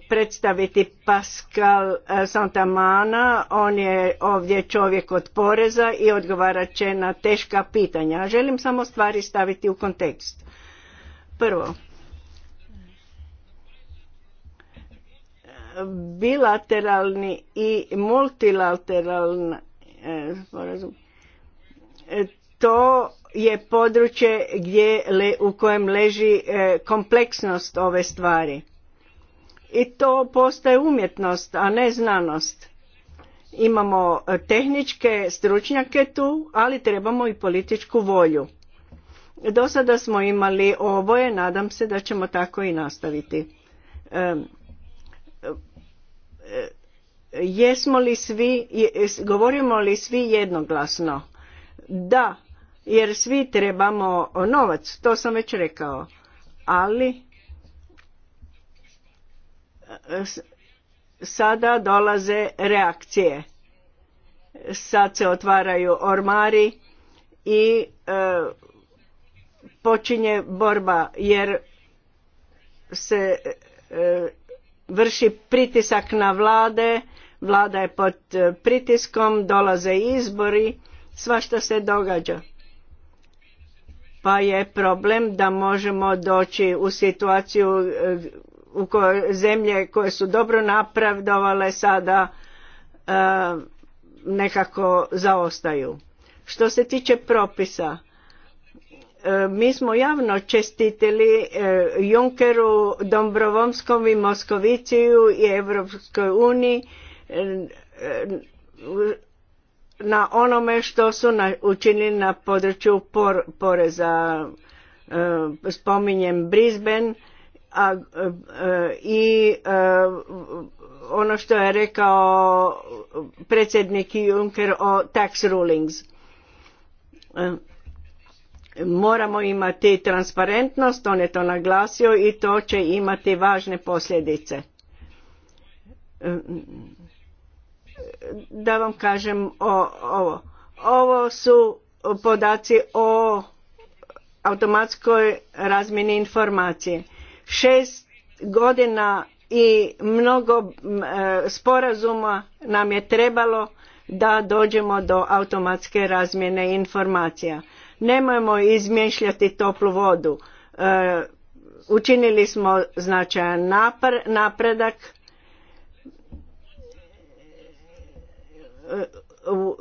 predstaviti Pascal e, Santamana, on je ovdje čovjek od poreza i odgovarat će na teška pitanja. Želim samo stvari staviti u kontekst. Prvo, bilateralni i multilateralni sporazum to je područje gdje, u kojem leži e, kompleksnost ove stvari. I to postaje umjetnost, a ne znanost. Imamo e, tehničke stručnjake tu, ali trebamo i političku volju. Do sada smo imali oboje, nadam se da ćemo tako i nastaviti. E, jesmo li svi, govorimo li svi jednoglasno? Da, jer svi trebamo novac, to sam već rekao. Ali sada dolaze reakcije. Sad se otvaraju ormari i e, počinje borba jer se e, vrši pritisak na vlade, vlada je pod pritiskom, dolaze izbori što se događa. Pa je problem da možemo doći u situaciju eh, u kojoj zemlje koje su dobro napravdovale sada eh, nekako zaostaju. Što se tiče propisa, eh, mi smo javno čestitili Junckeru, Junkeru, Dombrovomskom i Moskoviciju i Evropskoj uniji na onome što su učinili na području poreza. E, spominjem Brisbane e, e, i ono što je rekao predsjednik Juncker o tax rulings. Moramo imati transparentnost, on je to naglasio i to će imati važne posljedice da vam kažem ovo. Ovo su podaci o automatskoj razmjeni informacije. Šest godina i mnogo e, sporazuma nam je trebalo da dođemo do automatske razmjene informacija. Nemojmo izmišljati toplu vodu. E, učinili smo značajan napredak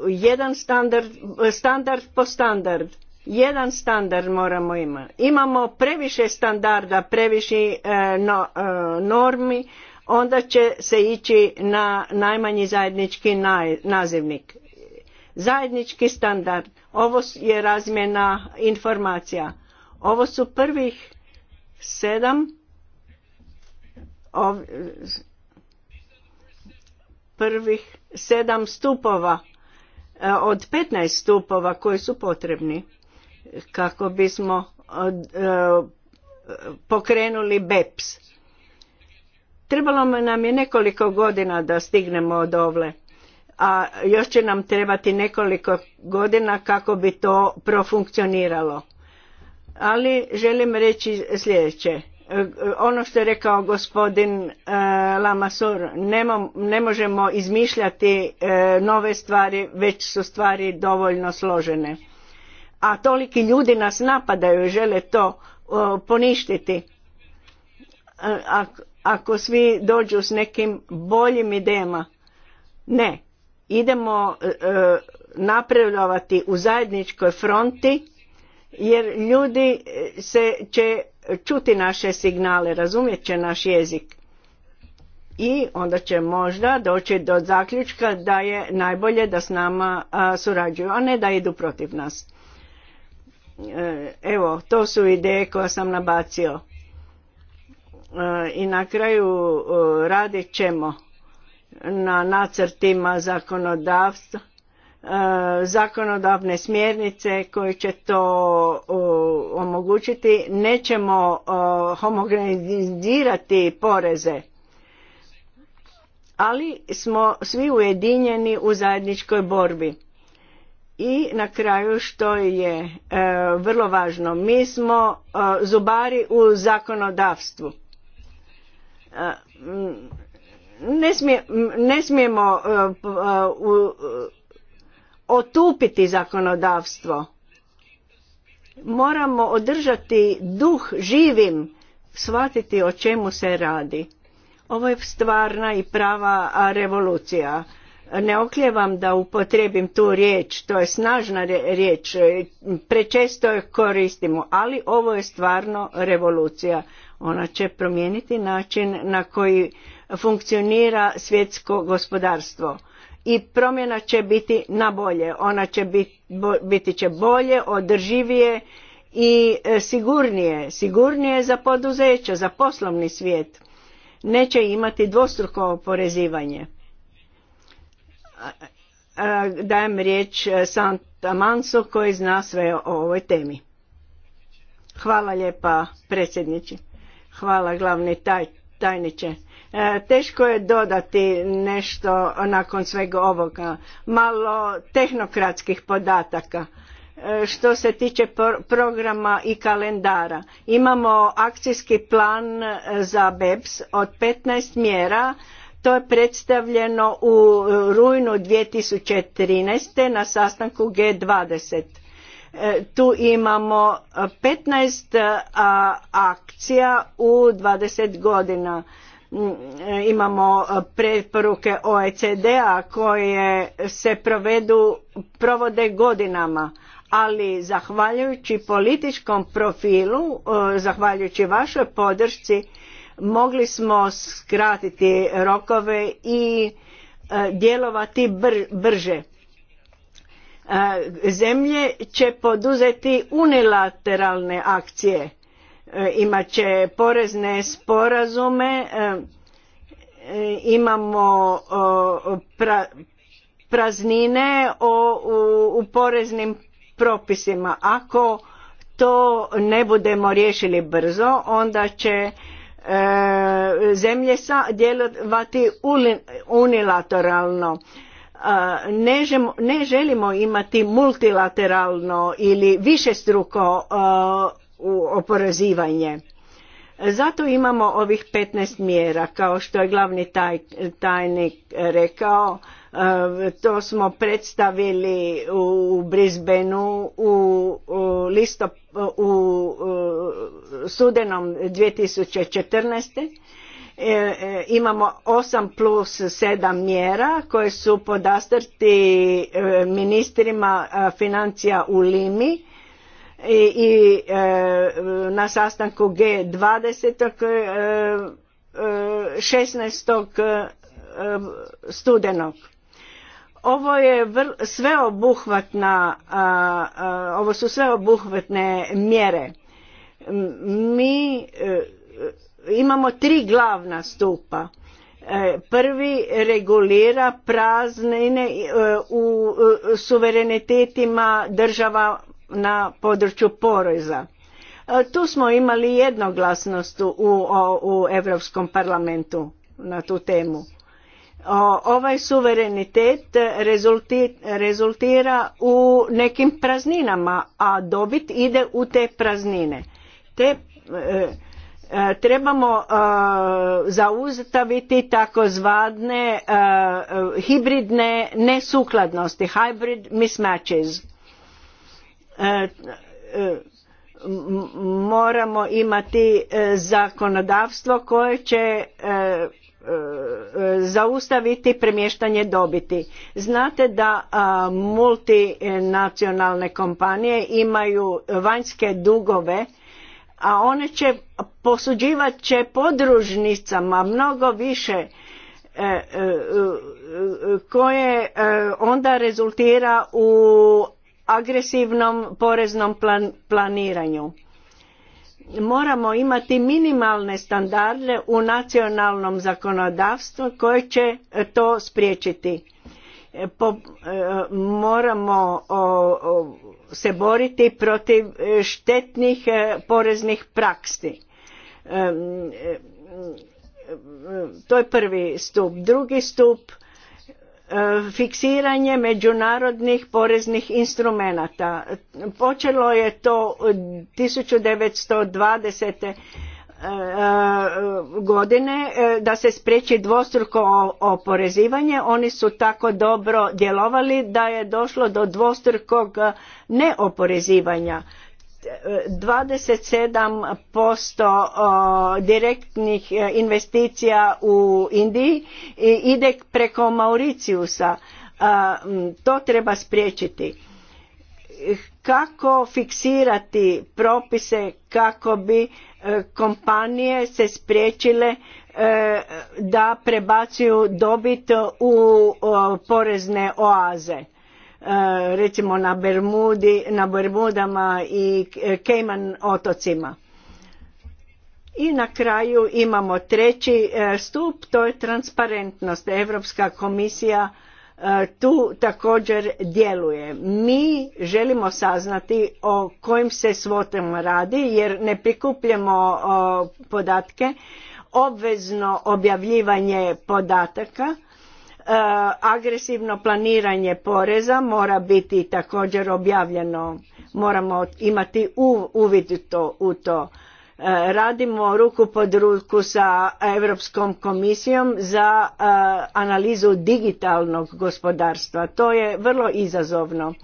jedan standard, standard po standard. Jedan standard moramo imati. Imamo previše standarda, previše e, e, normi, onda će se ići na najmanji zajednički nazivnik. Zajednički standard. Ovo je razmjena informacija. Ovo su prvih sedam prvih sedam stupova e, od 15 stupova koji su potrebni kako bismo e, pokrenuli BEPS. Trebalo nam je nekoliko godina da stignemo od ovle, a još će nam trebati nekoliko godina kako bi to profunkcioniralo. Ali želim reći sljedeće. E, ono što je rekao gospodin e, Lamasur, ne možemo izmišljati e, nove stvari, već su stvari dovoljno složene. A toliki ljudi nas napadaju i žele to poništiti. Ako svi dođu s nekim boljim idejama, ne. Idemo napredovati u zajedničkoj fronti, jer ljudi se će čuti naše signale, razumjet će naš jezik. I onda će možda doći do zaključka da je najbolje da s nama surađuju, a ne da idu protiv nas. E, evo, to su ideje koje sam nabacio. E, I na kraju e, radit ćemo na nacrtima zakonodavstva zakonodavne smjernice koje će to omogućiti. Nećemo homogenizirati poreze, ali smo svi ujedinjeni u zajedničkoj borbi. I na kraju što je e, vrlo važno, mi smo zubari u zakonodavstvu. E, ne, smijemo e, otupiti zakonodavstvo. Moramo održati duh živim, shvatiti o čemu se radi. Ovo je stvarna i prava revolucija. Ne okljevam da upotrebim tu riječ, to je snažna riječ, prečesto je koristimo, ali ovo je stvarno revolucija. Ona će promijeniti način na koji funkcionira svjetsko gospodarstvo i promjena će biti na bolje. Ona će biti, će bolje, održivije i e, sigurnije. Sigurnije za poduzeća, za poslovni svijet. Neće imati dvostruko oporezivanje. Dajem riječ e, Santa Manso koji zna sve o ovoj temi. Hvala lijepa predsjedniče. Hvala glavni tajniče E, teško je dodati nešto nakon svega ovoga. Malo tehnokratskih podataka e, što se tiče programa i kalendara. Imamo akcijski plan e, za BEPS od 15 mjera. To je predstavljeno u rujnu 2013. na sastanku G20. Tu imamo 15 akcija u 20 godina Mm, e, imamo e, preporuke OECD-a koje se provedu, provode godinama, ali zahvaljujući političkom profilu, e, zahvaljujući vašoj podršci, mogli smo skratiti rokove i djelovati brže. Zemlje će poduzeti unilateralne akcije E, imat će porezne sporazume, e, e, imamo praznine u, poreznim propisima. Ako to ne budemo riješili brzo, onda će zemlje djelovati unilateralno. Ne, ne želimo imati multilateralno ili višestruko u oporezivanje. Zato imamo ovih 15 mjera, kao što je glavni taj, tajnik rekao, e, to smo predstavili u Brisbaneu u, u, listop, u, u sudenom 2014. E, e, imamo 8 plus 7 mjera koje su podastrti ministrima financija u Limi i, e, na sastanku G20 16. E, e, studenog. Ovo je sveobuhvatna, ovo su sveobuhvatne mjere. Mi imamo tri glavna stupa. Prvi regulira praznine u suverenitetima država na području poreza. E, tu smo imali jednoglasnost u, u Europskom parlamentu na tu temu. Ovaj suverenitet rezultira u nekim prazninama, a dobit ide u te praznine. Te e, e, trebamo zaustaviti takozvane hibridne nesukladnosti, hybrid mismatches E, e, moramo imati e, zakonodavstvo koje će zaustaviti premještanje dobiti. Znate da multinacionalne kompanije imaju vanjske dugove, a one će posuđivat će podružnicama mnogo više koje onda rezultira u agresivnom poreznom planiranju. Moramo imati minimalne standarde u nacionalnom zakonodavstvu koje će to spriječiti. E, e, moramo se boriti protiv štetnih e, poreznih praksi. to je prvi stup. Drugi stup E, fiksiranje međunarodnih poreznih instrumenata. Počelo je to 1920 e, godine e, da se spriječi dvostruko oporezivanje. Oni su tako dobro djelovali da je došlo do dvostrukog neoporezivanja. 27% direktnih e, investicija u Indiji ide preko Mauricijusa. To treba spriječiti. Kako fiksirati propise kako bi e, kompanije se spriječile e, da prebacuju dobit u porezne oaze? E, recimo na, Bermudi, na Bermudama i Cayman otocima. I na kraju imamo treći e, stup, to je transparentnost. Europska komisija e, tu također djeluje. Mi želimo saznati o kojim se svotem radi jer ne prikupljamo podatke, obvezno objavljivanje podataka Eh, agresivno planiranje poreza mora biti također objavljeno moramo imati uvid u to eh, radimo ruku pod ruku sa europskom komisijom za eh, analizu digitalnog gospodarstva to je vrlo izazovno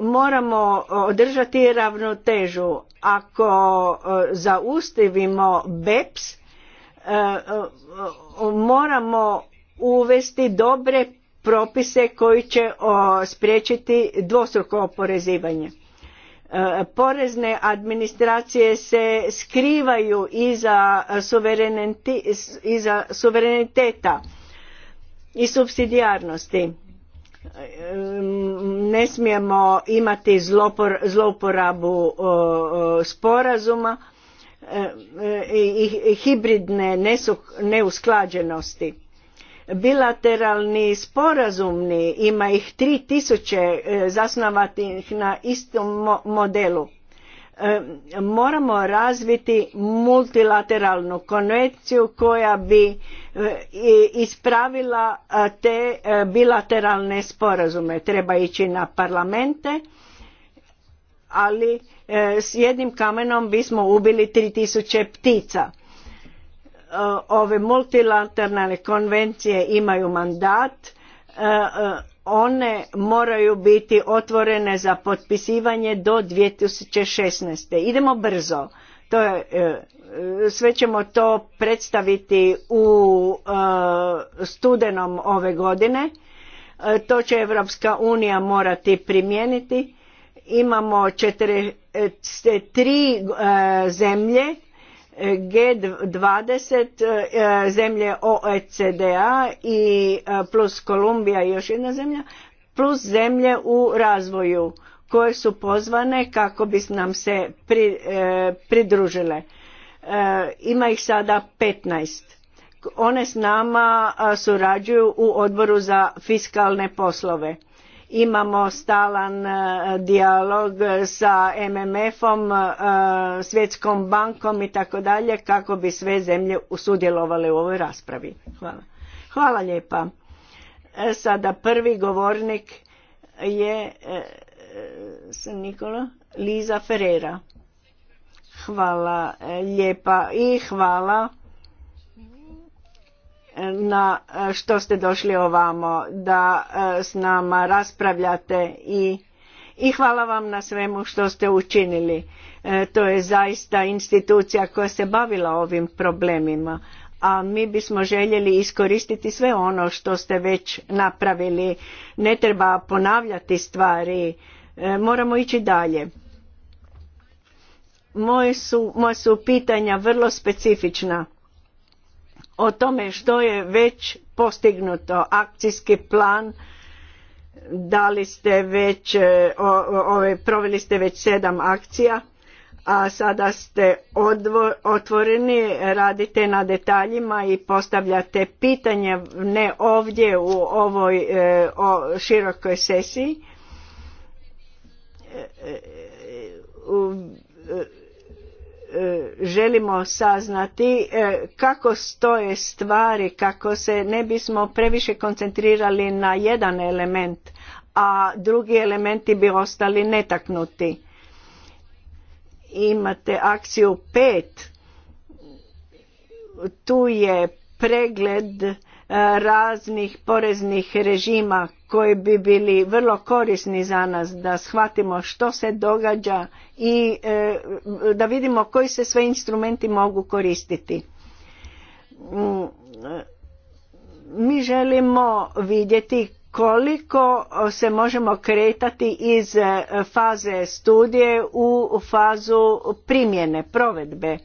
moramo održati ravnotežu ako zaustavimo beps moramo uvesti dobre propise koji će spriječiti dvostruko oporezivanje. E, porezne administracije se skrivaju iza, iza suvereniteta i subsidijarnosti. E, ne smijemo imati zlouporabu sporazuma e, i hibridne neusklađenosti bilateralni sporazumni, ima ih 3000 e, zasnovatih na istom modelu. E, moramo razviti multilateralnu konvenciju koja bi e, ispravila te bilateralne sporazume. Treba ići na parlamente, ali s jednim kamenom bismo ubili 3000 ptica E, ove multilateralne konvencije imaju mandat e, e, one moraju biti otvorene za potpisivanje do 2016. Idemo brzo. To je, sve ćemo to predstaviti u studenom ove godine. To će Evropska unija morati primijeniti. Imamo tri zemlje G20 e, zemlje OECDA i e, plus Kolumbija i još jedna zemlja, plus zemlje u razvoju koje su pozvane kako bi nam se e, pridružile. Ima ih sada 15. One s nama surađuju u odboru za fiskalne poslove Imamo stalan e, dijalog sa MMF-om, e, Svjetskom bankom i tako dalje kako bi sve zemlje sudjelovale u ovoj raspravi. Hvala. Hvala lijepa. E, sada prvi govornik je Nikola Liza Ferreira. Hvala lijepa i hvala na što ste došli ovamo da e, s nama raspravljate i, i hvala vam na svemu što ste učinili. E, to je zaista institucija koja se bavila ovim problemima a mi bismo željeli iskoristiti sve ono što ste već napravili. Ne treba ponavljati stvari, e, moramo ići dalje. Moje su, moje su pitanja vrlo specifična o tome što je već postignuto akcijski plan dali ste već e, ove proveli ste već sedam akcija a sada ste otvoreni radite na detaljima i postavljate pitanja ne ovdje u ovoj e, o, širokoj sesiji e, u, E, želimo saznati e, kako stoje stvari, kako se ne bismo previše koncentrirali na jedan element, a drugi elementi bi ostali netaknuti. Imate akciju 5, tu je pregled e, raznih poreznih režima koji bi bili vrlo korisni za nas da shvatimo što se događa i e, da vidimo koji se sve instrumenti mogu koristiti. Mm, mi želimo vidjeti koliko se možemo kretati iz e, faze studije u fazu primjene, provedbe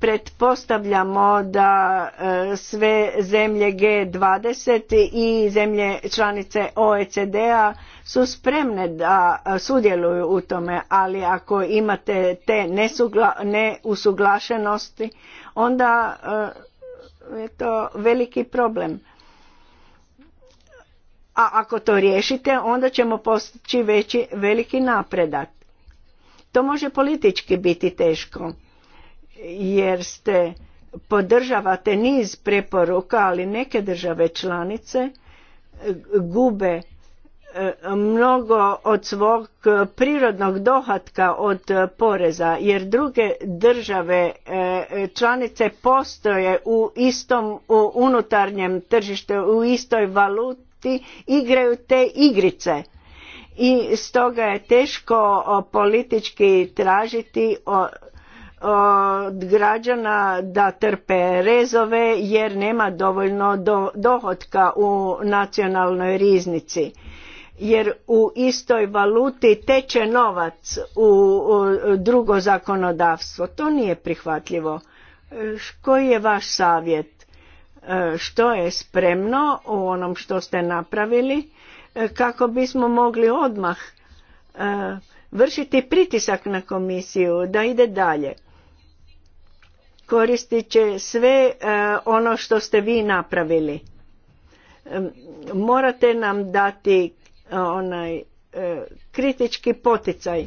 pretpostavljamo da e, sve zemlje G20 i zemlje članice OECD-a su spremne da e, sudjeluju u tome, ali ako imate te neusuglašenosti, onda e, je to veliki problem. A ako to riješite, onda ćemo postići veći veliki napredak. To može politički biti teško jer ste podržavate niz preporuka, ali neke države članice e, gube e, mnogo od svog prirodnog dohatka od poreza jer druge države e, članice postoje u istom u unutarnjem tržištu u istoj valuti igraju te igrice i stoga je teško politički tražiti od građana da trpe rezove jer nema dovoljno do, dohotka u nacionalnoj riznici jer u istoj valuti teče novac u, u drugo zakonodavstvo to nije prihvatljivo koji je vaš savjet e, što je spremno u onom što ste napravili e, kako bismo mogli odmah e, vršiti pritisak na komisiju da ide dalje koristit će sve e, ono što ste vi napravili. E, morate nam dati e, onaj kritički poticaj.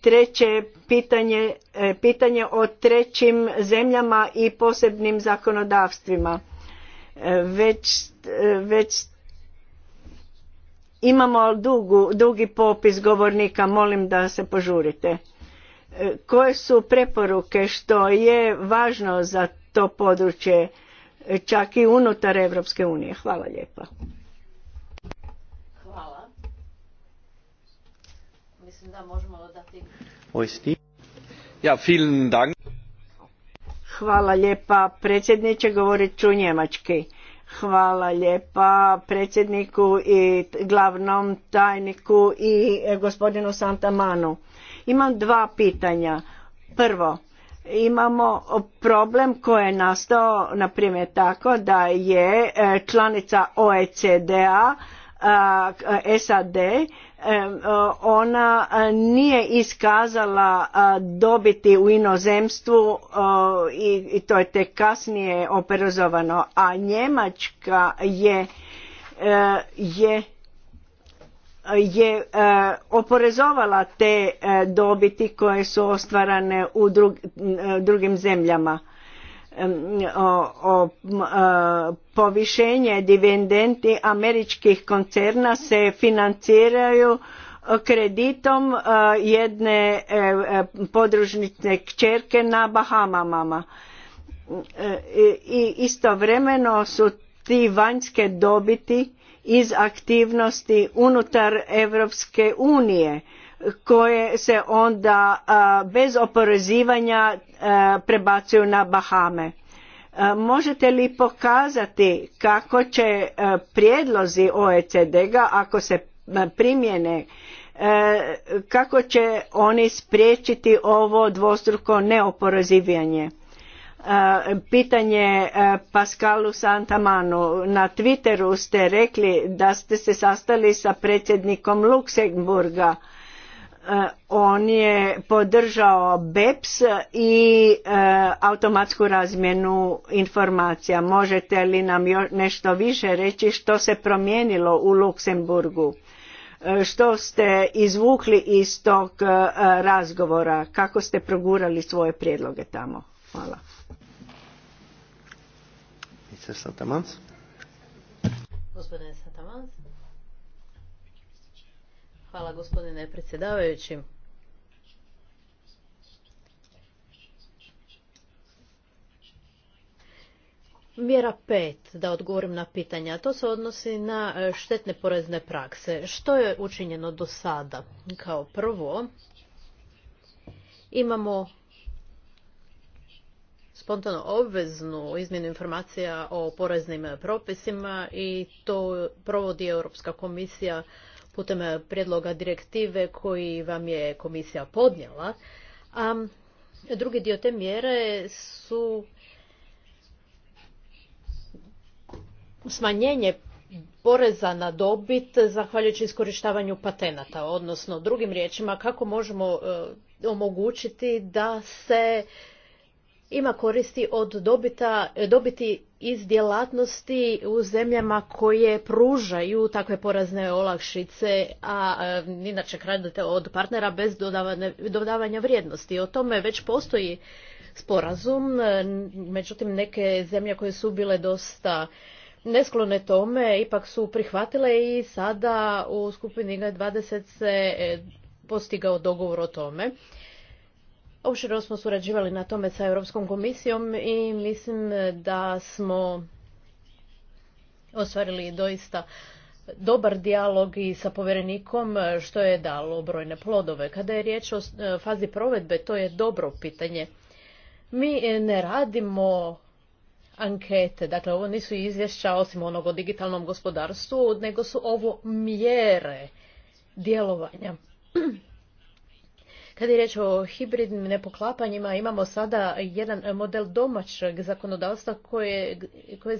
Treće pitanje, pitanje o trećim zemljama i posebnim zakonodavstvima. Već, već imamo dugu, dugi popis govornika, molim da se požurite koje su preporuke što je važno za to područje čak i unutar Europske unije. Hvala lijepa. Hvala. Mislim da možemo Ja, Hvala lijepa predsjedniče, govorit ću njemački. Hvala lijepa predsjedniku i glavnom tajniku i gospodinu Santamanu. Imam dva pitanja. Prvo, imamo problem koji je nastao, na primjer tako da je e, članica OECD-a e, SAD e, ona nije iskazala dobiti u inozemstvu i to je tek kasnije operozovano, a Njemačka je je je e, oporezovala te e, dobiti koje su ostvarane u e, drugim zemljama. O, povišenje dividendi američkih koncerna se financiraju kreditom jedne podružnice kćerke na Bahamama. I istovremeno su ti vanjske dobiti iz aktivnosti unutar Europske unije koje se onda bez oporezivanja prebacuju na Bahame. Možete li pokazati kako će prijedlozi oecd a ako se primjene kako će oni spriječiti ovo dvostruko neoporezivanje? Pitanje e, Pascalu Santamanu. Na Twitteru ste rekli da ste se sastali sa predsjednikom Luksemburga. E, on je podržao BEPS i e, automatsku razmjenu informacija. Možete li nam još nešto više reći što se promijenilo u Luksemburgu? Što ste izvukli iz tog razgovora? Kako ste progurali svoje prijedloge tamo? Hvala. Gospodine Santamans. Hvala gospodine predsjedavajući. Mjera pet, da odgovorim na pitanja, to se odnosi na e, štetne porezne prakse. Što je učinjeno do sada? Kao prvo, imamo spontano obveznu izmjenu informacija o poreznim propisima i to provodi Europska komisija putem prijedloga direktive koji vam je komisija podnijela. A drugi dio te mjere su smanjenje poreza na dobit zahvaljujući iskorištavanju patenata, odnosno drugim riječima kako možemo e, omogućiti da se ima koristi od dobita, dobiti iz djelatnosti u zemljama koje pružaju takve porezne olakšice, a e, inače kradete od partnera bez dodavanja vrijednosti. O tome već postoji sporazum, e, međutim neke zemlje koje su bile dosta nesklone tome ipak su prihvatile i sada u skupini G20 se e, postigao dogovor o tome opširno smo surađivali na tome sa Europskom komisijom i mislim da smo ostvarili doista dobar dijalog i sa povjerenikom što je dalo brojne plodove. Kada je riječ o e, fazi provedbe, to je dobro pitanje. Mi ne radimo ankete, dakle ovo nisu izvješća osim onog o digitalnom gospodarstvu, nego su ovo mjere djelovanja. Kad je riječ o hibridnim nepoklapanjima, imamo sada jedan model domaćeg zakonodavstva koje,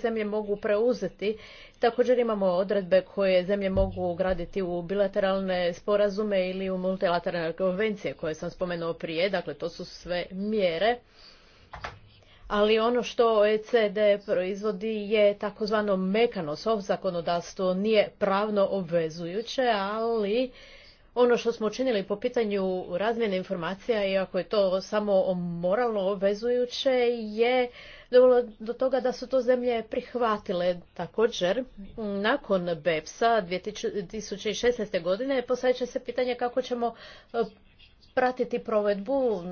zemlje mogu preuzeti. Također imamo odredbe koje zemlje mogu ugraditi u bilateralne sporazume ili u multilateralne konvencije koje sam spomenuo prije. Dakle, to su sve mjere. Ali ono što OECD proizvodi je takozvano mekano soft zakonodavstvo, nije pravno obvezujuće, ali ono što smo učinili po pitanju razmjene informacija, iako je to samo moralno obvezujuće, je dovelo do toga da su to zemlje prihvatile. Također, nakon BEPS-a 2016. godine postavit se pitanje kako ćemo e, pratiti provedbu.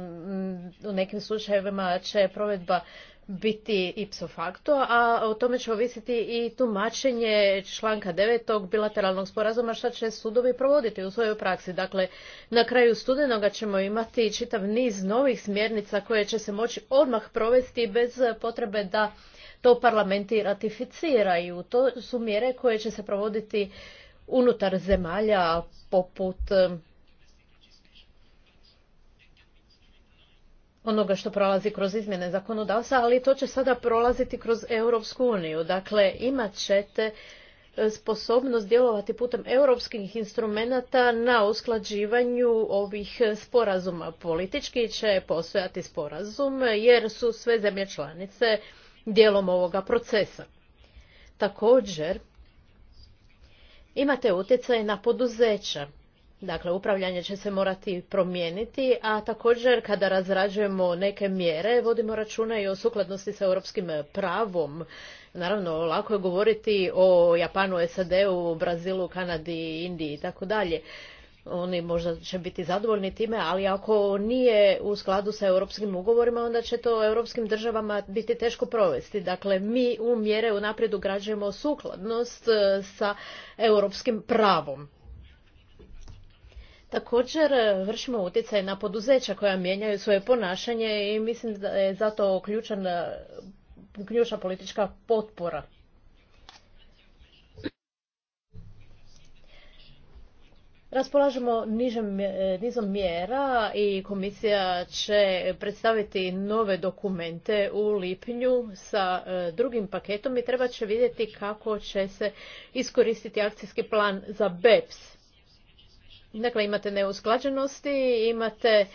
U nekim slučajevima će provedba biti ipso facto, a o tome će ovisiti i tumačenje članka 9. bilateralnog sporazuma šta će sudovi provoditi u svojoj praksi. Dakle, na kraju studenoga ćemo imati čitav niz novih smjernica koje će se moći odmah provesti bez potrebe da to parlamenti ratificiraju. To su mjere koje će se provoditi unutar zemalja poput onoga što prolazi kroz izmjene zakonodavstva, ali to će sada prolaziti kroz Europsku uniju. Dakle, imat ćete e, sposobnost djelovati putem europskih instrumenata na usklađivanju ovih sporazuma. Politički će postojati sporazum jer su sve zemlje članice dijelom ovoga procesa. Također, imate utjecaj na poduzeća. Dakle, upravljanje će se morati promijeniti, a također kada razrađujemo neke mjere, vodimo računa i o sukladnosti sa europskim pravom. Naravno, lako je govoriti o Japanu, SAD-u, Brazilu, Kanadi, Indiji i tako dalje. Oni možda će biti zadovoljni time, ali ako nije u skladu sa europskim ugovorima, onda će to europskim državama biti teško provesti. Dakle, mi u mjere unaprijed ugrađujemo sukladnost e, sa europskim pravom. Također e, vršimo utjecaj na poduzeća koja mijenjaju svoje ponašanje i mislim da je zato e, ključna politička potpora. Raspolažemo e, nizom mjera i komisija će predstaviti nove dokumente u lipnju sa drugim paketom i treba će vidjeti kako će se iskoristiti akcijski plan za BEPS. Dakle, imate neusklađenosti, imate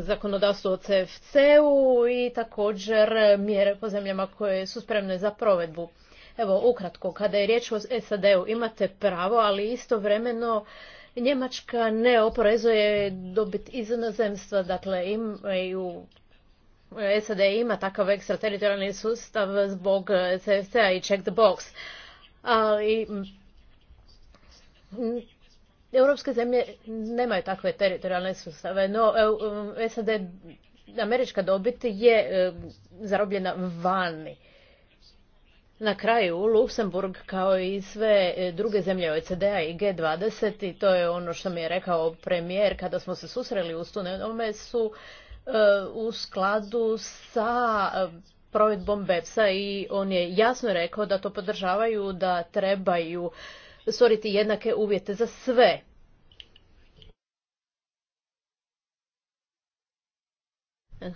zakonodavstvo o CFC-u i također mjere po zemljama koje su spremne za provedbu. Evo, ukratko, kada je riječ o SAD-u imate pravo, ali istovremeno Njemačka ne oporezuje dobit iz inozemstva, dakle imaju SAD ima takav ekstrateritorijalni sustav zbog CFC-a i check the box. Ali Europske zemlje nemaju takve teritorijalne sustave, no e, SAD američka dobit je e, zarobljena vani. Na kraju Luksemburg kao i sve e, druge zemlje OECD-a i G20 i to je ono što mi je rekao premijer kada smo se susreli u Stunenome su u skladu sa provedbom BEPS-a i on je jasno rekao da to podržavaju, da trebaju stvoriti jednake uvjete za sve.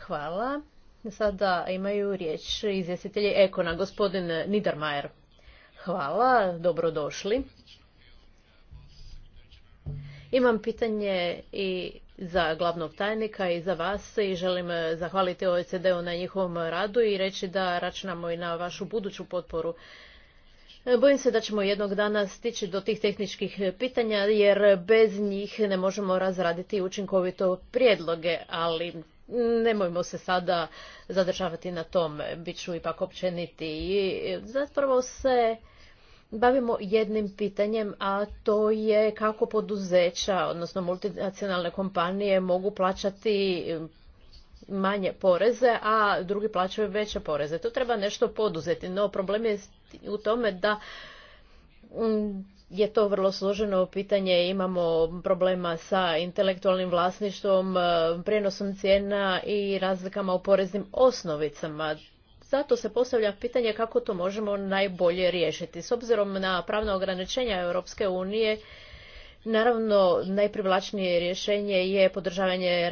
Hvala. Sada imaju riječ izvjestitelji Ekona, gospodin Nidermajer. Hvala, dobrodošli. Imam pitanje i za glavnog tajnika i za vas i želim zahvaliti OECD-u na njihovom radu i reći da računamo i na vašu buduću potporu. Bojim se da ćemo jednog dana stići do tih tehničkih pitanja jer bez njih ne možemo razraditi učinkovito prijedloge, ali nemojmo se sada zadržavati na tom, bit ću ipak općeniti. I zapravo se bavimo jednim pitanjem, a to je kako poduzeća, odnosno multinacionalne kompanije mogu plaćati manje poreze, a drugi plaćaju veće poreze. To treba nešto poduzeti, no problem je u tome da mm, je to vrlo složeno pitanje, imamo problema sa intelektualnim vlasništvom, e, prijenosom cijena i razlikama u poreznim osnovicama. Zato se postavlja pitanje kako to možemo najbolje riješiti. S obzirom na pravna ograničenja Europske unije, Naravno, najprivlačnije rješenje je podržavanje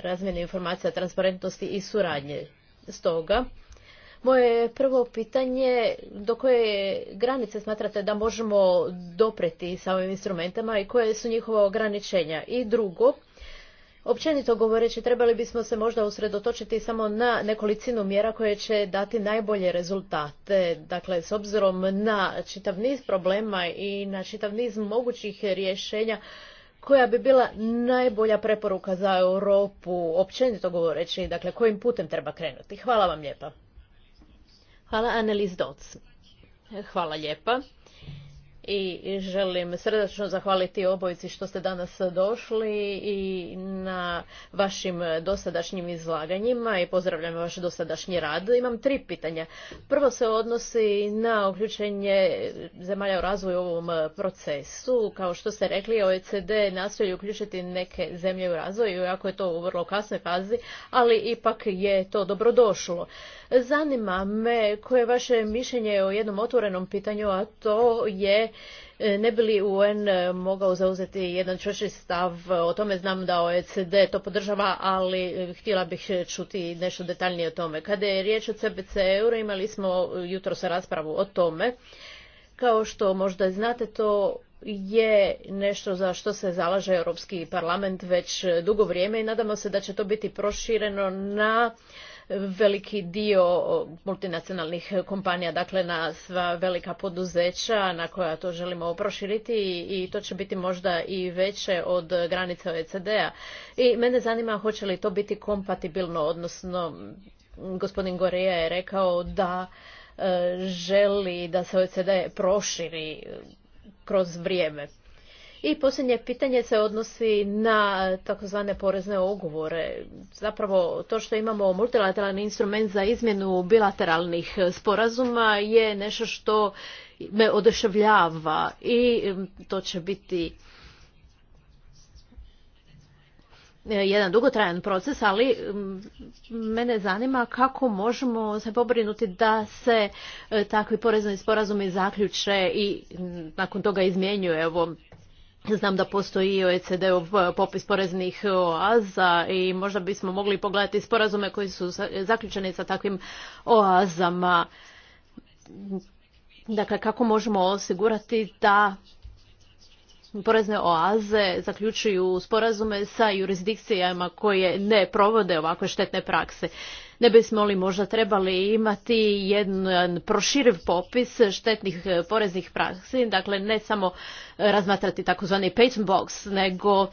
razmjene informacija, transparentnosti i suradnje. Stoga, moje prvo pitanje, do koje granice smatrate da možemo dopreti sa ovim instrumentama i koje su njihova ograničenja? I drugo, Općenito govoreći, trebali bismo se možda usredotočiti samo na nekolicinu mjera koje će dati najbolje rezultate. Dakle, s obzirom na čitav niz problema i na čitav niz mogućih rješenja, koja bi bila najbolja preporuka za Europu, općenito govoreći, dakle, kojim putem treba krenuti. Hvala vam lijepa. Hvala, Annelies Doc. Hvala lijepa i želim srdačno zahvaliti obojici što ste danas došli i na vašim dosadašnjim izlaganjima i pozdravljam vaš dosadašnji rad. Imam tri pitanja. Prvo se odnosi na uključenje zemalja u razvoju u ovom procesu. Kao što ste rekli, OECD nastoji uključiti neke zemlje u razvoju, iako je to u vrlo kasnoj fazi, ali ipak je to dobrodošlo. Zanima me koje je vaše mišljenje o jednom otvorenom pitanju, a to je e, ne bi li UN mogao zauzeti jedan čvrši stav, o tome znam da OECD to podržava, ali e, htjela bih čuti nešto detaljnije o tome. Kada je riječ o CBC euro, imali smo jutro se raspravu o tome. Kao što možda znate, to je nešto za što se zalaže Europski parlament već dugo vrijeme i nadamo se da će to biti prošireno na veliki dio multinacionalnih kompanija, dakle na sva velika poduzeća na koja to želimo proširiti i to će biti možda i veće od granice OECD-a. I mene zanima hoće li to biti kompatibilno, odnosno gospodin Goreja je rekao da e, želi da se OECD proširi kroz vrijeme. I posljednje pitanje se odnosi na e, takozvane porezne ugovore. Zapravo to što imamo multilateralni instrument za izmjenu bilateralnih e, sporazuma je nešto što me oduševljava i e, to će biti jedan dugotrajan proces, ali mene zanima kako možemo se pobrinuti da se takvi porezni sporazumi zaključe i nakon toga izmjenjuje Evo, Znam da postoji OECD-ov eh, popis poreznih oaza i možda bismo mogli pogledati sporazume koji su zaključeni sa takvim oazama. Dakle, kako možemo osigurati da porezne oaze zaključuju sporazume sa jurisdikcijama koje ne provode ovakve štetne prakse. Ne bismo li možda trebali imati jedan proširiv popis štetnih e, poreznih praksi, dakle ne samo e, razmatrati takozvani patent box, nego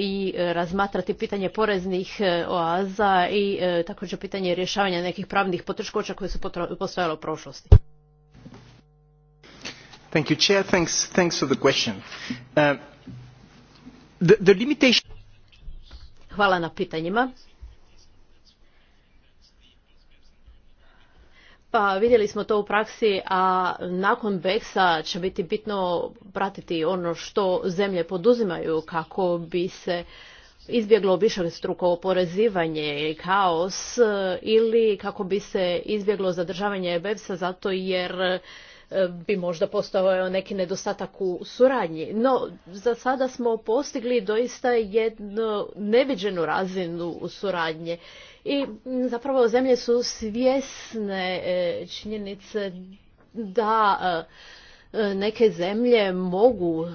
i razmatrati pitanje poreznih e, oaza i također pitanje rješavanja nekih pravnih poteškoća koje su postojale u prošlosti. Thank you, Chair. Thanks, thanks for the question. Uh, the limitation... Hvala na pitanjima. Pa vidjeli smo to u praksi, a nakon Beksa će biti bitno pratiti ono što zemlje poduzimaju kako bi se izbjeglo višestruko oporezivanje i kaos ili kako bi se izbjeglo zadržavanje bex zato jer e, bi možda postao neki nedostatak u suradnji. No, za sada smo postigli doista jednu neviđenu razinu suradnje i zapravo zemlje su svjesne e, činjenice da e, e, neke zemlje mogu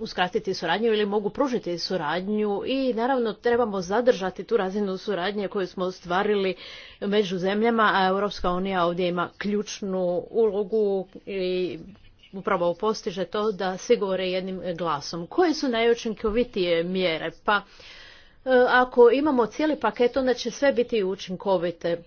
uskratiti suradnju ili mogu pružiti suradnju i naravno trebamo zadržati tu razinu suradnje koju smo ostvarili među zemljama, a Europska unija ovdje ima ključnu ulogu i upravo postiže to da svi govore jednim glasom. Koje su najučinkovitije mjere? Pa E, ako imamo cijeli paket, onda će sve biti učinkovite.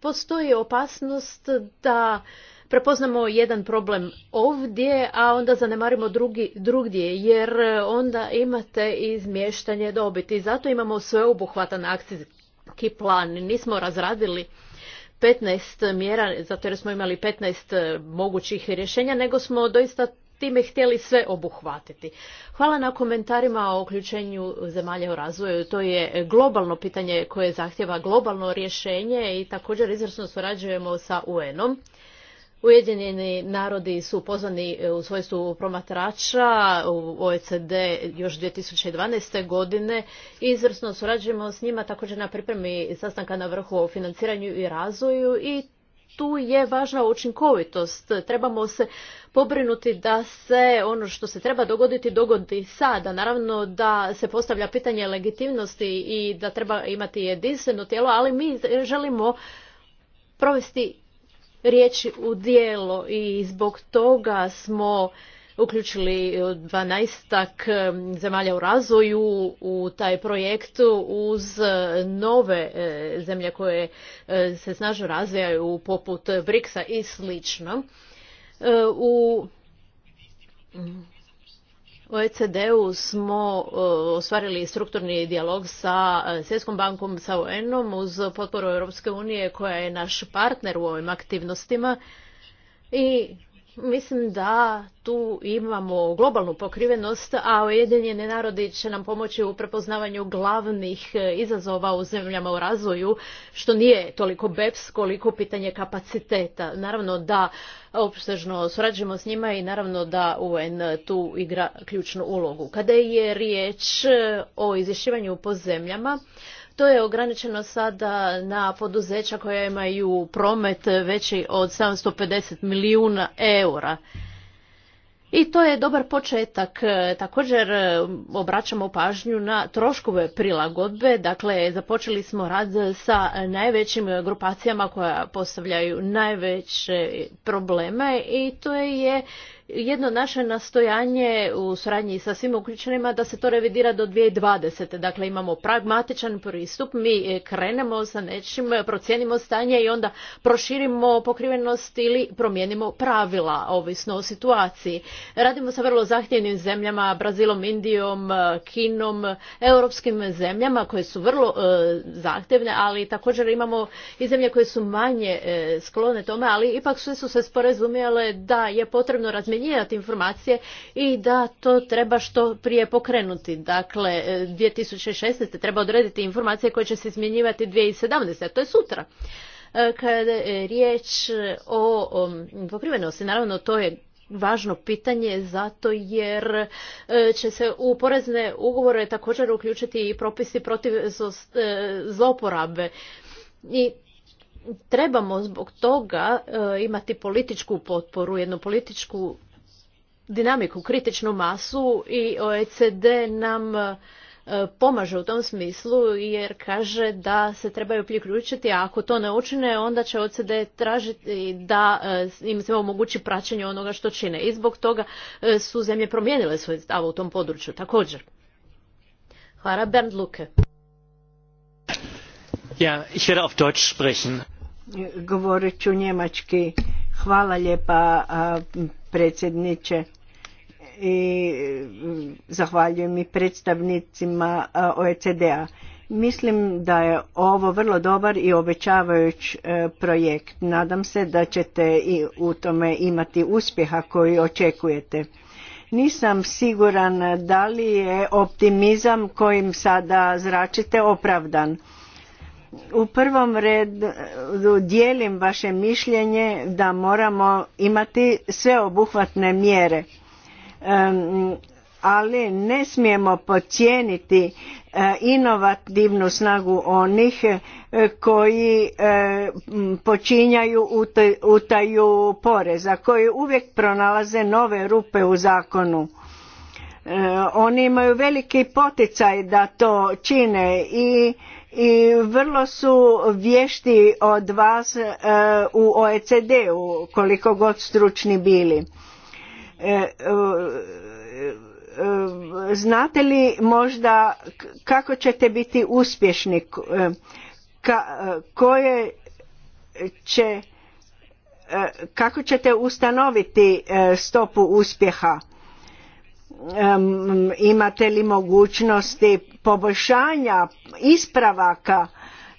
Postoji opasnost da prepoznamo jedan problem ovdje, a onda zanemarimo drugi, drugdje, jer onda imate izmještanje dobiti. Zato imamo sveobuhvatan akcijski plan. Nismo razradili 15 mjera, zato jer smo imali 15 mogućih rješenja, nego smo doista time htjeli sve obuhvatiti. Hvala na komentarima o uključenju zemalja u razvoju. To je globalno pitanje koje zahtjeva globalno rješenje i također izvrsno surađujemo sa UN-om. Ujedinjeni narodi su pozvani u svojstvu promatrača u OECD još 2012. godine. Izvrsno surađujemo s njima također na pripremi sastanka na vrhu o financiranju i razvoju i tu je važna učinkovitost. Trebamo se pobrinuti da se ono što se treba dogoditi dogodi sada. Naravno da se postavlja pitanje legitimnosti i da treba imati jedinstveno tijelo, ali mi želimo provesti riječi u dijelo i zbog toga smo uključili e, dvanaestak e, zemalja u razvoju u taj projekt uz e, nove zemlje koje se snažno razvijaju poput BRICS-a i slično. U OECD-u smo ostvarili strukturni dijalog sa Svjetskom bankom, sa UN-om uz potporu Europske unije koja je naš partner u ovim aktivnostima i Mislim da tu imamo globalnu pokrivenost, a Ujedinjeni narodi će nam pomoći u prepoznavanju glavnih e, izazova u zemljama u razvoju, što nije toliko BEPS koliko pitanje kapaciteta. Naravno da opsežno surađujemo s njima i naravno da UN tu igra ključnu ulogu. Kada je riječ e, o izvješćivanju po zemljama, to je ograničeno sada na poduzeća koja imaju promet veći od 750 milijuna eura. I to je dobar početak. Također obraćamo pažnju na troškove prilagodbe. Dakle, započeli smo rad sa najvećim grupacijama koja postavljaju najveće probleme i to je jedno naše nastojanje u suradnji sa svim uključenima da se to revidira do 2020. Dakle, imamo pragmatičan pristup, mi e, krenemo sa nečim, procijenimo stanje i onda proširimo pokrivenost ili promijenimo pravila, ovisno o situaciji. Radimo sa vrlo zahtjevnim zemljama, Brazilom, Indijom, e, Kinom, europskim zemljama koje su vrlo e, zahtjevne, ali također imamo i zemlje koje su manje sklone tome, ali ipak sve su se sporezumjele da je potrebno razmišljati razmjenjivati informacije i da to treba što prije pokrenuti. Dakle, 2016. E, treba odrediti informacije koje će se izmjenjivati 2017. A to je sutra. E, kada je riječ o, o pokrivenosti, naravno to je važno pitanje zato jer e, će se u porezne ugovore također uključiti i propisi protiv zloporabe. I trebamo zbog toga imati političku potporu, jednu političku dinamiku, kritičnu masu i OECD nam e, pomaže u tom smislu jer kaže da se trebaju priključiti, a ako to ne učine onda će OCD e tražiti da e, im se omogući praćenje onoga što čine. I zbog toga su zemlje promijenile svoje stavo u tom području također. Hvala Bernd Luke. Ja, ich werde auf Govorit ću njemački. Hvala lijepa predsjedniče i e, zahvaljujem i predstavnicima e, OECD-a. Mislim da je ovo vrlo dobar i obećavajuć e, projekt. Nadam se da ćete i u tome imati uspjeha koji očekujete. Nisam siguran da li je optimizam kojim sada zračite opravdan u prvom redu eh, dijelim vaše mišljenje da moramo imati sveobuhvatne mjere ali ne smijemo podcijeniti eh, inovativnu snagu onih eh, koji počinjaju utaju poreza koji uvijek pronalaze nove rupe u zakonu oni imaju veliki poticaj da to čine i i vrlo su vješti od vas e, u OECD-u koliko god stručni bili. E, e, znate li možda kako ćete biti uspješni, koje će, kako ćete ustanoviti stopu uspjeha? imate li mogućnosti poboljšanja ispravaka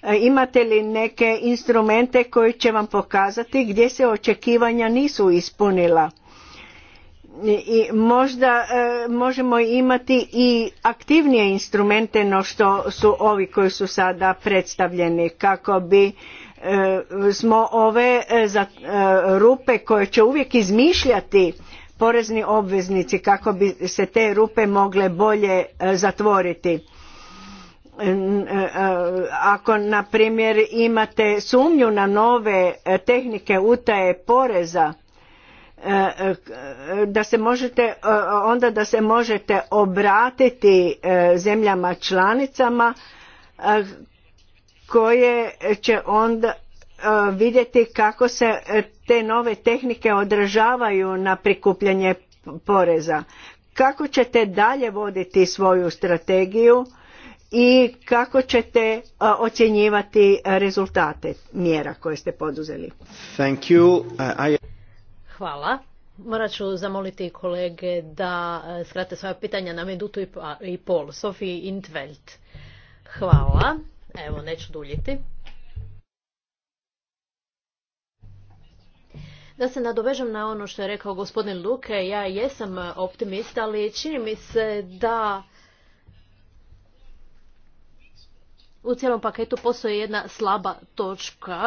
e, imate li neke instrumente koji će vam pokazati gdje se očekivanja nisu ispunila i možda e, možemo imati i aktivnije instrumente no što su ovi koji su sada predstavljeni kako bi e, smo ove rupe koje će uvijek izmišljati porezni obveznici kako bi se te rupe mogle bolje e, zatvoriti e, e, ako na primjer imate sumnju na nove tehnike utaje poreza da se možete onda da se možete obratiti zemljama članicama koje će onda vidjeti kako se e, te nove tehnike odražavaju na prikupljanje poreza. Kako ćete dalje voditi svoju strategiju i kako ćete e, ocjenjivati rezultate mjera koje ste poduzeli? Thank you. Hvala. Morat ću zamoliti kolege da e, skrate svoja pitanja na minutu i pol. Sofiji Intveld. Hvala. Evo, neću duljiti. Da se nadovežem na ono što je rekao gospodin Luke, ja jesam optimist, ali čini mi se da u cijelom paketu postoji jedna slaba točka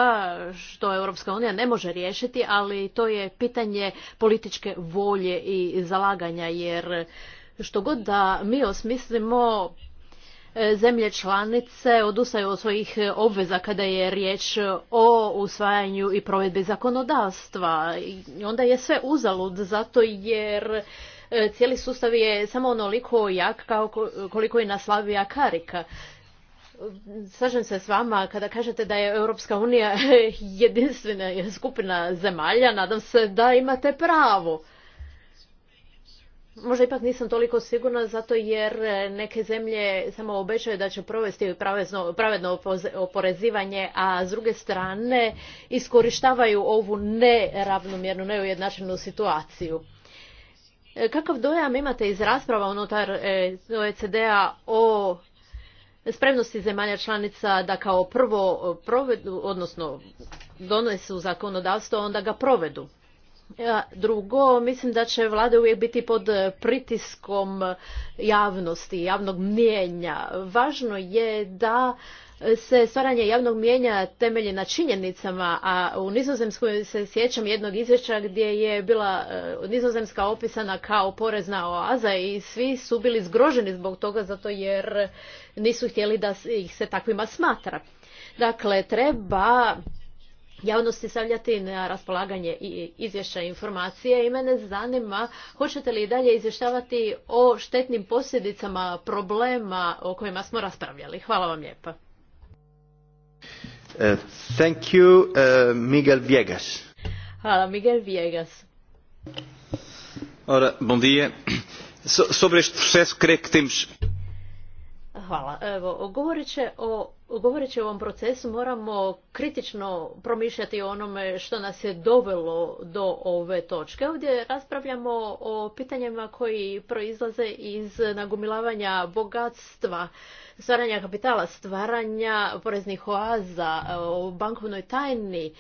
što Europska unija ne može riješiti, ali to je pitanje političke volje i zalaganja, jer što god da mi osmislimo, E, zemlje članice odustaju od svojih obveza kada je riječ o usvajanju i provedbi zakonodavstva. I Onda je sve uzalud zato jer e, cijeli sustav je samo onoliko jak kao koliko je naslavija karika. Slažem se s vama kada kažete da je Europska unija jedinstvena skupina zemalja, nadam se da imate pravo. Možda ipak nisam toliko sigurna zato jer e, neke zemlje samo obećaju da će provesti pravedno oporezivanje, a s druge strane iskorištavaju ovu neravnomjernu, neujednačenu situaciju. E, kakav dojam imate iz rasprava unutar e, OECD-a o spremnosti zemalja članica da kao prvo provedu, odnosno donesu zakonodavstvo, onda ga provedu? Drugo, mislim da će vlada uvijek biti pod pritiskom javnosti, javnog mnijenja. Važno je da se stvaranje javnog mijenja temelji na činjenicama, a u Nizozemskoj se sjećam jednog izvješća gdje je bila e, Nizozemska opisana kao porezna oaza i svi su bili zgroženi zbog toga zato jer nisu htjeli da ih se takvima smatra. Dakle, treba javnosti stavljati na raspolaganje i izvješća i informacije i mene zanima hoćete li dalje izvještavati o štetnim posljedicama problema o kojima smo raspravljali. Hvala vam lijepa. Uh, thank you, uh, Miguel Viegas. Hvala, Miguel Viegas. Ora, bon dia. So, sobre este processo, creio que temos... Hvala. Evo, govorit će o govoreći o ovom procesu moramo kritično promišljati o onome što nas je dovelo do ove točke. Ovdje raspravljamo o pitanjima koji proizlaze iz nagumilavanja bogatstva, stvaranja kapitala, stvaranja poreznih oaza, o bankovnoj tajni,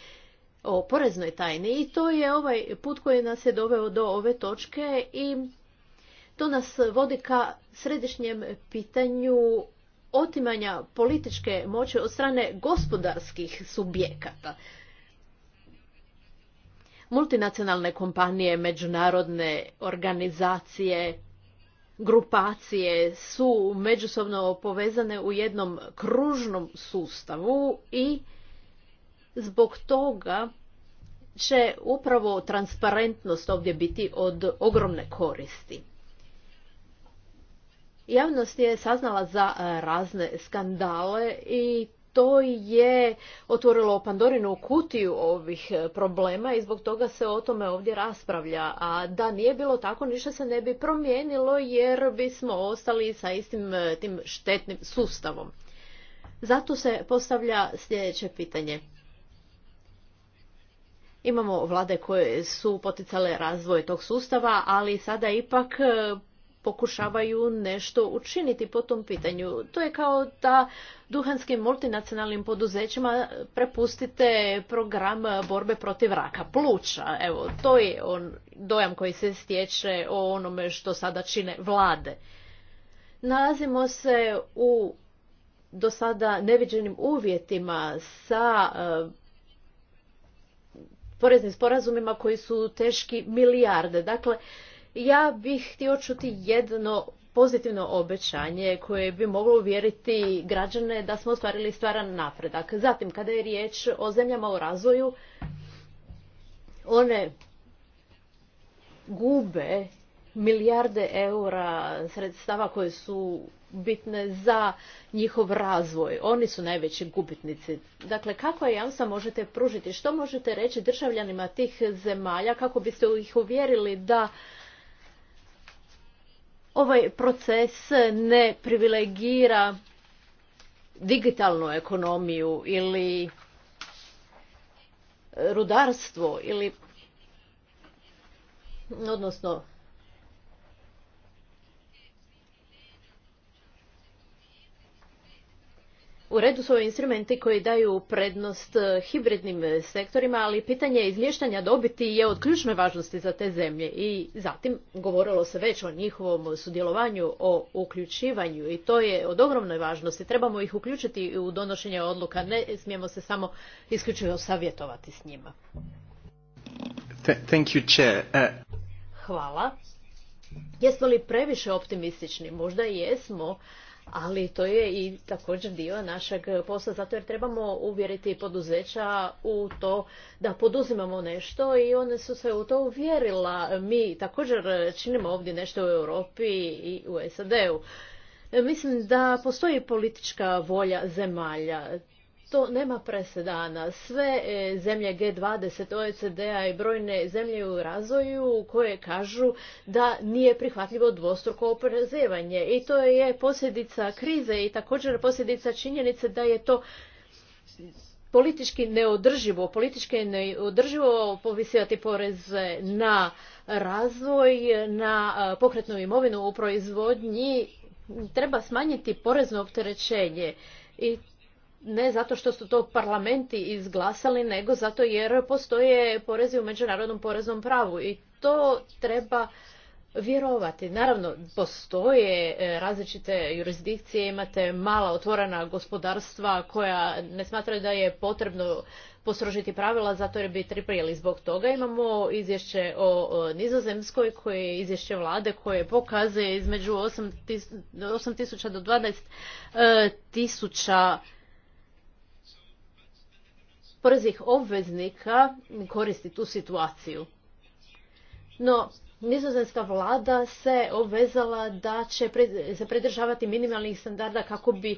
o poreznoj tajni i to je ovaj put koji nas je doveo do ove točke i to nas vodi ka središnjem pitanju otimanja političke moći od strane gospodarskih subjekata. Multinacionalne kompanije, međunarodne organizacije, grupacije su međusobno povezane u jednom kružnom sustavu i zbog toga će upravo transparentnost ovdje biti od ogromne koristi. Javnost je saznala za e, razne skandale i to je otvorilo Pandorinu kutiju ovih e, problema i zbog toga se o tome ovdje raspravlja. A da nije bilo tako, ništa se ne bi promijenilo jer bismo ostali sa istim e, tim štetnim sustavom. Zato se postavlja sljedeće pitanje. Imamo vlade koje su poticale razvoj tog sustava, ali sada ipak pokušavaju nešto učiniti po tom pitanju. To je kao da duhanskim multinacionalnim poduzećima prepustite program borbe protiv raka pluća. Evo, to je on dojam koji se stječe o onome što sada čine vlade. Nalazimo se u do sada neviđenim uvjetima sa e, poreznim sporazumima koji su teški milijarde. Dakle, ja bih htio čuti jedno pozitivno obećanje koje bi moglo uvjeriti građane da smo ostvarili stvaran napredak. Zatim, kada je riječ o zemljama u razvoju, one gube milijarde eura sredstava koje su bitne za njihov razvoj. Oni su najveći gubitnici. Dakle, kakva jamstva možete pružiti? Što možete reći državljanima tih zemalja kako biste ih uvjerili da ovaj proces ne privilegira digitalnu ekonomiju ili rudarstvo ili odnosno U redu su instrumenti koji daju prednost e, hibridnim e, sektorima, ali pitanje izvještanja dobiti je od ključne važnosti za te zemlje. I zatim govorilo se već o njihovom sudjelovanju, o uključivanju i to je od ogromnoj važnosti. Trebamo ih uključiti u donošenje odluka, ne smijemo se samo isključivo savjetovati s njima. Uh, Hvala. Jesmo li previše optimistični? Možda i jesmo, ali to je i također dio našeg posla, zato jer trebamo uvjeriti poduzeća u to da poduzimamo nešto i one su se u to uvjerila. Mi također činimo ovdje nešto u Europi i u SAD-u. E, mislim da postoji politička volja zemalja to nema presedana. Sve e, zemlje G20, OECD-a i brojne zemlje u razvoju koje kažu da nije prihvatljivo dvostruko oporezivanje. I to je posljedica krize i također posljedica činjenice da je to politički neodrživo, politički neodrživo povisivati poreze na razvoj, na e, pokretnu imovinu u proizvodnji. Treba smanjiti porezno opterećenje i ne zato što su to parlamenti izglasali, nego zato jer postoje porezi u međunarodnom poreznom pravu i to treba vjerovati. Naravno, postoje e, različite jurisdikcije, imate mala otvorena gospodarstva koja ne smatraju da je potrebno postrožiti pravila zato jer bi triprijeli zbog toga. Imamo izvješće o nizozemskoj koje je izvješće vlade koje pokazuje između 8.000 tisuća do 12.000 przih obveznika koristi tu situaciju. No, nizozemska vlada se obvezala da će se pridržavati minimalnih standarda kako bi e,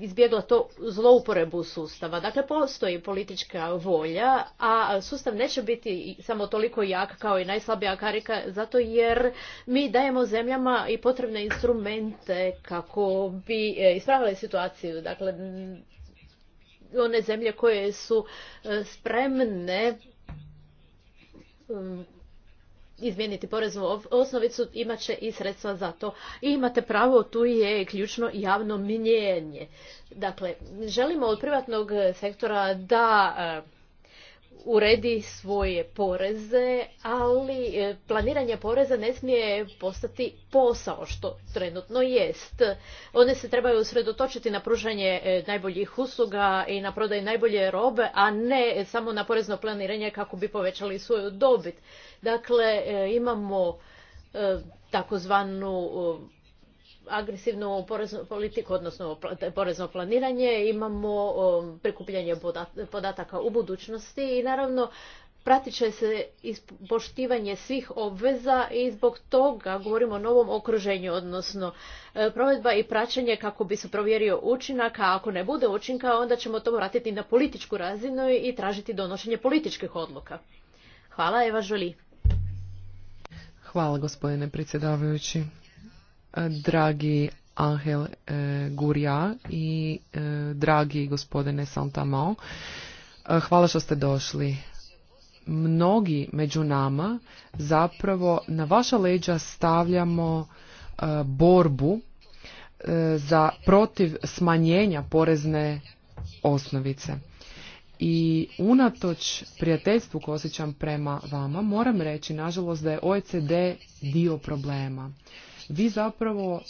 izbjegla to zlouporebu sustava. Dakle, postoji politička volja, a sustav neće biti samo toliko jak kao i najslabija karika, zato jer mi dajemo zemljama i potrebne instrumente kako bi e, ispravili situaciju. Dakle, one zemlje koje su e, spremne mm, izmijeniti poreznu osnovicu imat će i sredstva za to. I imate pravo, tu je ključno javno minjenje. Dakle, želimo od privatnog sektora da e, uredi svoje poreze, ali e, planiranje poreza ne smije postati posao, što trenutno jest. One se trebaju usredotočiti na pružanje e, najboljih usluga i na prodaj najbolje robe, a ne samo na porezno planiranje kako bi povećali svoju dobit. Dakle, e, imamo takozvanu agresivnu poreznu politiku, odnosno porezno planiranje, imamo prikupljanje podataka u budućnosti i naravno pratit će se poštivanje svih obveza i zbog toga govorimo o novom okruženju, odnosno e, provedba i praćenje kako bi se provjerio učinak, a ako ne bude učinka onda ćemo to vratiti na političku razinu i tražiti donošenje političkih odluka. Hvala Eva Hvala gospodine predsjedavajući dragi Angel e, Gurja i e, dragi gospodine Santamon. E, hvala što ste došli. Mnogi među nama zapravo na vaša leđa stavljamo borbu za protiv smanjenja porezne osnovice. I unatoč prijateljstvu koje osjećam prema vama, moram reći, nažalost, da je OECD dio problema vi zapravo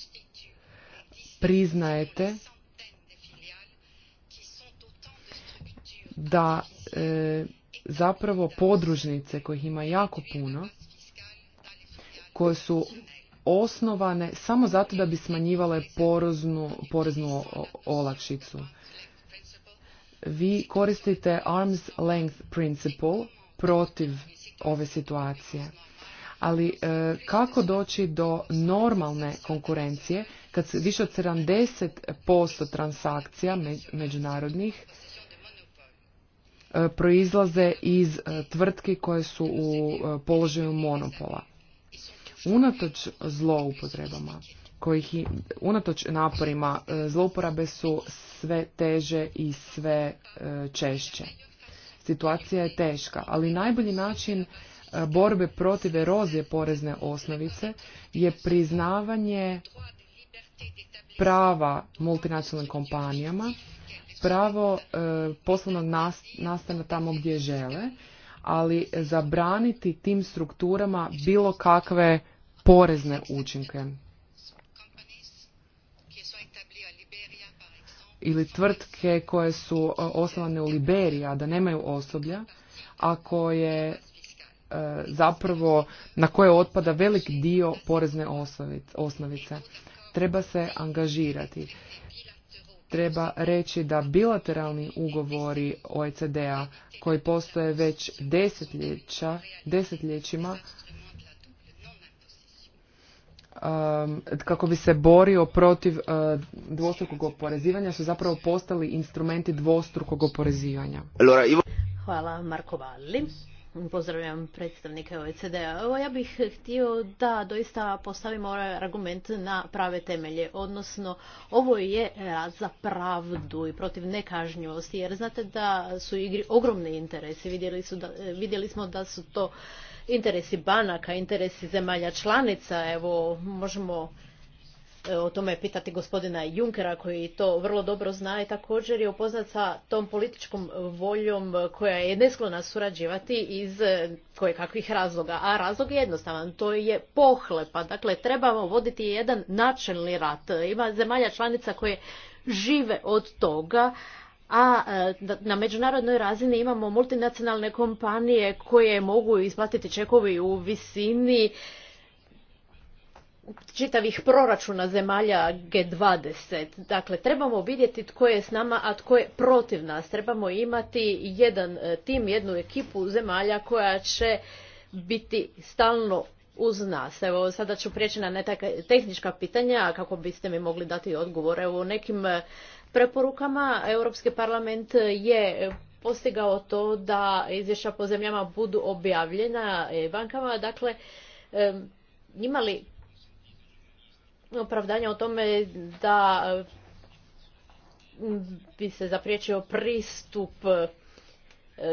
priznajete da e, zapravo podružnice kojih ima jako puno koje su osnovane samo zato da bi smanjivale poroznu, poreznu olakšicu. Vi koristite arm's length principle protiv ove situacije ali e, kako doći do normalne konkurencije kad se više od 70% transakcija međunarodnih e, proizlaze iz e, tvrtki koje su u e, položaju monopola. Unatoč zloupotrebama kojih i, unatoč naporima zlouporabe su sve teže i sve češće. Situacija je teška, ali najbolji način E, borbe protiv erozije porezne osnovice je priznavanje prava multinacionalnim kompanijama, pravo e, poslovnog nastana tamo gdje žele, ali zabraniti tim strukturama bilo kakve porezne učinke. Ili tvrtke koje su e, osnovane u Liberiji, a da nemaju osoblja, a koje E, zapravo na koje otpada velik dio porezne osnovice. Treba se angažirati. Treba reći da bilateralni ugovori OECD-a koji postoje već desetljeća, desetljećima um, kako bi se borio protiv uh, dvostrukog oporezivanja su zapravo postali instrumenti dvostrukog oporezivanja. Hvala Marko Pozdravljam predstavnika OECD-a. Ja bih htio da doista postavimo ovaj argument na prave temelje, odnosno ovo je za pravdu i protiv nekažnjivosti, jer znate da su igri ogromni interesi. Vidjeli, su da, vidjeli smo da su to interesi banaka, interesi zemalja članica, evo možemo E, o tome pitati gospodina Junkera koji to vrlo dobro zna i također je upoznat sa tom političkom voljom koja je nesklona surađivati iz e, kojekakvih razloga. A razlog je jednostavan, to je pohlepa. Dakle, trebamo voditi jedan načelni rat. Ima zemalja članica koje žive od toga, a e, na međunarodnoj razini imamo multinacionalne kompanije koje mogu isplatiti čekovi u visini čitavih proračuna zemalja G20. Dakle, trebamo vidjeti tko je s nama, a tko je protiv nas. Trebamo imati jedan e, tim, jednu ekipu zemalja koja će biti stalno uz nas. Evo, sada ću prijeći na neka tehnička pitanja kako biste mi mogli dati odgovore. U nekim e, preporukama Europski parlament je postigao to da izvješća po zemljama budu objavljena e, bankama. Dakle, imali opravdanja o tome da e, bi se zapriječio pristup e,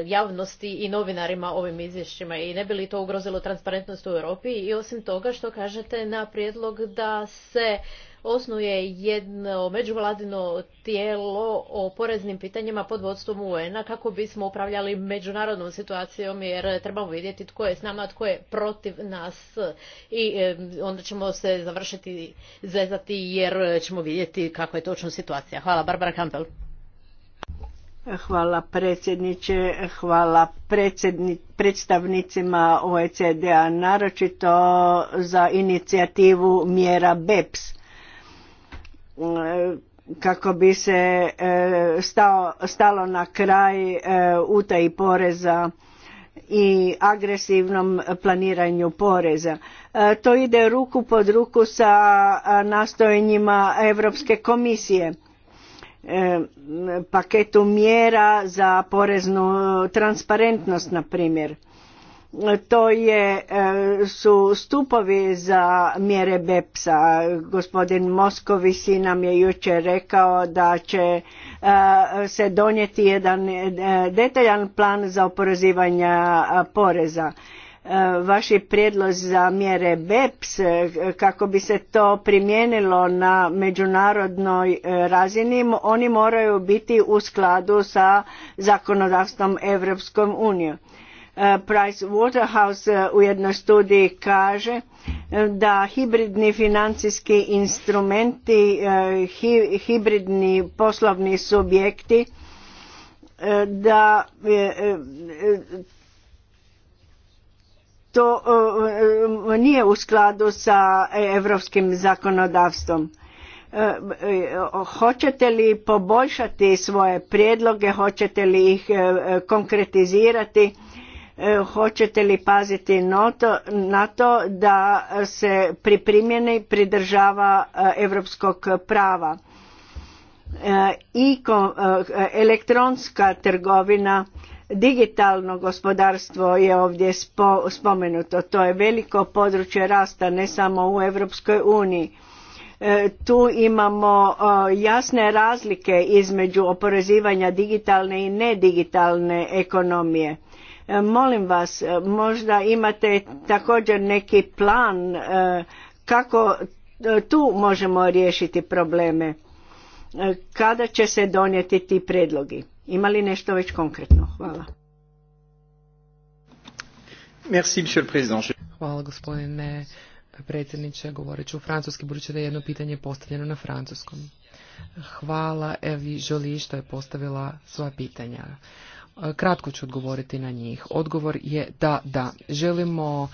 javnosti i novinarima ovim izvješćima i ne bi li to ugrozilo transparentnost u Europi i osim toga što kažete na prijedlog da se osnuje jedno međuvladino tijelo o poreznim pitanjima pod vodstvom UN-a kako bismo upravljali međunarodnom situacijom jer trebamo vidjeti tko je s nama, tko je protiv nas i onda ćemo se završiti zezati jer ćemo vidjeti kako je točno situacija. Hvala Barbara Campbell. Hvala predsjedniče, hvala predstavnicima OECD-a, naročito za inicijativu mjera BEPS E, kako bi se e, stalo na kraj e, utaji poreza i agresivnom planiranju poreza. To ide ruku pod ruku sa nastojenjima Europske komisije paketu mjera za poreznu transparentnost na primjer to je, e, su stupovi za mjere BEPS-a. Gospodin Moskovisi nam je jučer rekao da će e, se donijeti jedan e, detaljan plan za oporezivanje poreza. Vaši prijedlozi za mjere BEPS kako bi se to primijenilo na međunarodnoj razini oni moraju biti u skladu sa zakonodavstvom Europskom unijom Price Waterhouse e, u jednoj studiji kaže e, da hibridni financijski instrumenti, e, hibridni poslovni subjekti da to nije u skladu sa europskim zakonodavstvom. Hoćete li poboljšati svoje prijedloge, hoćete li ih konkretizirati E, hoćete li paziti na to da se pri primjeni pridržava europskog prava e, i e, elektronska trgovina digitalno gospodarstvo je ovdje spomenuto to je veliko područje rasta ne samo u europskoj uniji tu imamo jasne razlike između oporezivanja digitalne i nedigitalne ekonomije E, molim vas, e, možda imate također neki plan e, kako tu možemo riješiti probleme. Kada će se donijeti ti predlogi? Ima li nešto već konkretno? Hvala. Merci, Hvala gospodine predsjedniče. Govorit ću u francuski, budući da je jedno pitanje postavljeno na francuskom. Hvala Evi Jolie što je postavila sva pitanja. E, kratko ću odgovoriti na njih. Odgovor je da, da. Želimo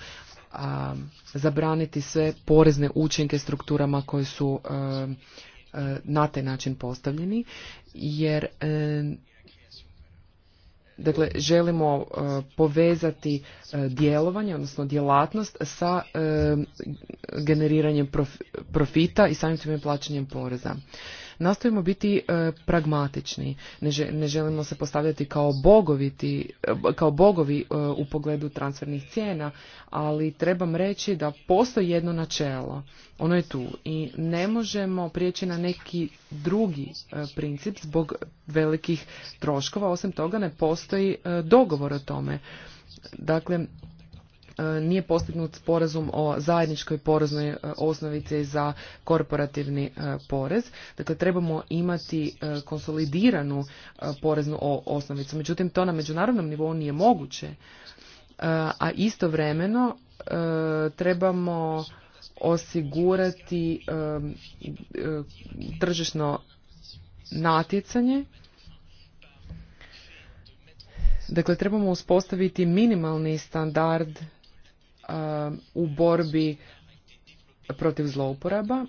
zabraniti sve porezne učinke strukturama koje su e, e, na taj način postavljeni, jer dakle želimo povezati djelovanje, odnosno djelatnost sa generiranjem profita i samim tim plaćanjem poreza. Nastojimo biti e, pragmatični, ne, želimo se postavljati kao bogoviti, e, kao bogovi e, u pogledu transfernih cijena, ali trebam reći da postoji jedno načelo, ono je tu i ne možemo prijeći na neki drugi princip zbog velikih troškova, osim toga ne postoji dogovor o tome. Dakle, E, nije postignut sporazum o zajedničkoj poreznoj e, osnovici za korporativni e, porez. Dakle, trebamo imati konsolidiranu poreznu osnovicu. Međutim, to na međunarodnom nivou nije moguće. A istovremeno trebamo osigurati tržišno natjecanje Dakle, trebamo uspostaviti minimalni standard Um, u borbi protiv zlouporaba um,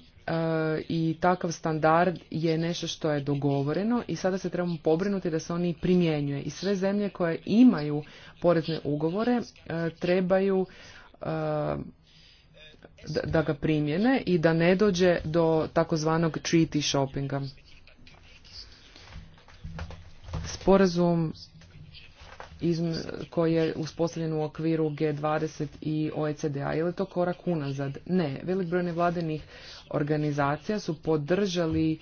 i takav standard je nešto što je dogovoreno i sada se trebamo pobrinuti da se oni primjenjuje. I sve zemlje koje imaju porezne ugovore uh, trebaju um, da ga primjene i da ne dođe do takozvanog treaty shoppinga. Sporazum koji je uspostavljen u okviru G20 i OECD-a. Je li to korak unazad? Ne. Velik broj nevladinih organizacija su podržali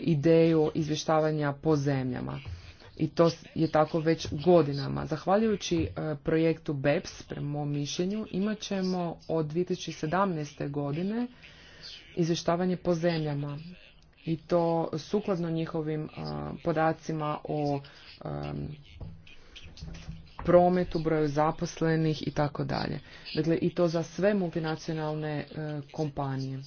ideju izvještavanja po zemljama. I to je tako već godinama. Zahvaljujući projektu BEPS, prema mom mišljenju, imat ćemo od 2017. godine izvještavanje po zemljama i to sukladno njihovim podacima o prometu, broju zaposlenih i tako dalje. Dakle, i to za sve multinacionalne e, kompanije.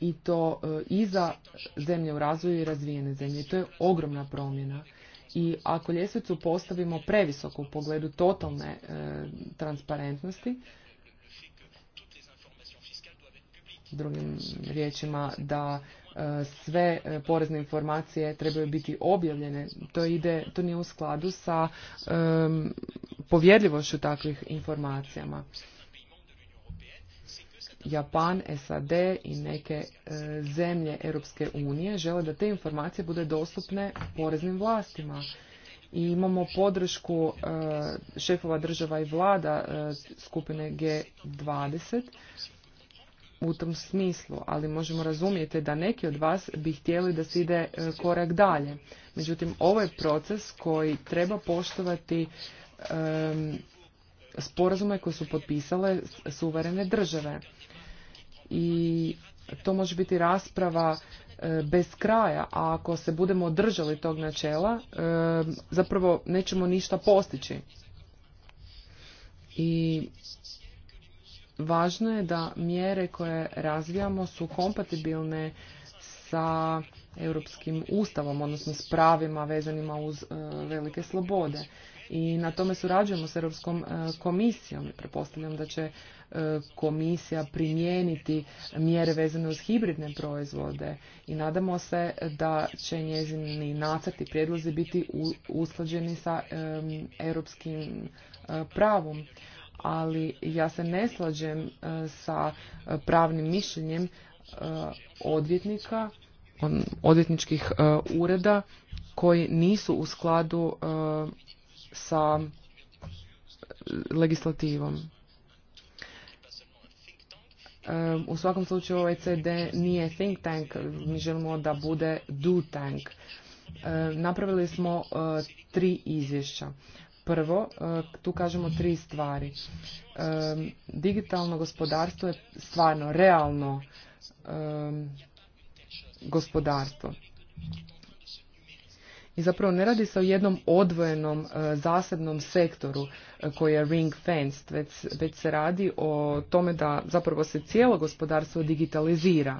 I to e, i za zemlje u razvoju i razvijene zemlje. To je ogromna promjena. I ako ljestvicu postavimo previsoko u pogledu totalne e, transparentnosti, drugim riječima da E, sve e, porezne informacije trebaju biti objavljene. To, ide, to nije u skladu sa um, e, povjerljivošću takvih informacijama. Japan, SAD i neke zemlje Europske unije žele da te informacije bude dostupne poreznim vlastima. I imamo podršku šefova država i vlada skupine G20 u tom smislu, ali možemo razumjeti da neki od vas bi htjeli da se ide e, korak dalje. Međutim, ovo je proces koji treba poštovati sporazume koje su potpisale suverene države. I to može biti rasprava e, bez kraja, a ako se budemo držali tog načela, e, zapravo nećemo ništa postići. I Važno je da mjere koje razvijamo su kompatibilne sa europskim ustavom, odnosno s pravima vezanima uz e, velike slobode. I na tome surađujemo s Europskom e, komisijom. Prepostavljam da će e, komisija primijeniti mjere vezane uz hibridne proizvode i nadamo se da će njezini nacrti prijedlozi biti usklađeni sa europskim pravom ali ja se ne slađem e, sa pravnim mišljenjem e, odvjetnika, odvjetničkih e, ureda koji nisu u skladu sa legislativom. U svakom slučaju CD nije think tank, mi želimo da bude do tank. Napravili smo tri izvješća. Prvo, e, tu kažemo tri stvari. E, digitalno gospodarstvo je stvarno realno e, gospodarstvo. I zapravo ne radi se o jednom odvojenom zasebnom sektoru koji je ring fenced, već, već se radi o tome da zapravo se cijelo gospodarstvo digitalizira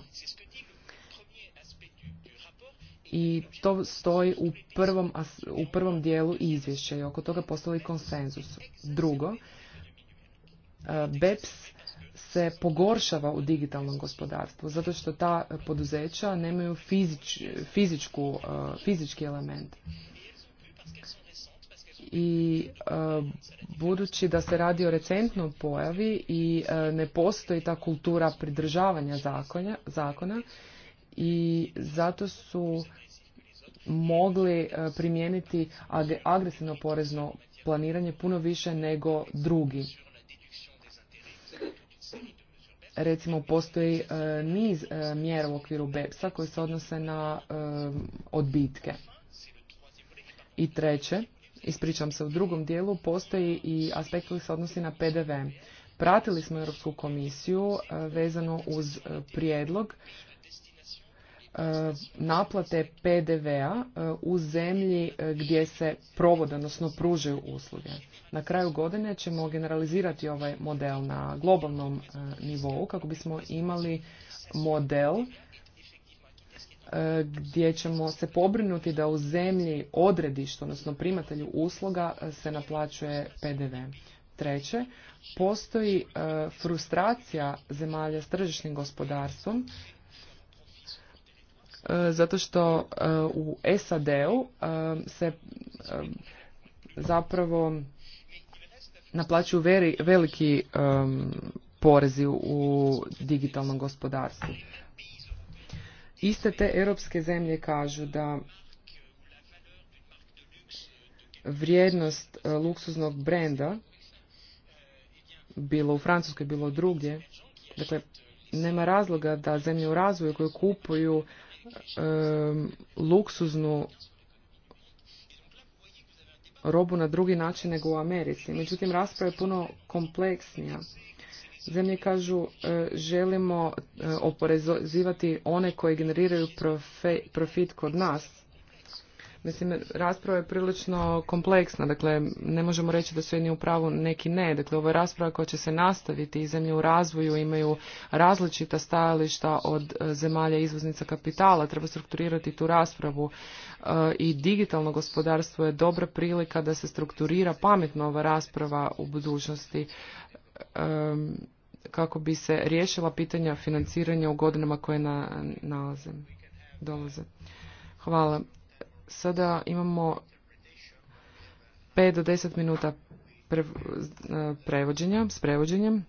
i to stoji u prvom, u prvom dijelu izvješća i oko toga postoji konsenzus. Drugo, e, BEPS se pogoršava u digitalnom gospodarstvu zato što ta poduzeća nemaju fizičku, e, fizički element. I e, budući da se radi o recentnoj pojavi i ne postoji ta kultura pridržavanja zakona, zakona i zato su mogli e, primijeniti agresivno porezno planiranje puno više nego drugi. Recimo, postoji e, niz e, mjera u okviru BEPS-a koje se odnose na odbitke. I treće, ispričam se, u drugom dijelu postoji i aspekt koji se odnosi na PDV. Pratili smo Europsku komisiju vezano uz prijedlog E, naplate PDV-a e, u zemlji e, gdje se provode, odnosno pružaju usluge. Na kraju godine ćemo generalizirati ovaj model na globalnom nivou kako bismo imali model gdje ćemo se pobrinuti da u zemlji odredištu, odnosno primatelju usluga, se naplaćuje PDV. Treće, postoji frustracija zemalja s tržišnim gospodarstvom E, zato što e, u SAD-u e, se zapravo naplaćuju veliki porezi u digitalnom gospodarstvu. Iste te europske zemlje kažu da vrijednost luksuznog brenda, bilo u Francuskoj, bilo drugdje, dakle, nema razloga da zemlje u razvoju koje kupuju luksuznu robu na drugi način nego u Americi. Međutim, rasprava je puno kompleksnija. Zemlje kažu e, želimo e, oporezivati one koji generiraju profit kod nas, Mislim, rasprava je prilično kompleksna, dakle, ne možemo reći da su jedni u pravu, neki ne. Dakle, ovo je rasprava koja će se nastaviti i zemlje u razvoju imaju različita stajališta od e, zemalja izvoznica kapitala. Treba strukturirati tu raspravu e, i digitalno gospodarstvo je dobra prilika da se strukturira pametno ova rasprava u budućnosti e, kako bi se riješila pitanja financiranja u godinama koje nalaze, dolaze. Hvala sada imamo 5 do 10 minuta e, prevođenja, s prevođenjem,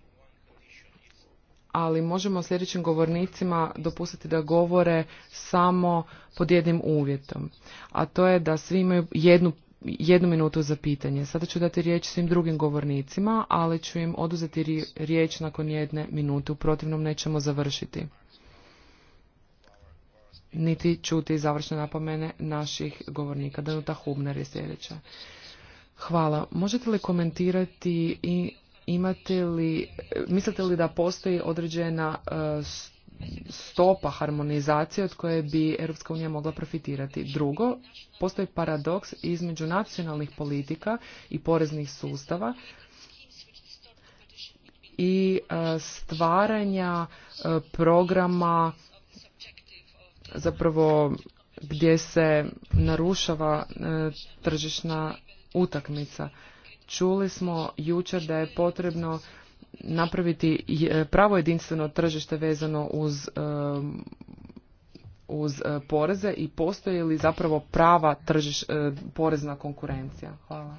ali možemo sljedećim govornicima dopustiti da govore samo pod jednim uvjetom, a to je da svi imaju jednu, jednu minutu za pitanje. Sada ću dati riječ svim drugim govornicima, ali ću im oduzeti riječ nakon jedne minute, u protivnom nećemo završiti niti čuti završne napomene naših govornika. Danuta Hubner je sljedeća. Hvala. Možete li komentirati i imate li, mislite li da postoji određena e, stopa harmonizacije od koje bi Europska unija mogla profitirati. Drugo, postoji paradoks između nacionalnih politika i poreznih sustava i e, stvaranja e, programa zapravo gdje se narušava e, tržišna utakmica. Čuli smo jučer da je potrebno napraviti pravo jedinstveno tržište vezano uz e, uz e, poreze i postoji li zapravo prava tržiš, porezna konkurencija? Hvala.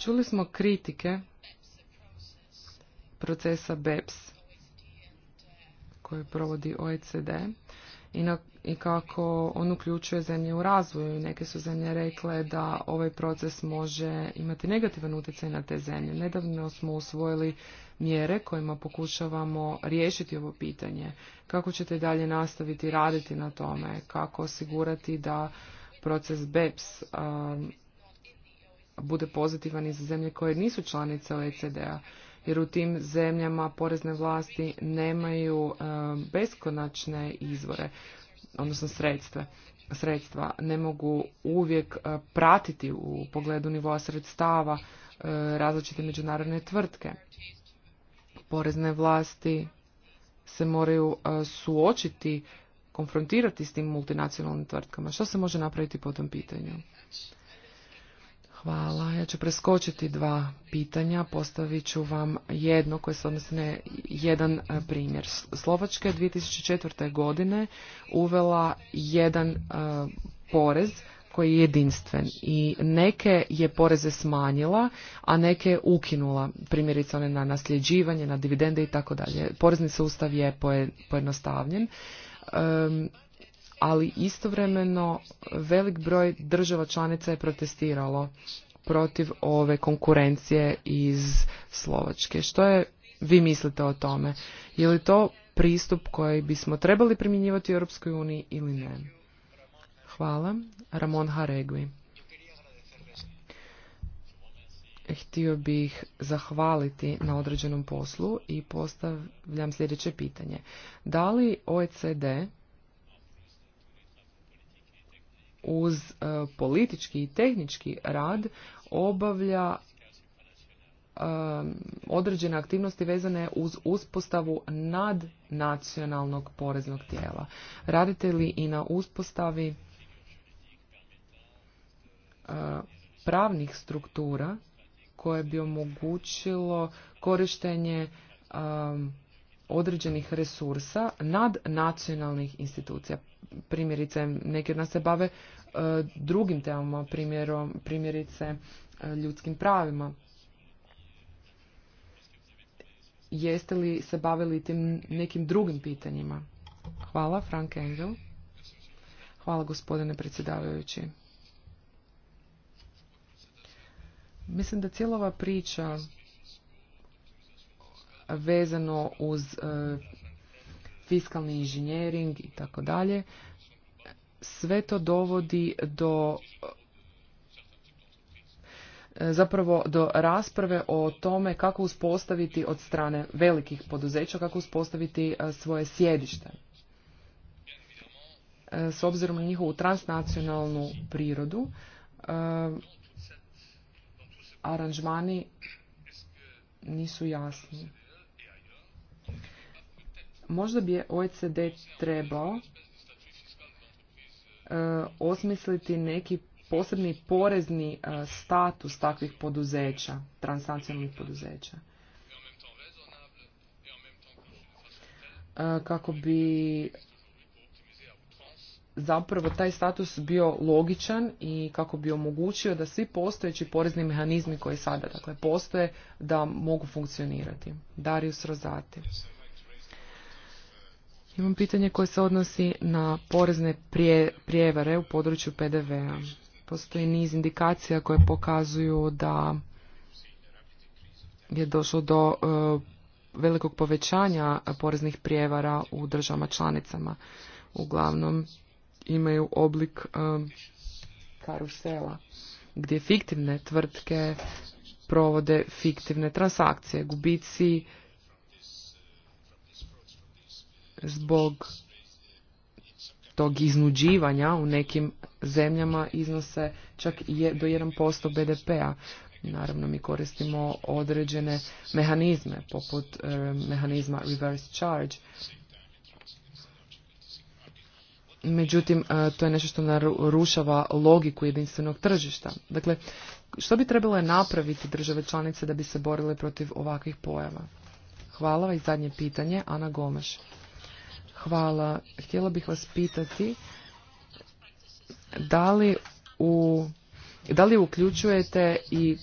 Čuli smo kritike procesa BEPS koje provodi OECD i, kako on uključuje zemlje u razvoju. Neke su zemlje rekle da ovaj proces može imati negativan utjecaj na te zemlje. Nedavno smo usvojili mjere kojima pokušavamo riješiti ovo pitanje. Kako ćete dalje nastaviti raditi na tome? Kako osigurati da proces BEPS um, bude pozitivan i za zemlje koje nisu članice OECD-a, jer u tim zemljama porezne vlasti nemaju e, beskonačne izvore, odnosno sredstva. Sredstva ne mogu uvijek e, pratiti u pogledu nivoa sredstava e, različite međunarodne tvrtke. Porezne vlasti se moraju suočiti, konfrontirati s tim multinacionalnim tvrtkama. Što se može napraviti po tom pitanju? Hvala. Ja ću preskočiti dva pitanja. Postavit ću vam jedno koje se odnosi na jedan e, primjer. Slovačka je 2004. godine uvela jedan e, porez koji je jedinstven i neke je poreze smanjila, a neke je ukinula, primjerice one na nasljeđivanje, na dividende i tako dalje. Porezni sustav je pojednostavljen ali istovremeno velik broj država članica je protestiralo protiv ove konkurencije iz Slovačke. Što je vi mislite o tome? Je li to pristup koji bismo trebali primjenjivati u Europskoj uniji ili ne? Hvala. Ramon Haregui. Htio bih zahvaliti na određenom poslu i postavljam sljedeće pitanje. Da li OECD uz e, politički i tehnički rad obavlja e, određene aktivnosti vezane uz uspostavu nadnacionalnog poreznog tijela. Radite li i na uspostavi e, pravnih struktura koje bi omogućilo korištenje određenih resursa nad nacionalnih institucija. Primjerice, neki od nas se bave e, drugim temama, primjerom, primjerice e, ljudskim pravima. Jeste li se bavili tim nekim drugim pitanjima? Hvala, Frank Engel. Hvala, gospodine predsjedavajući. Mislim da cijela priča vezano uz e, fiskalni inženjering i tako dalje, sve to dovodi do e, zapravo do rasprave o tome kako uspostaviti od strane velikih poduzeća, kako uspostaviti e, svoje sjedište. S obzirom na njihovu transnacionalnu prirodu, aranžmani nisu jasni. Možda bi OECD trebao e, osmisliti neki posebni porezni e, status takvih poduzeća, transnacionalnih poduzeća. E, kako bi zapravo taj status bio logičan i kako bi omogućio da svi postojeći porezni mehanizmi koji sada dakle, postoje da mogu funkcionirati. Darius Rozati. Imam pitanje koje se odnosi na porezne prijevare u području PDV-a. Postoji niz indikacija koje pokazuju da je došlo do e, velikog povećanja poreznih prijevara u državama članicama. Uglavnom imaju oblik e, karusela gdje fiktivne tvrtke provode fiktivne transakcije, gubici zbog tog iznuđivanja u nekim zemljama iznose čak je, do 1% BDP-a. Naravno, mi koristimo određene mehanizme, poput e, mehanizma reverse charge. Međutim, e, to je nešto što narušava logiku jedinstvenog tržišta. Dakle, što bi trebalo je napraviti države članice da bi se borile protiv ovakvih pojava? Hvala i zadnje pitanje, Ana Gomeš. Hvala. Htjela bih vas pitati da li, u, da li uključujete i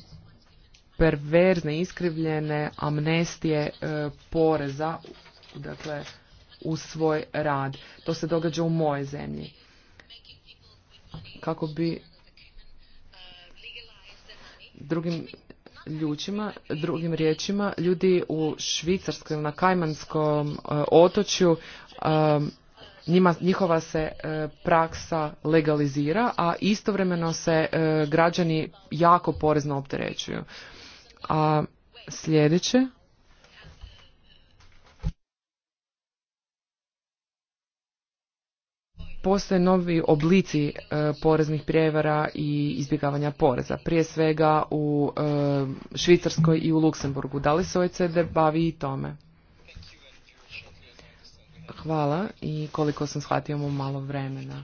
perverzne, iskrivljene amnestije e, poreza dakle, u svoj rad. To se događa u moje zemlji. Kako bi drugim ljučima, drugim riječima, ljudi u Švicarskom, na Kajmanskom e, otočju njihova se e, praksa legalizira, a istovremeno se e, građani jako porezno opterećuju. A sljedeće. Postoje novi oblici e, poreznih prijevara i izbjegavanja poreza, prije svega u Švicarskoj i u Luksemburgu. Da li se OECD bavi i tome? Hvala i koliko sam shvatio malo vremena.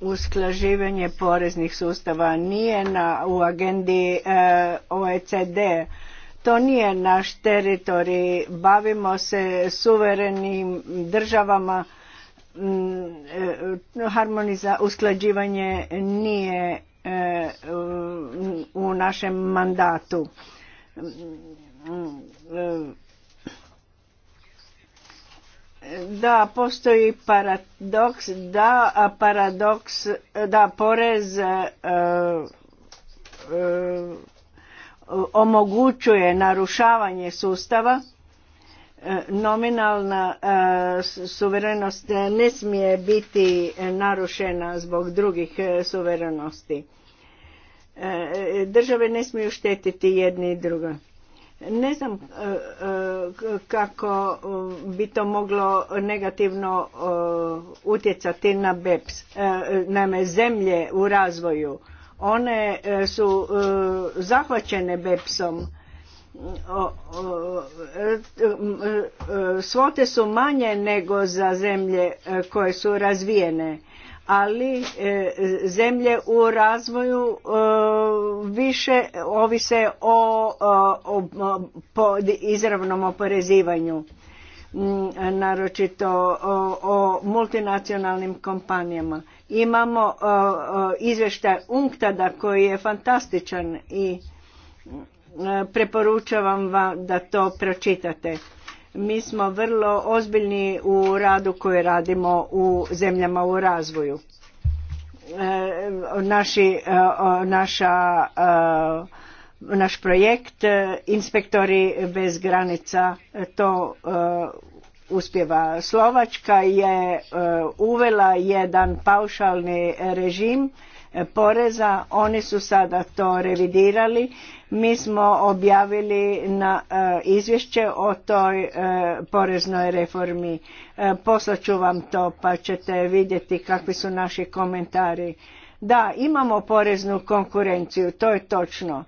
Usklaživanje poreznih sustava nije na, u agendi e, OECD. To nije naš teritorij. Bavimo se suverenim državama. Mm, e, harmoniza, usklađivanje nije e, u našem mandatu mm, da postoji paradoks da paradoks da porez e, e, omogućuje narušavanje sustava e, nominalna suverenost ne smije biti narušena zbog drugih suverenosti države ne smiju štetiti jedni i druga ne znam e, e, kako bi to moglo negativno e, utjecati na BEPS, naime zemlje u razvoju. One su zahvaćene BEPSom, svote su manje nego za zemlje koje su razvijene ali e, zemlje u razvoju e, više ovise o, izravnom oporezivanju mm, naročito o, o multinacionalnim kompanijama. Imamo e, izvještaj Unktada koji je fantastičan i preporučavam vam da to pročitate. Mi smo vrlo ozbiljni u radu koji radimo u zemljama u razvoju. E, naši, e, naša, e, naš projekt Inspektori bez granica to uspjeva. Slovačka je uvela jedan paušalni režim E, poreza. Oni su sada to revidirali. Mi smo objavili na e, izvješće o toj e, poreznoj reformi. Poslaću vam to pa ćete vidjeti kakvi su naši komentari. Da, imamo poreznu konkurenciju, to je točno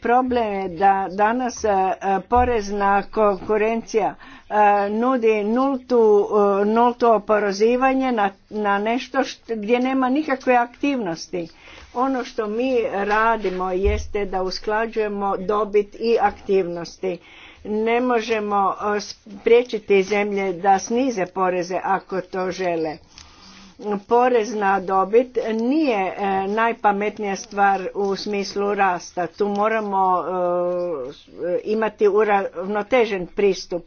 Problem je da danas e, porezna konkurencija e, nudi nultu, e, oporozivanje na, nešto gdje nema nikakve aktivnosti. Ono što mi radimo jeste da usklađujemo dobit i aktivnosti. Ne možemo spriječiti zemlje da snize poreze ako to žele porez na dobit nije e, najpametnija stvar u smislu rasta. Tu moramo e, imati uravnotežen pristup.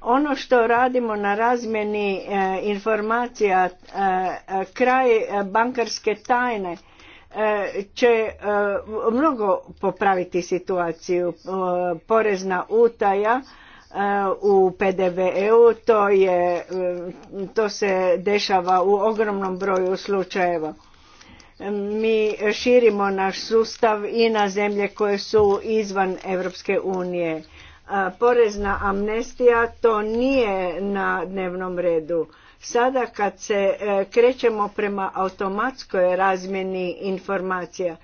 Ono što radimo na razmjeni e, informacija kraj bankarske tajne će mnogo popraviti situaciju. Porezna utaja u PDV-u, to, je, e, to se dešava u ogromnom broju slučajeva. Mi širimo naš sustav i na zemlje koje su izvan Europske unije. E, porezna amnestija to nije na dnevnom redu. Sada kad se e, krećemo prema automatskoj razmjeni informacija,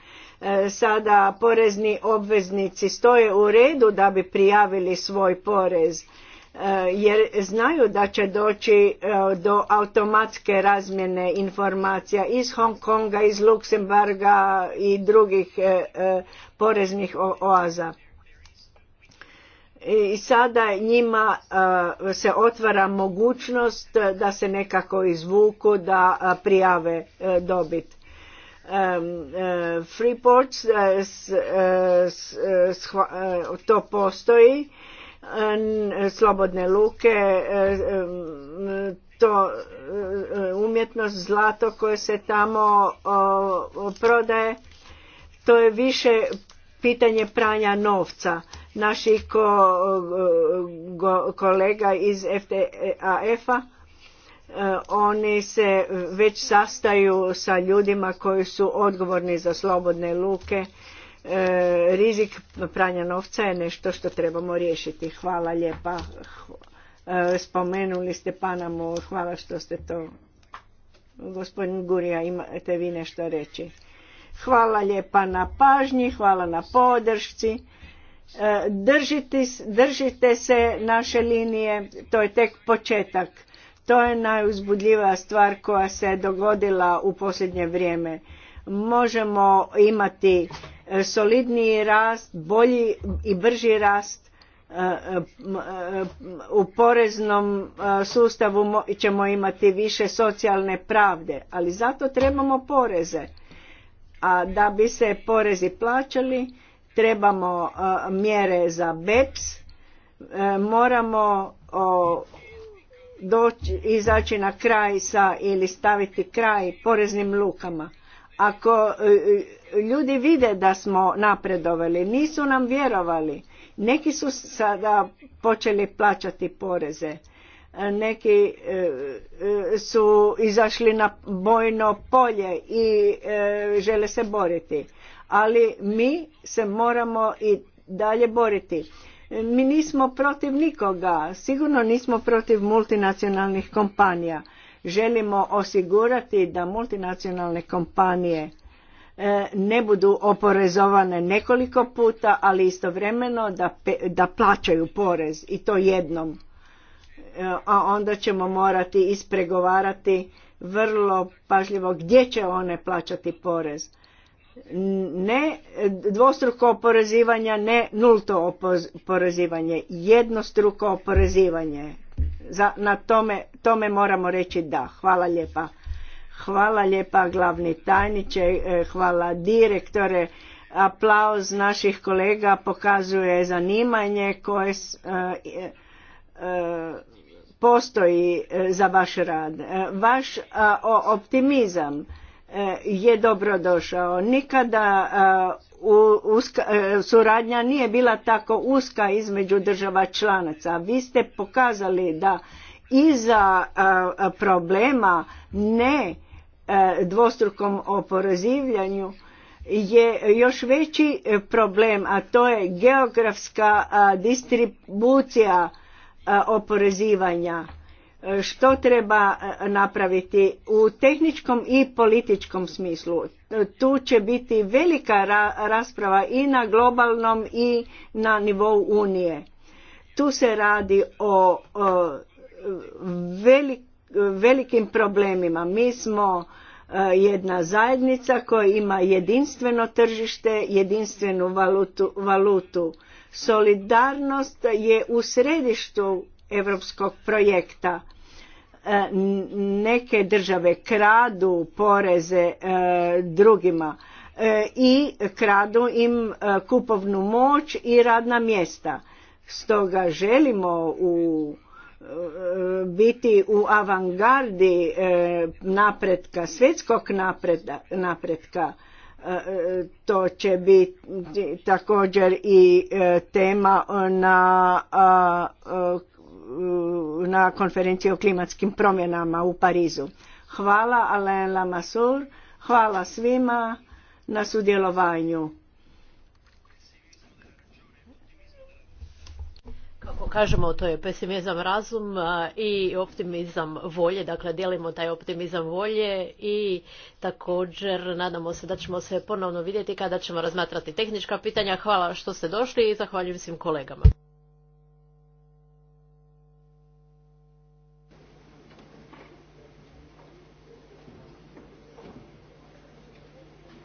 E, sada porezni obveznici stoje u redu da bi prijavili svoj porez e, jer znaju da će doći e, do automatske razmjene informacija iz Hong Konga, iz Luksemburga i drugih poreznih oaza. I sada njima se otvara mogućnost da se nekako izvuku, da prijave dobit. Um, uh, Freeport uh, uh, to postoji um, slobodne luke um, to umjetnost zlato koje se tamo prodaje to je više pitanje pranja novca naših kolega iz FTAF-a oni se već sastaju sa ljudima koji su odgovorni za slobodne luke. E, rizik pranja novca je nešto što trebamo riješiti. Hvala lijepa. E, spomenuli ste Panamu. Hvala što ste to... Gospodin Gurija, imate vi nešto reći? Hvala lijepa na pažnji, hvala na podršci. E, držite, držite se naše linije, to je tek početak. To je najuzbudljivija stvar koja se dogodila u posljednje vrijeme. Možemo imati e, solidniji rast, bolji i brži rast e, e, u poreznom sustavu ćemo imati više socijalne pravde, ali zato trebamo poreze. A da bi se porezi plaćali, trebamo mjere za BEPS, moramo doći, izaći na kraj sa ili staviti kraj poreznim lukama. Ako e, e, ljudi vide da smo napredovali, nisu nam vjerovali. Neki su sada počeli plaćati poreze. Neki e, su izašli na bojno polje i žele se boriti. Ali mi se moramo i dalje boriti mi nismo protiv nikoga, sigurno nismo protiv multinacionalnih kompanija. Želimo osigurati da multinacionalne kompanije e, ne budu oporezovane nekoliko puta, ali istovremeno da, da plaćaju porez i to jednom. E, a onda ćemo morati ispregovarati vrlo pažljivo gdje će one plaćati porez ne dvostruko oporezivanje, ne nulto oporezivanje, jednostruko oporezivanje. Za, na tome, tome moramo reći da. Hvala lijepa. Hvala lijepa glavni tajniče, e, hvala direktore. Aplauz naših kolega pokazuje zanimanje koje e, e, postoji za vaš rad. Vaš optimizam Eh, je dobrodošao. Nikada eh, eh, suradnja nije bila tako uska između država članica. Vi ste pokazali da iza problema ne dvostrukom oporezivanju je još veći problem, a to je geografska distribucija oporezivanja što treba e, napraviti u tehničkom i političkom smislu. Tu će biti velika rasprava i na globalnom i na nivou Unije. Tu se radi o, velikim problemima. Mi smo e, jedna zajednica koja ima jedinstveno tržište, jedinstvenu valutu. valutu. Solidarnost je u središtu europskog projekta. E, neke države kradu poreze e, drugima e, i kradu im kupovnu moć i radna mjesta. Stoga želimo u biti u avangardi napretka, svjetskog napretka. To će biti također i tema na na konferenciji o klimatskim promjenama u Parizu. Hvala Alain Lamassur, hvala svima na sudjelovanju. Kako kažemo, to je pesimizam razum i optimizam volje, dakle dijelimo taj optimizam volje i također nadamo se da ćemo se ponovno vidjeti kada ćemo razmatrati tehnička pitanja. Hvala što ste došli i zahvaljujem svim kolegama.